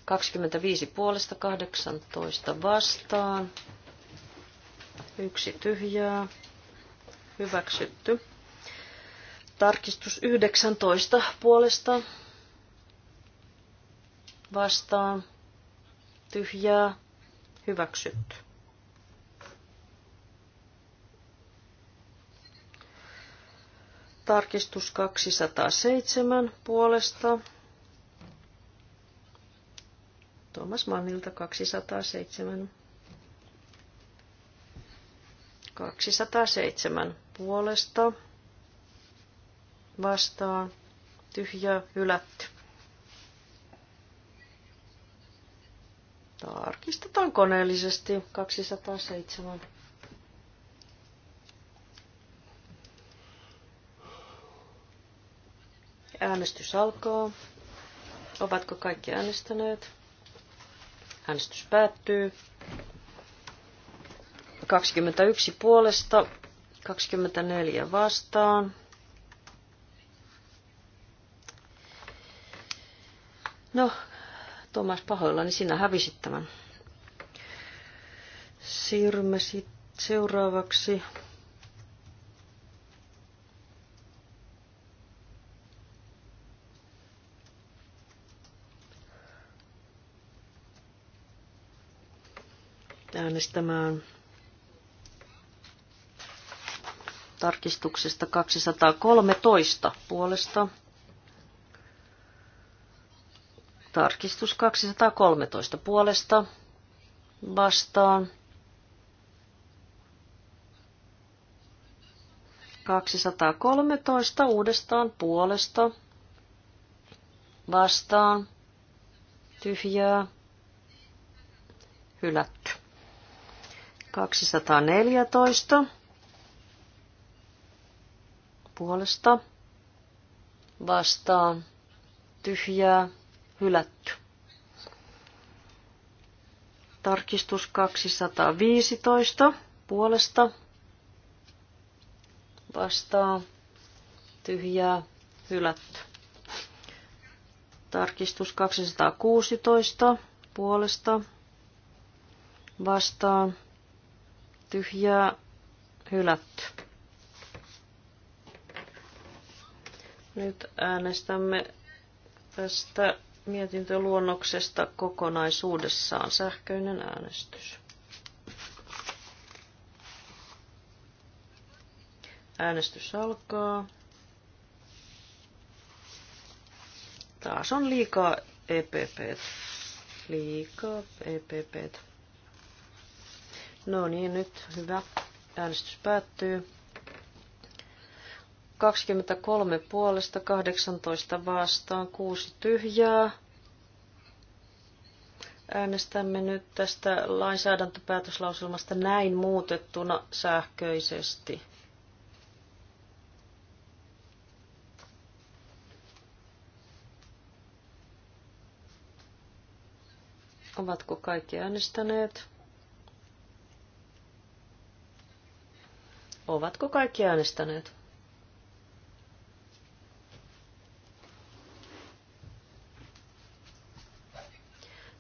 25 puolesta 18 vastaan. Yksi tyhjää. Hyväksytty. Tarkistus 19 puolesta vastaan. Tyhjää. Hyväksytty. Tarkistus 207 puolesta Thomas Mannilta 207. 207 puolesta vastaan tyhjä hylätty. Tarkistetaan koneellisesti 207. Äänestys alkaa. Ovatko kaikki äänestäneet? Äänestys päättyy. 21 puolesta, 24 vastaan. No, Tomas pahoilla, niin sinä hävisit tämän. Siirrymme sitten seuraavaksi äänestämään tarkistuksesta 213 puolesta. Tarkistus 213 puolesta vastaan. 213 uudestaan puolesta vastaan tyhjää hylätty. 214 puolesta vastaan tyhjää hylätty. Tarkistus 215 puolesta vastaan tyhjää hylätty. Tarkistus 216 puolesta vastaan tyhjää hylätty. Nyt äänestämme tästä mietintöluonnoksesta kokonaisuudessaan sähköinen äänestys. Äänestys alkaa. Taas on liikaa EPP. Liikaa EPP. No niin, nyt hyvä. Äänestys päättyy. 23 puolesta, 18 vastaan, 6 tyhjää. Äänestämme nyt tästä lainsäädäntöpäätöslauselmasta näin muutettuna sähköisesti. Ovatko kaikki äänestäneet? Ovatko kaikki äänestäneet?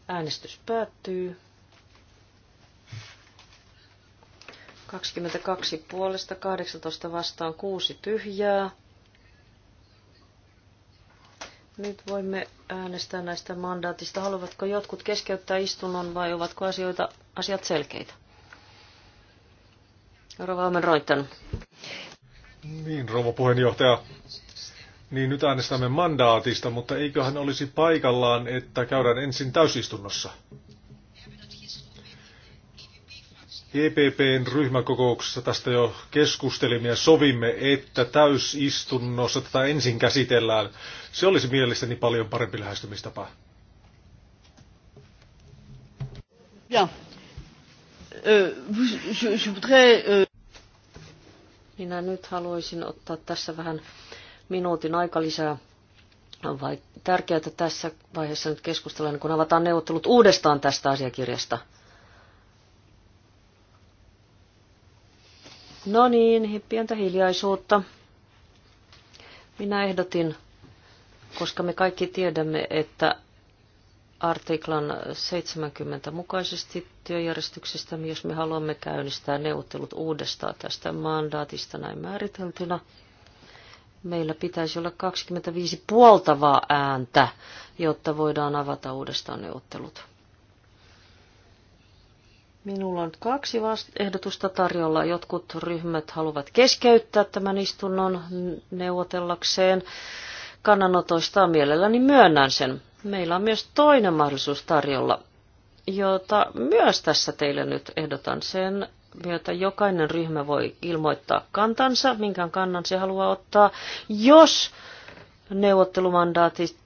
Äänestys päättyy. 22 puolesta, 18 vastaan, 6 tyhjää. Nyt voimme äänestää näistä mandaatista. Haluavatko jotkut keskeyttää istunnon vai ovatko asioita, asiat selkeitä? Rova Omen Roiton. Niin, Rova puheenjohtaja. Niin nyt äänestämme mandaatista, mutta eiköhän olisi paikallaan, että käydään ensin täysistunnossa. EPPn ryhmäkokouksessa tästä jo keskustelimme ja sovimme, että täysistunnossa tätä ensin käsitellään. Se olisi mielestäni paljon parempi lähestymistapa. Ja, Euh, euh, Minä nyt haluaisin ottaa tässä vähän minuutin aika lisää. On vai tärkeää tässä vaiheessa nyt keskustellaan, kun avataan neuvottelut uudestaan tästä asiakirjasta. No niin, pientä hiljaisuutta. Minä ehdotin, koska me kaikki tiedämme, että artiklan 70 mukaisesti työjärjestyksestä, jos me haluamme käynnistää neuvottelut uudestaan tästä mandaatista näin määriteltynä. Meillä pitäisi olla 25 puoltavaa ääntä, jotta voidaan avata uudestaan neuvottelut. Minulla on kaksi ehdotusta tarjolla. Jotkut ryhmät haluavat keskeyttää tämän istunnon neuvotellakseen. Kannanotoistaan mielelläni myönnän sen meillä on myös toinen mahdollisuus tarjolla, jota myös tässä teille nyt ehdotan sen myötä jokainen ryhmä voi ilmoittaa kantansa, minkä kannan se haluaa ottaa, jos neuvottelumandaatit,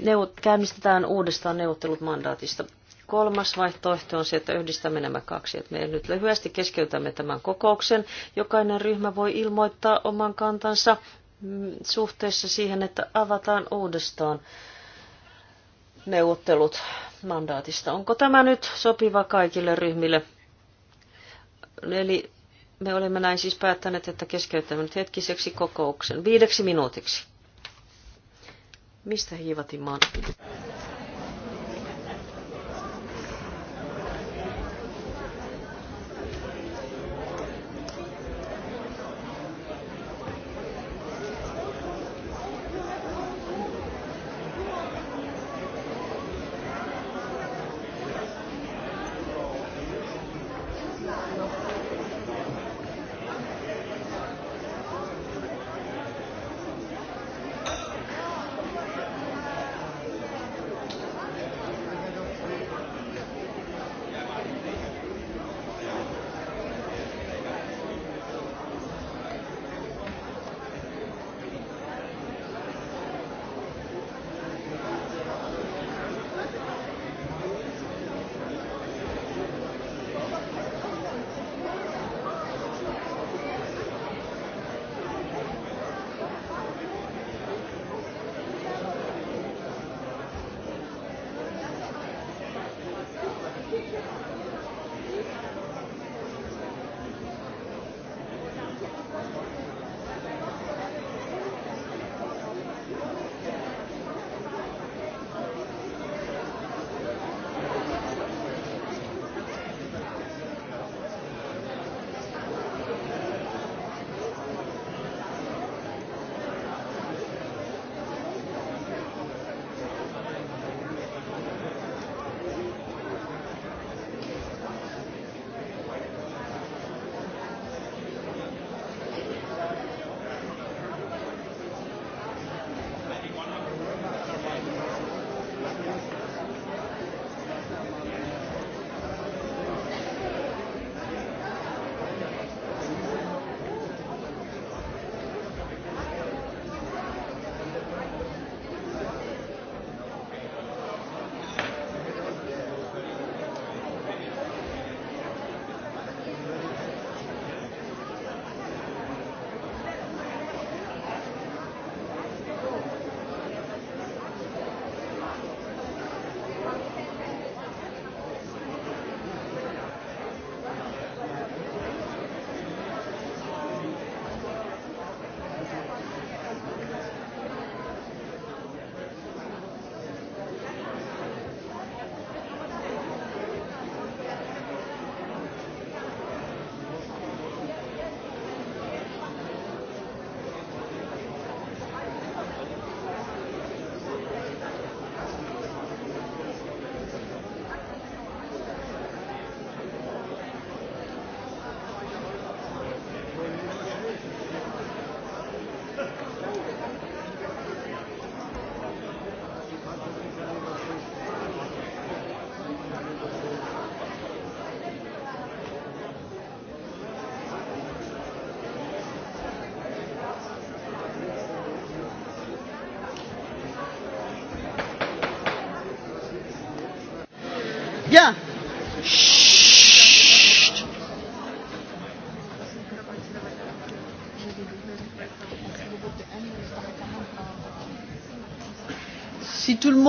neuvot, käynnistetään uudestaan neuvottelut mandaatista. Kolmas vaihtoehto on se, että yhdistämme nämä kaksi. Että me nyt lyhyesti keskeytämme tämän kokouksen. Jokainen ryhmä voi ilmoittaa oman kantansa mm, suhteessa siihen, että avataan uudestaan neuvottelut mandaatista. Onko tämä nyt sopiva kaikille ryhmille? Eli me olemme näin siis päättäneet, että keskeyttämme nyt hetkiseksi kokouksen viideksi minuutiksi. Mistä maan?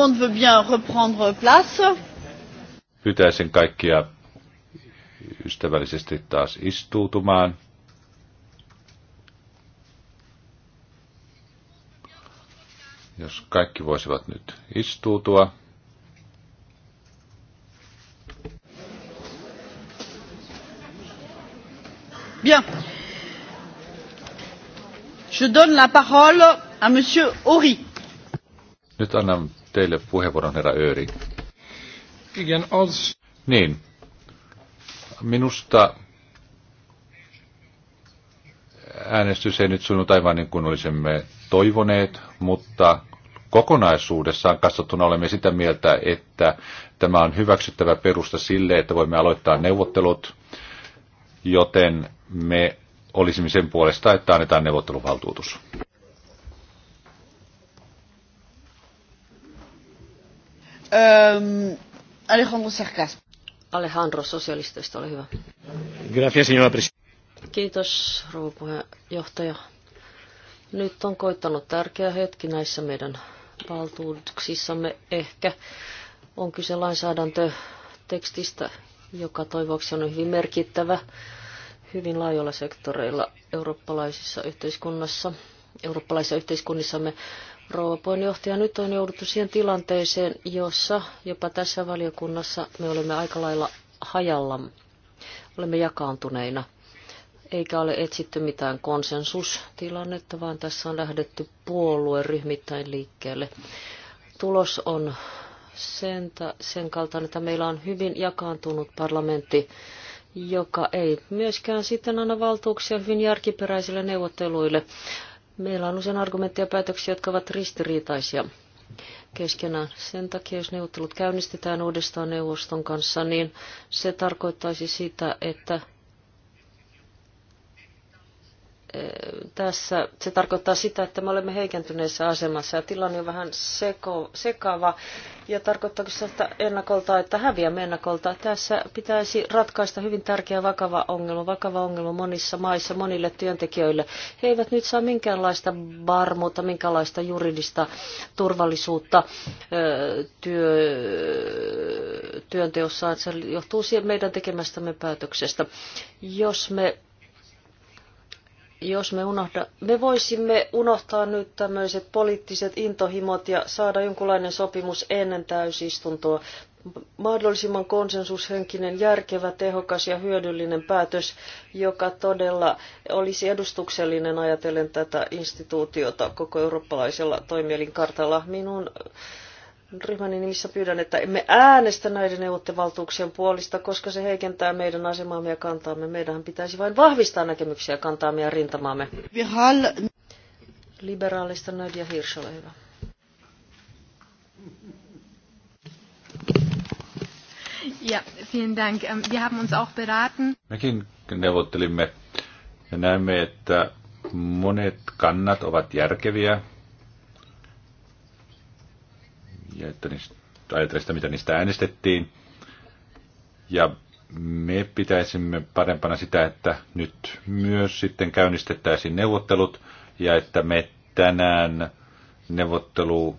monde veut bien reprendre place. Pyytäisin kaikkia ystävällisesti taas istuutumaan. Jos kaikki voisivat nyt istuutua. Bien. Je donne la parole à Monsieur Ori. Nyt annan teille puheenvuoron, herra Ööri. Niin. Minusta äänestys ei nyt sunnut aivan niin kuin olisimme toivoneet, mutta kokonaisuudessaan katsottuna olemme sitä mieltä, että tämä on hyväksyttävä perusta sille, että voimme aloittaa neuvottelut, joten me olisimme sen puolesta, että annetaan neuvotteluvaltuutus. Alejandro Sarkas. Alejandro, Sosialistista, ole hyvä. Gracias, señora Kiitos, rouva puheenjohtaja. Nyt on koittanut tärkeä hetki näissä meidän valtuuksissamme ehkä. On kyse lainsäädäntötekstistä, joka toivoksi on hyvin merkittävä hyvin laajoilla sektoreilla eurooppalaisissa yhteiskunnassa, eurooppalaisissa yhteiskunnissamme rouva puheenjohtaja, nyt on jouduttu siihen tilanteeseen, jossa jopa tässä valiokunnassa me olemme aika lailla hajalla, olemme jakaantuneina, eikä ole etsitty mitään konsensustilannetta, vaan tässä on lähdetty puolueryhmittäin liikkeelle. Tulos on sen, sen kaltainen, että meillä on hyvin jakaantunut parlamentti, joka ei myöskään sitten anna valtuuksia hyvin järkiperäisille neuvotteluille Meillä on usein argumentteja ja päätöksiä, jotka ovat ristiriitaisia keskenään. Sen takia, jos neuvottelut käynnistetään uudestaan neuvoston kanssa, niin se tarkoittaisi sitä, että tässä se tarkoittaa sitä, että me olemme heikentyneessä asemassa ja tilanne on vähän seko, sekava. Ja tarkoittaako se että ennakolta, että häviämme ennakolta? Tässä pitäisi ratkaista hyvin tärkeä vakava ongelma, vakava ongelma monissa maissa, monille työntekijöille. He eivät nyt saa minkäänlaista varmuutta, minkäänlaista juridista turvallisuutta työ, työnteossa. Se johtuu meidän tekemästämme päätöksestä. Jos me jos me, unohda, me voisimme unohtaa nyt tämmöiset poliittiset intohimot ja saada jonkunlainen sopimus ennen täysistuntoa. Mahdollisimman konsensushenkinen, järkevä, tehokas ja hyödyllinen päätös, joka todella olisi edustuksellinen ajatellen tätä instituutiota koko eurooppalaisella toimielinkartalla. Minun ryhmäni nimissä pyydän, että emme äänestä näiden neuvottevaltuuksien puolista, koska se heikentää meidän asemaamme ja kantaamme. Meidän pitäisi vain vahvistaa näkemyksiä ja kantaamme ja rintamaamme. Vihal... Liberaalista Nadia Hirsch, ole hyvä. Ja, vielen Dank. Ähm, wir haben uns auch beraten. Mekin neuvottelimme ja näemme, että monet kannat ovat järkeviä ja että niistä, sitä, mitä niistä äänestettiin. Ja me pitäisimme parempana sitä, että nyt myös sitten käynnistettäisiin neuvottelut ja että me tänään neuvottelu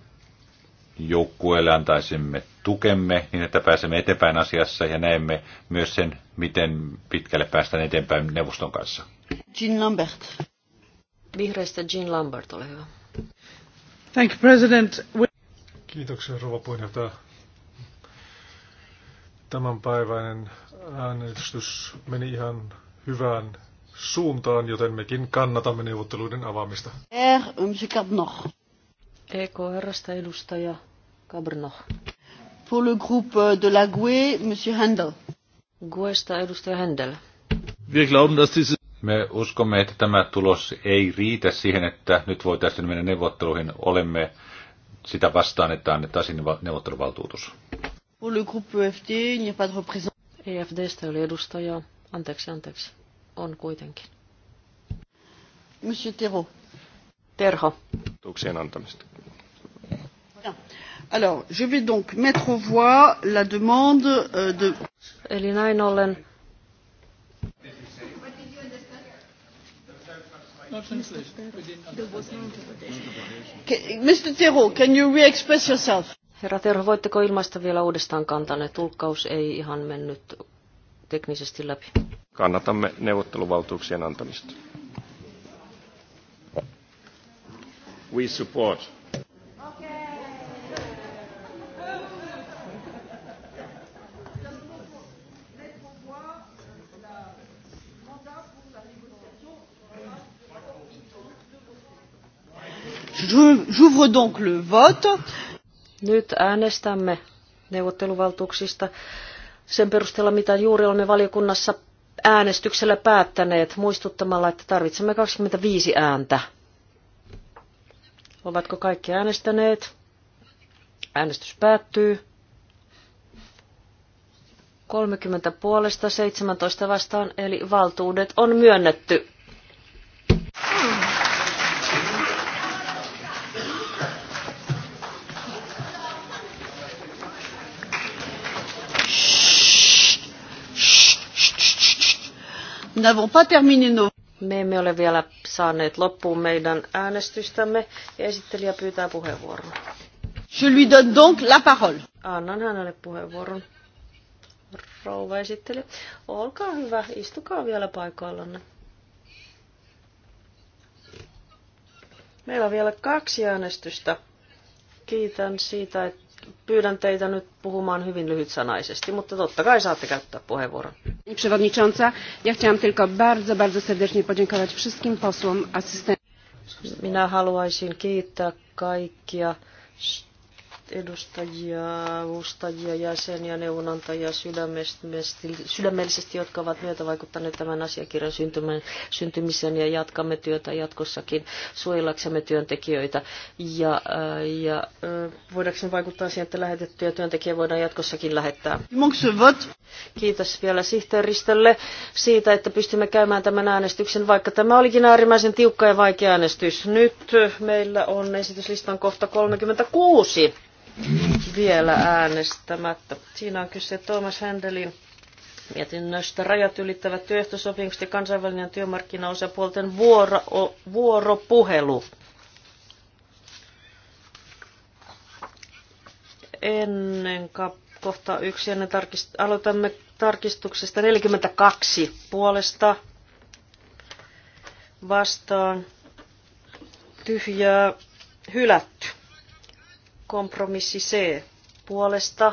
joukkueelle antaisimme tukemme niin, että pääsemme eteenpäin asiassa ja näemme myös sen, miten pitkälle päästään eteenpäin neuvoston kanssa. Jean Lambert. Vihreistä Jean Lambert, ole hyvä. Thank you, President. Kiitoksia rouva puheenjohtaja. Tämänpäiväinen äänestys meni ihan hyvään suuntaan, joten mekin kannatamme neuvotteluiden avaamista. EKRstä e edustaja Cabrnoch. Pour le groupe de la GUE, Monsieur Handel. GUEsta edustaja Handel. me uskomme, että tämä tulos ei riitä siihen, että nyt voitaisiin mennä neuvotteluihin. Olemme sitä vastaan, että annettaisiin neuvotteluvaltuutus. Pour le groupe EFD, il n'y a pas de représentant. EFDstä oli edustaja. Anteeksi, anteeksi. On kuitenkin. Monsieur Terho. Terho. Tuksien antamista. Alors, je vais donc mettre au voix la demande euh, de... Eli näin ollen Mr. Tero, can you re-express yourself? Herra Tero, voitteko ilmaista vielä uudestaan kantanne? Tulkkaus ei ihan mennyt teknisesti läpi. Kannatamme neuvotteluvaltuuksien antamista. We support J'ouvre donc le vote. Nyt äänestämme neuvotteluvaltuuksista sen perusteella, mitä juuri olemme valiokunnassa äänestyksellä päättäneet, muistuttamalla, että tarvitsemme 25 ääntä. Ovatko kaikki äänestäneet? Äänestys päättyy. 30 puolesta 17 vastaan, eli valtuudet on myönnetty. n'avons pas terminé nos... Me emme ole vielä saaneet loppuun meidän äänestystämme ja esittelijä pyytää puheenvuoron. Je lui donne donc la parole. Annan hänelle puheenvuoron. Rouva esittelijä, Olkaa hyvä, istukaa vielä paikallanne. Meillä on vielä kaksi äänestystä. Kiitän siitä, että pyydän teitä nyt puhumaan hyvin lyhytsanaisesti, mutta totta kai saatte käyttää puheenvuoron. Przewodnicząca, ja chciałam tylko bardzo, bardzo serdecznie podziękować wszystkim posłom, asystentom. Minä haluaisin kiittää kaikkia edustajia, avustajia, jäseniä, neuvonantajia sydämellisesti, jotka ovat vaikuttaneet tämän asiakirjan syntymiseen ja jatkamme työtä jatkossakin suojellaksemme työntekijöitä ja, äh, ja äh, voidaanko vaikuttaa siihen, että lähetettyjä työntekijöitä voidaan jatkossakin lähettää. Kiitos vielä sihteeristölle siitä, että pystymme käymään tämän äänestyksen, vaikka tämä olikin äärimmäisen tiukka ja vaikea äänestys. Nyt meillä on esityslistan kohta 36 vielä äänestämättä. Siinä on kyse Thomas Händelin mietinnöstä rajat ylittävät työehtosopimukset ja kansainvälinen työmarkkinaosapuolten vuoro, vuoropuhelu. Ennen kohtaa yksi, ennen tarkist, aloitamme tarkistuksesta 42 puolesta vastaan tyhjää hylätty. Kompromissi C puolesta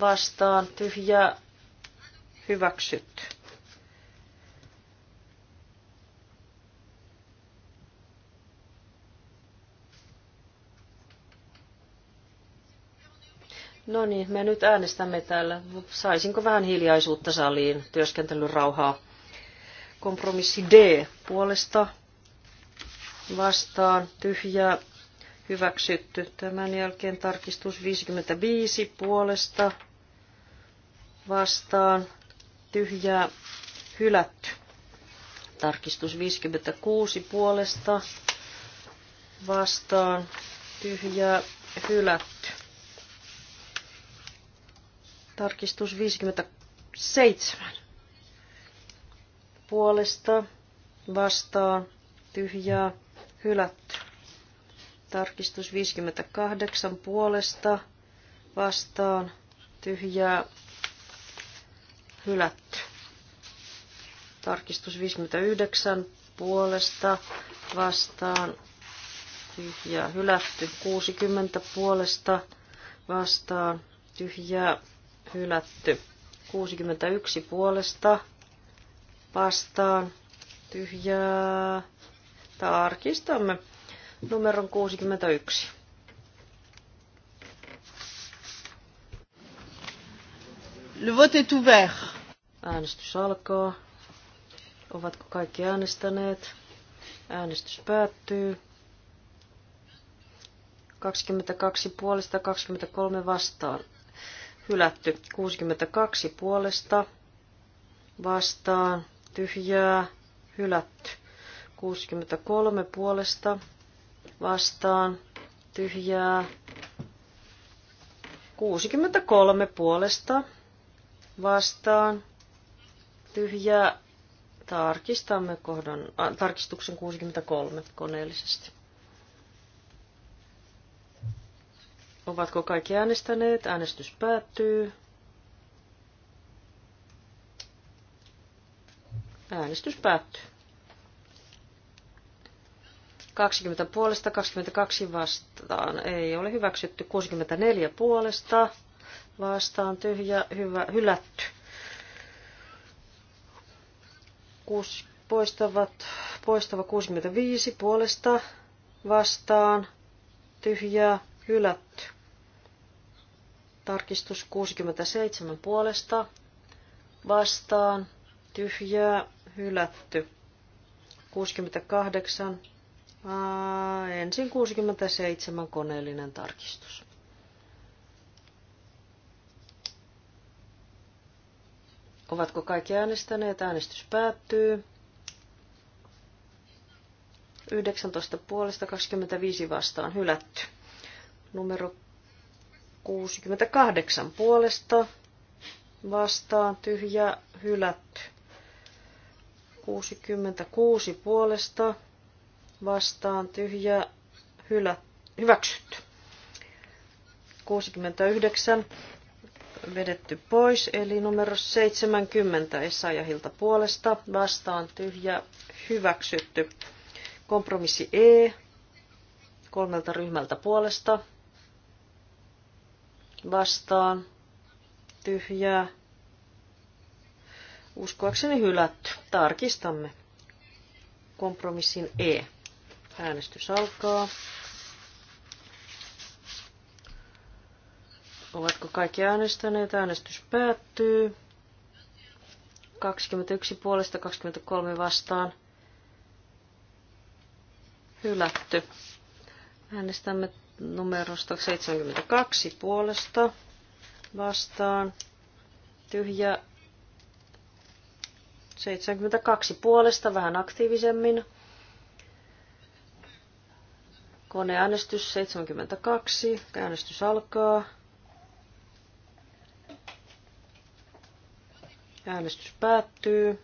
vastaan tyhjää hyväksytty. No niin, me nyt äänestämme täällä. Saisinko vähän hiljaisuutta saliin, työskentelyn rauhaa? Kompromissi D puolesta vastaan tyhjää hyväksytty. Tämän jälkeen tarkistus 55 puolesta vastaan tyhjää hylätty. Tarkistus 56 puolesta vastaan tyhjää hylätty. Tarkistus 57 puolesta vastaan tyhjää hylätty. Tarkistus 58 puolesta vastaan tyhjää hylätty. Tarkistus 59 puolesta vastaan tyhjää hylätty. 60 puolesta vastaan tyhjää hylätty. 61 puolesta vastaan tyhjää. Tarkistamme numeron 61. Le vote est ouvert. Äänestys alkaa. Ovatko kaikki äänestäneet? Äänestys päättyy. 22 puolesta, 23 vastaan. Hylätty. 62 puolesta vastaan. Tyhjää. Hylätty. 63 puolesta vastaan tyhjää. 63 puolesta vastaan tyhjää. Tarkistamme kohdan, äh, tarkistuksen 63 koneellisesti. Ovatko kaikki äänestäneet? Äänestys päättyy. Äänestys päättyy. 20 puolesta, 22 vastaan. Ei ole hyväksytty. 64 puolesta vastaan. Tyhjä, hyvä, hylätty. Kuus, poistavat, poistava 65 puolesta vastaan. tyhjä hylätty. Tarkistus 67 puolesta vastaan. Tyhjää, hylätty. 68 Ää, ensin 67 koneellinen tarkistus. Ovatko kaikki äänestäneet? Äänestys päättyy. 19 puolesta 25 vastaan hylätty. Numero 68 puolesta vastaan tyhjä hylätty. 66 puolesta vastaan tyhjä hylä, hyväksytty. 69 vedetty pois, eli numero 70 Esaajahilta puolesta vastaan tyhjä hyväksytty. Kompromissi E kolmelta ryhmältä puolesta vastaan tyhjää uskoakseni hylätty. Tarkistamme kompromissin E. Äänestys alkaa. Ovatko kaikki äänestäneet? Äänestys päättyy. 21 puolesta 23 vastaan. Hylätty. Äänestämme numerosta 72 puolesta vastaan. Tyhjä 72 puolesta vähän aktiivisemmin. Koneäänestys 72. Äänestys alkaa. Äänestys päättyy.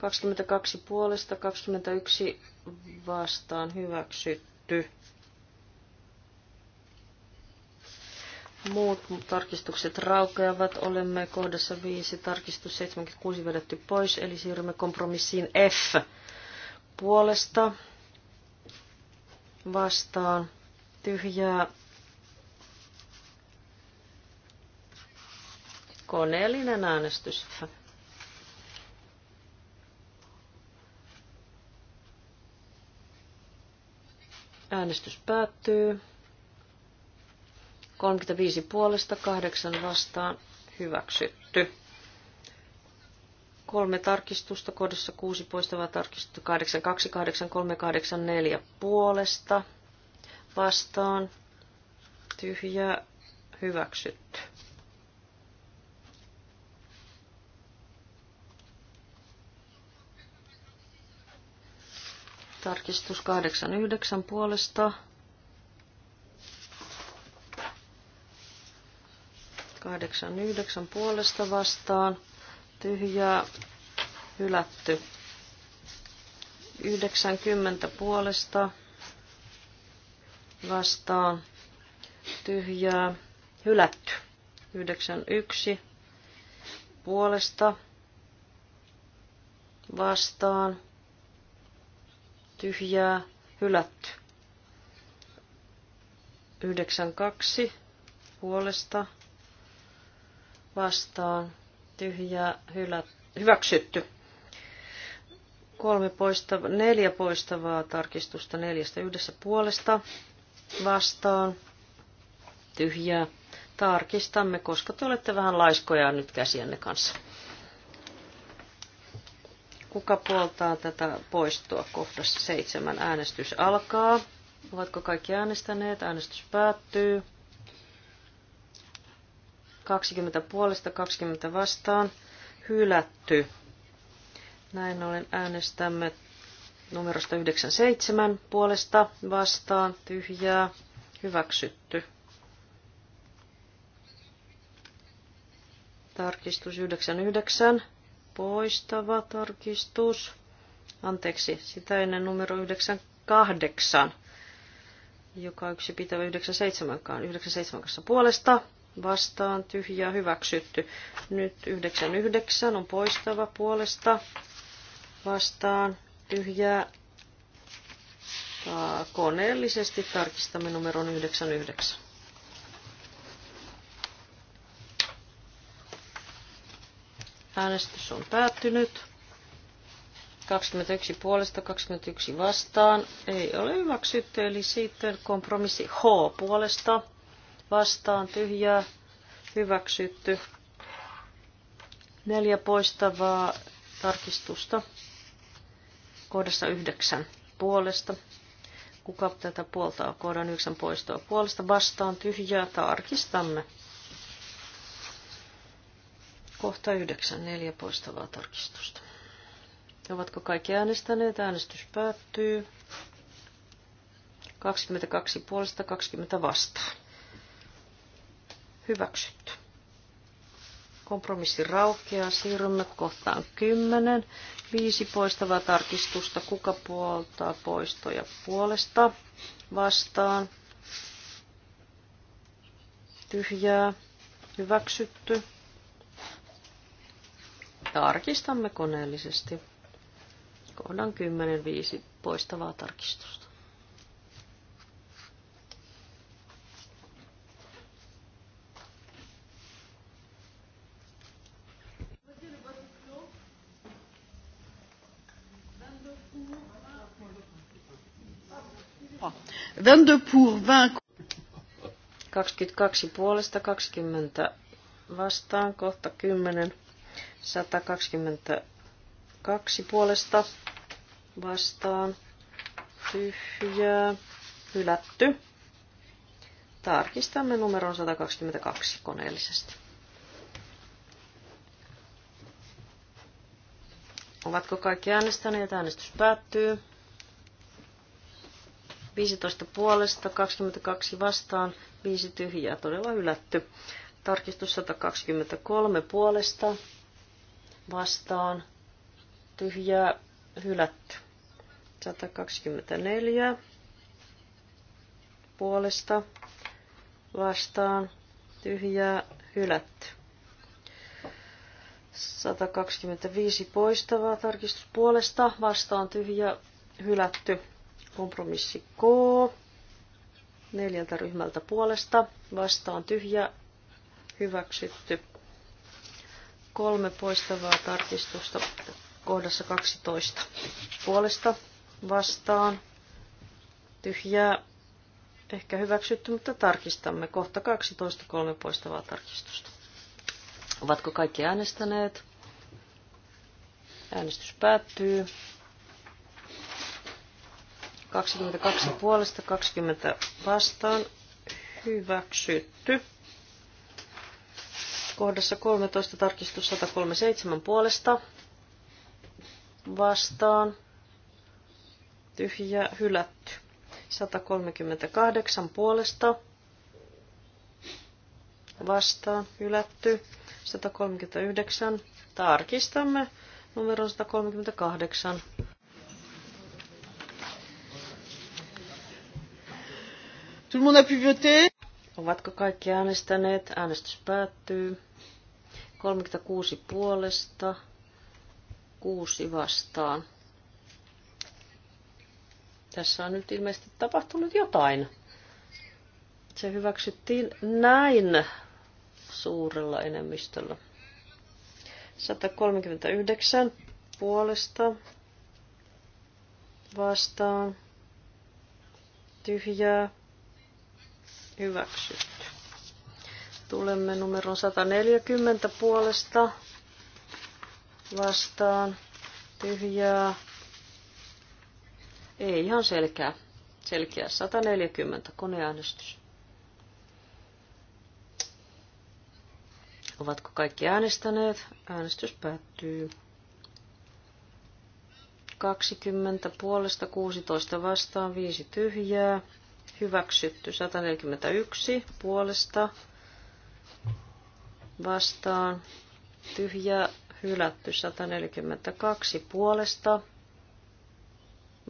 22 puolesta, 21 vastaan hyväksytty. Muut tarkistukset raukeavat. Olemme kohdassa 5, tarkistus 76 vedetty pois, eli siirrymme kompromissiin F puolesta vastaan tyhjää koneellinen äänestys. Äänestys päättyy. 35 puolesta, 8 vastaan, hyväksytty. Kolme tarkistusta kohdassa kuusi poistavaa tarkistusta neljä puolesta vastaan tyhjä hyväksytty. Tarkistus 89 puolesta. 89 puolesta vastaan tyhjää hylätty. 90 puolesta vastaan tyhjää hylätty. 91 puolesta vastaan tyhjää hylätty. 92 puolesta vastaan tyhjää hylä, hyväksytty. Kolme poista, neljä poistavaa tarkistusta neljästä yhdessä puolesta vastaan tyhjää. Tarkistamme, koska te olette vähän laiskoja nyt käsienne kanssa. Kuka puoltaa tätä poistoa kohdassa seitsemän? Äänestys alkaa. Ovatko kaikki äänestäneet? Äänestys päättyy. 20 puolesta, 20 vastaan, hylätty. Näin ollen äänestämme numerosta 97 puolesta vastaan, tyhjää, hyväksytty. Tarkistus 99, poistava tarkistus. Anteeksi, sitä ennen numero 98, joka yksi pitävä 97, 97 kanssa puolesta vastaan tyhjä hyväksytty. Nyt 99 on poistava puolesta vastaan tyhjää. Koneellisesti tarkistamme numeron 99. Äänestys on päättynyt. 21 puolesta, 21 vastaan. Ei ole hyväksytty, eli sitten kompromissi H puolesta vastaan tyhjää hyväksytty. Neljä poistavaa tarkistusta kohdassa yhdeksän puolesta. Kuka tätä puoltaa kohdan yhdeksän poistoa puolesta vastaan tyhjää tarkistamme. Kohta yhdeksän neljä poistavaa tarkistusta. Ovatko kaikki äänestäneet? Äänestys päättyy. 22 puolesta 20 vastaan. Hyväksytty. Kompromissi raukeaa. Siirrymme kohtaan 10. Viisi poistavaa tarkistusta. Kuka puoltaa poistoja puolesta? Vastaan. Tyhjää. Hyväksytty. Tarkistamme koneellisesti. Kohdan viisi poistavaa tarkistusta. 22 pour 20. 22 puolesta 20 vastaan, kohta 10. 122 puolesta vastaan, tyhjää, hylätty. Tarkistamme numeron 122 koneellisesti. Ovatko kaikki äänestäneet? Äänestys päättyy. 15 puolesta, 22 vastaan, 5 tyhjää, todella hylätty. Tarkistus 123 puolesta, vastaan, tyhjää, hylätty. 124 puolesta, vastaan, tyhjää, hylätty. 125 poistavaa tarkistus puolesta, vastaan tyhjä, hylätty. Kompromissi K neljältä ryhmältä puolesta. Vastaan tyhjä hyväksytty. Kolme poistavaa tarkistusta kohdassa 12. Puolesta vastaan tyhjää ehkä hyväksytty, mutta tarkistamme kohta 12 kolme poistavaa tarkistusta. Ovatko kaikki äänestäneet? Äänestys päättyy. 22 puolesta, 20 vastaan. Hyväksytty. Kohdassa 13 tarkistus 137 puolesta. Vastaan. Tyhjä hylätty. 138 puolesta. Vastaan hylätty. 139. Tarkistamme numero 138. Tout le monde a pu voter. Ovatko kaikki äänestäneet? Äänestys päättyy. 36 puolesta, 6 vastaan. Tässä on nyt ilmeisesti tapahtunut jotain. Se hyväksyttiin näin suurella enemmistöllä. 139 puolesta vastaan tyhjää Hyväksytty. Tulemme numeron 140 puolesta vastaan. Tyhjää. Ei ihan selkeä. Selkeä 140 koneäänestys. Ovatko kaikki äänestäneet? Äänestys päättyy. 20 puolesta 16 vastaan 5 tyhjää. Hyväksytty 141 puolesta vastaan. Tyhjä hylätty 142 puolesta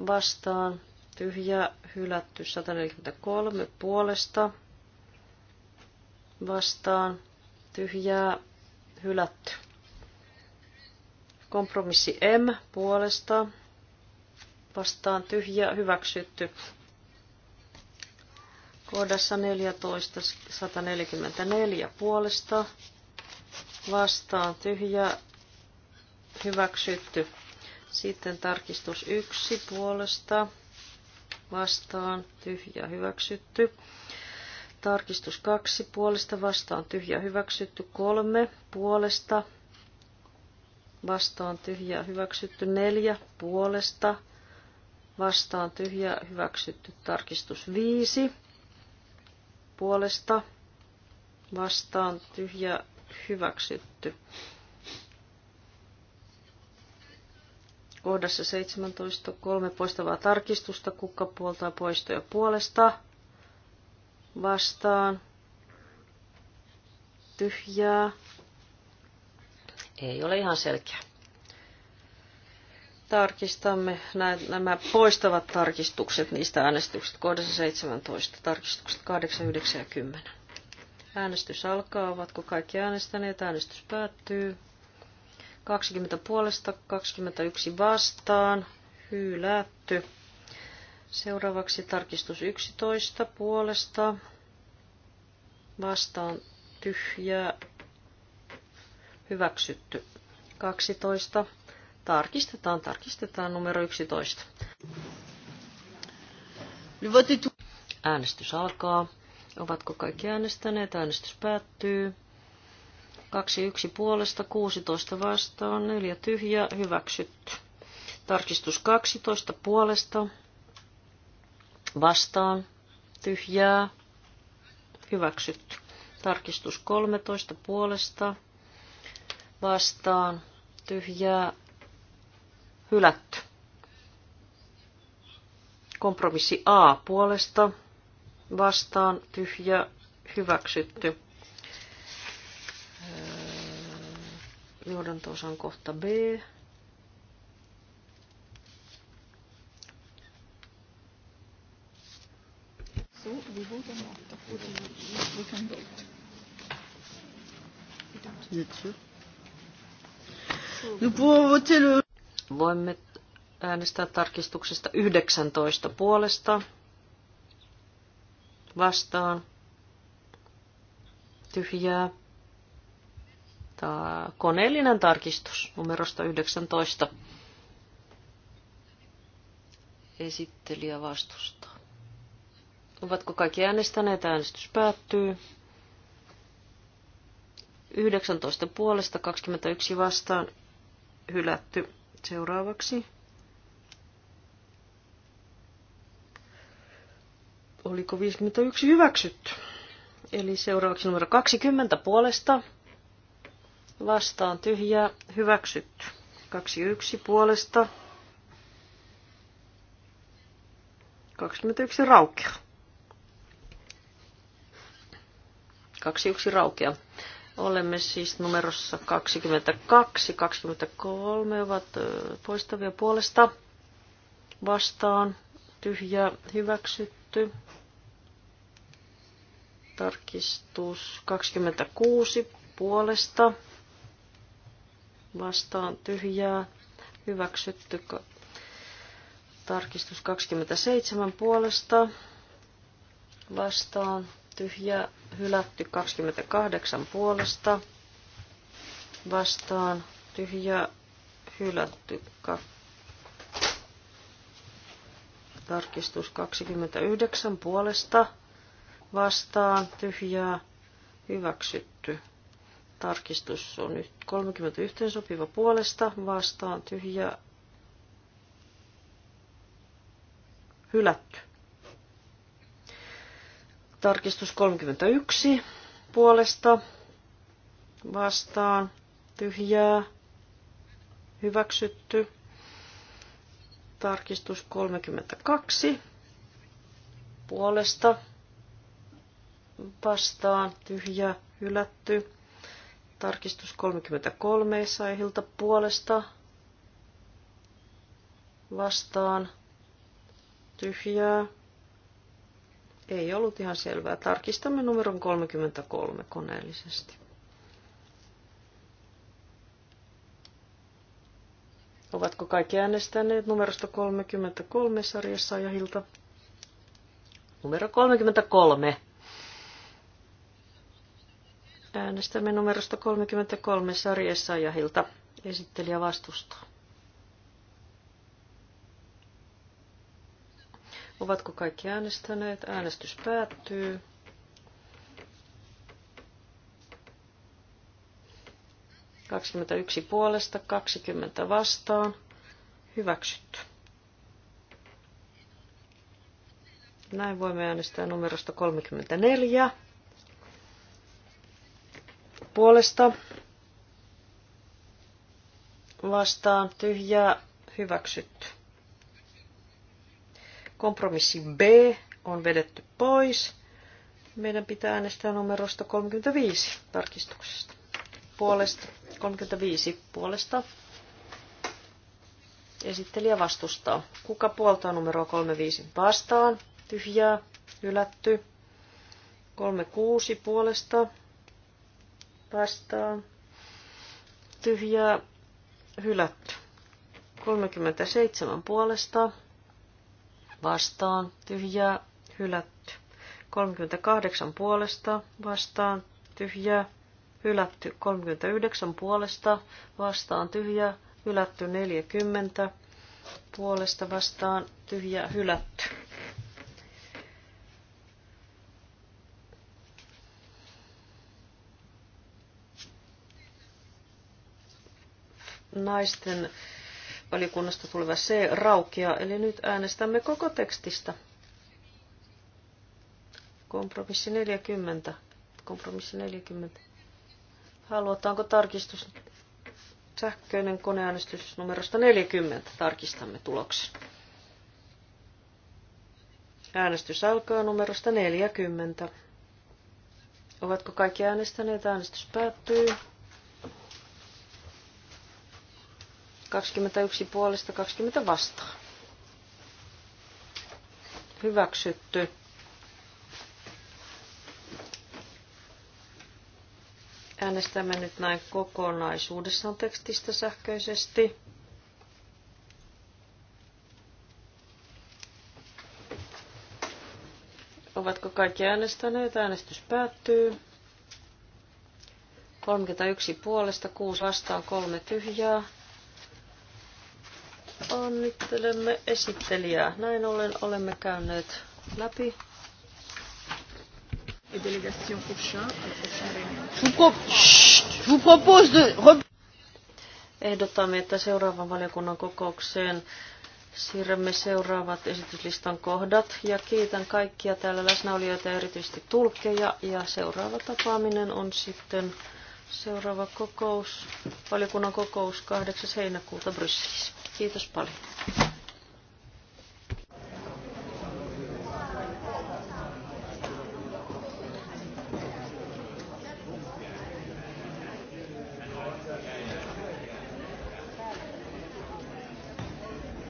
vastaan. Tyhjä hylätty 143 puolesta vastaan. Tyhjää hylätty. Kompromissi M puolesta vastaan tyhjä hyväksytty. Kohdassa 14, 144 puolesta vastaan tyhjä hyväksytty. Sitten tarkistus 1 puolesta vastaan tyhjä hyväksytty. Tarkistus 2 puolesta vastaan tyhjä hyväksytty. 3 puolesta vastaan tyhjä hyväksytty. 4 puolesta vastaan tyhjä hyväksytty. Tarkistus 5 puolesta vastaan tyhjä hyväksytty. Kohdassa 17 kolme poistavaa tarkistusta, kukka puoltaa poistoja puolesta vastaan tyhjää. Ei ole ihan selkeä tarkistamme nämä poistavat tarkistukset niistä äänestyksistä kohdassa 17, tarkistukset 8, 9 ja 10. Äänestys alkaa, ovatko kaikki äänestäneet, äänestys päättyy. 20 puolesta, 21 vastaan, hylätty. Seuraavaksi tarkistus 11 puolesta, vastaan tyhjää, hyväksytty. 12 Tarkistetaan, tarkistetaan numero 11. Äänestys alkaa. Ovatko kaikki äänestäneet? Äänestys päättyy. 21 puolesta, 16 vastaan, 4 tyhjä, hyväksytty. Tarkistus 12 puolesta, vastaan, tyhjää, hyväksytty. Tarkistus 13 puolesta, vastaan, tyhjää, hylätty. Kompromissi A puolesta vastaan tyhjä hyväksytty. Öö, johdantoosan kohta B. Nous pouvons voter le... Voimme äänestää tarkistuksesta 19 puolesta vastaan tyhjää. Tämä koneellinen tarkistus numerosta 19. Esittelijä vastustaa. Ovatko kaikki äänestäneet? Äänestys päättyy. 19 puolesta, 21 vastaan, hylätty. Seuraavaksi oliko 51 hyväksytty. Eli seuraavaksi numero 20 puolesta. Vastaan tyhjää, hyväksytty. 21 puolesta. 21 raukea. 21 raukea. Olemme siis numerossa 22. 23 ovat poistavia puolesta. Vastaan. Tyhjä hyväksytty. Tarkistus 26 puolesta. Vastaan tyhjää. Hyväksytty. Tarkistus 27 puolesta. Vastaan tyhjä hylätty 28 puolesta vastaan tyhjä hylätty ka- tarkistus 29 puolesta vastaan tyhjää hyväksytty tarkistus on nyt 31 sopiva puolesta vastaan tyhjää hylätty Tarkistus 31 puolesta vastaan tyhjää hyväksytty. Tarkistus 32 puolesta vastaan tyhjä hylätty. Tarkistus 33 Saihilta puolesta vastaan tyhjää ei ollut ihan selvää. Tarkistamme numeron 33 koneellisesti. Ovatko kaikki äänestäneet numerosta 33 sarjassa ja hilta? Numero 33. Äänestämme numerosta 33 sarjassa ja hilta. Esittelijä vastustaa. Ovatko kaikki äänestäneet? Äänestys päättyy. Kaksikymmentäyksi puolesta, kaksikymmentä vastaan. Hyväksytty. Näin voimme äänestää numerosta 34 puolesta vastaan tyhjää hyväksytty. Kompromissi B on vedetty pois. Meidän pitää äänestää numerosta 35 tarkistuksesta. Puolesta. 35 puolesta. Esittelijä vastustaa. Kuka puoltaa numeroa 35? Vastaan. Tyhjää. Hylätty. 36 puolesta. Vastaan. Tyhjää. Hylätty. 37 puolesta vastaan, tyhjää, hylätty. 38 puolesta vastaan, tyhjää, hylätty. 39 puolesta vastaan, tyhjää, hylätty. 40 puolesta vastaan, tyhjää, hylätty. naisten nice valiokunnasta tuleva C raukeaa, eli nyt äänestämme koko tekstistä. Kompromissi 40. Kompromissi 40. Haluataanko tarkistus? Sähköinen koneäänestys numerosta 40. Tarkistamme tuloksen. Äänestys alkaa numerosta 40. Ovatko kaikki äänestäneet? Äänestys päättyy. 21 puolesta 20 vastaan. Hyväksytty. Äänestämme nyt näin kokonaisuudessaan tekstistä sähköisesti. Ovatko kaikki äänestäneet? Äänestys päättyy. 31 puolesta, 6 vastaan, 3 tyhjää. Onnittelemme esittelijää. Näin ollen olemme käyneet läpi. Ehdotamme, että seuraavan valiokunnan kokoukseen siirrämme seuraavat esityslistan kohdat ja kiitän kaikkia täällä läsnäolijoita ja erityisesti tulkkeja ja seuraava tapaaminen on sitten seuraava kokous, valiokunnan kokous 8. heinäkuuta Brysselissä. Kiitos paljon.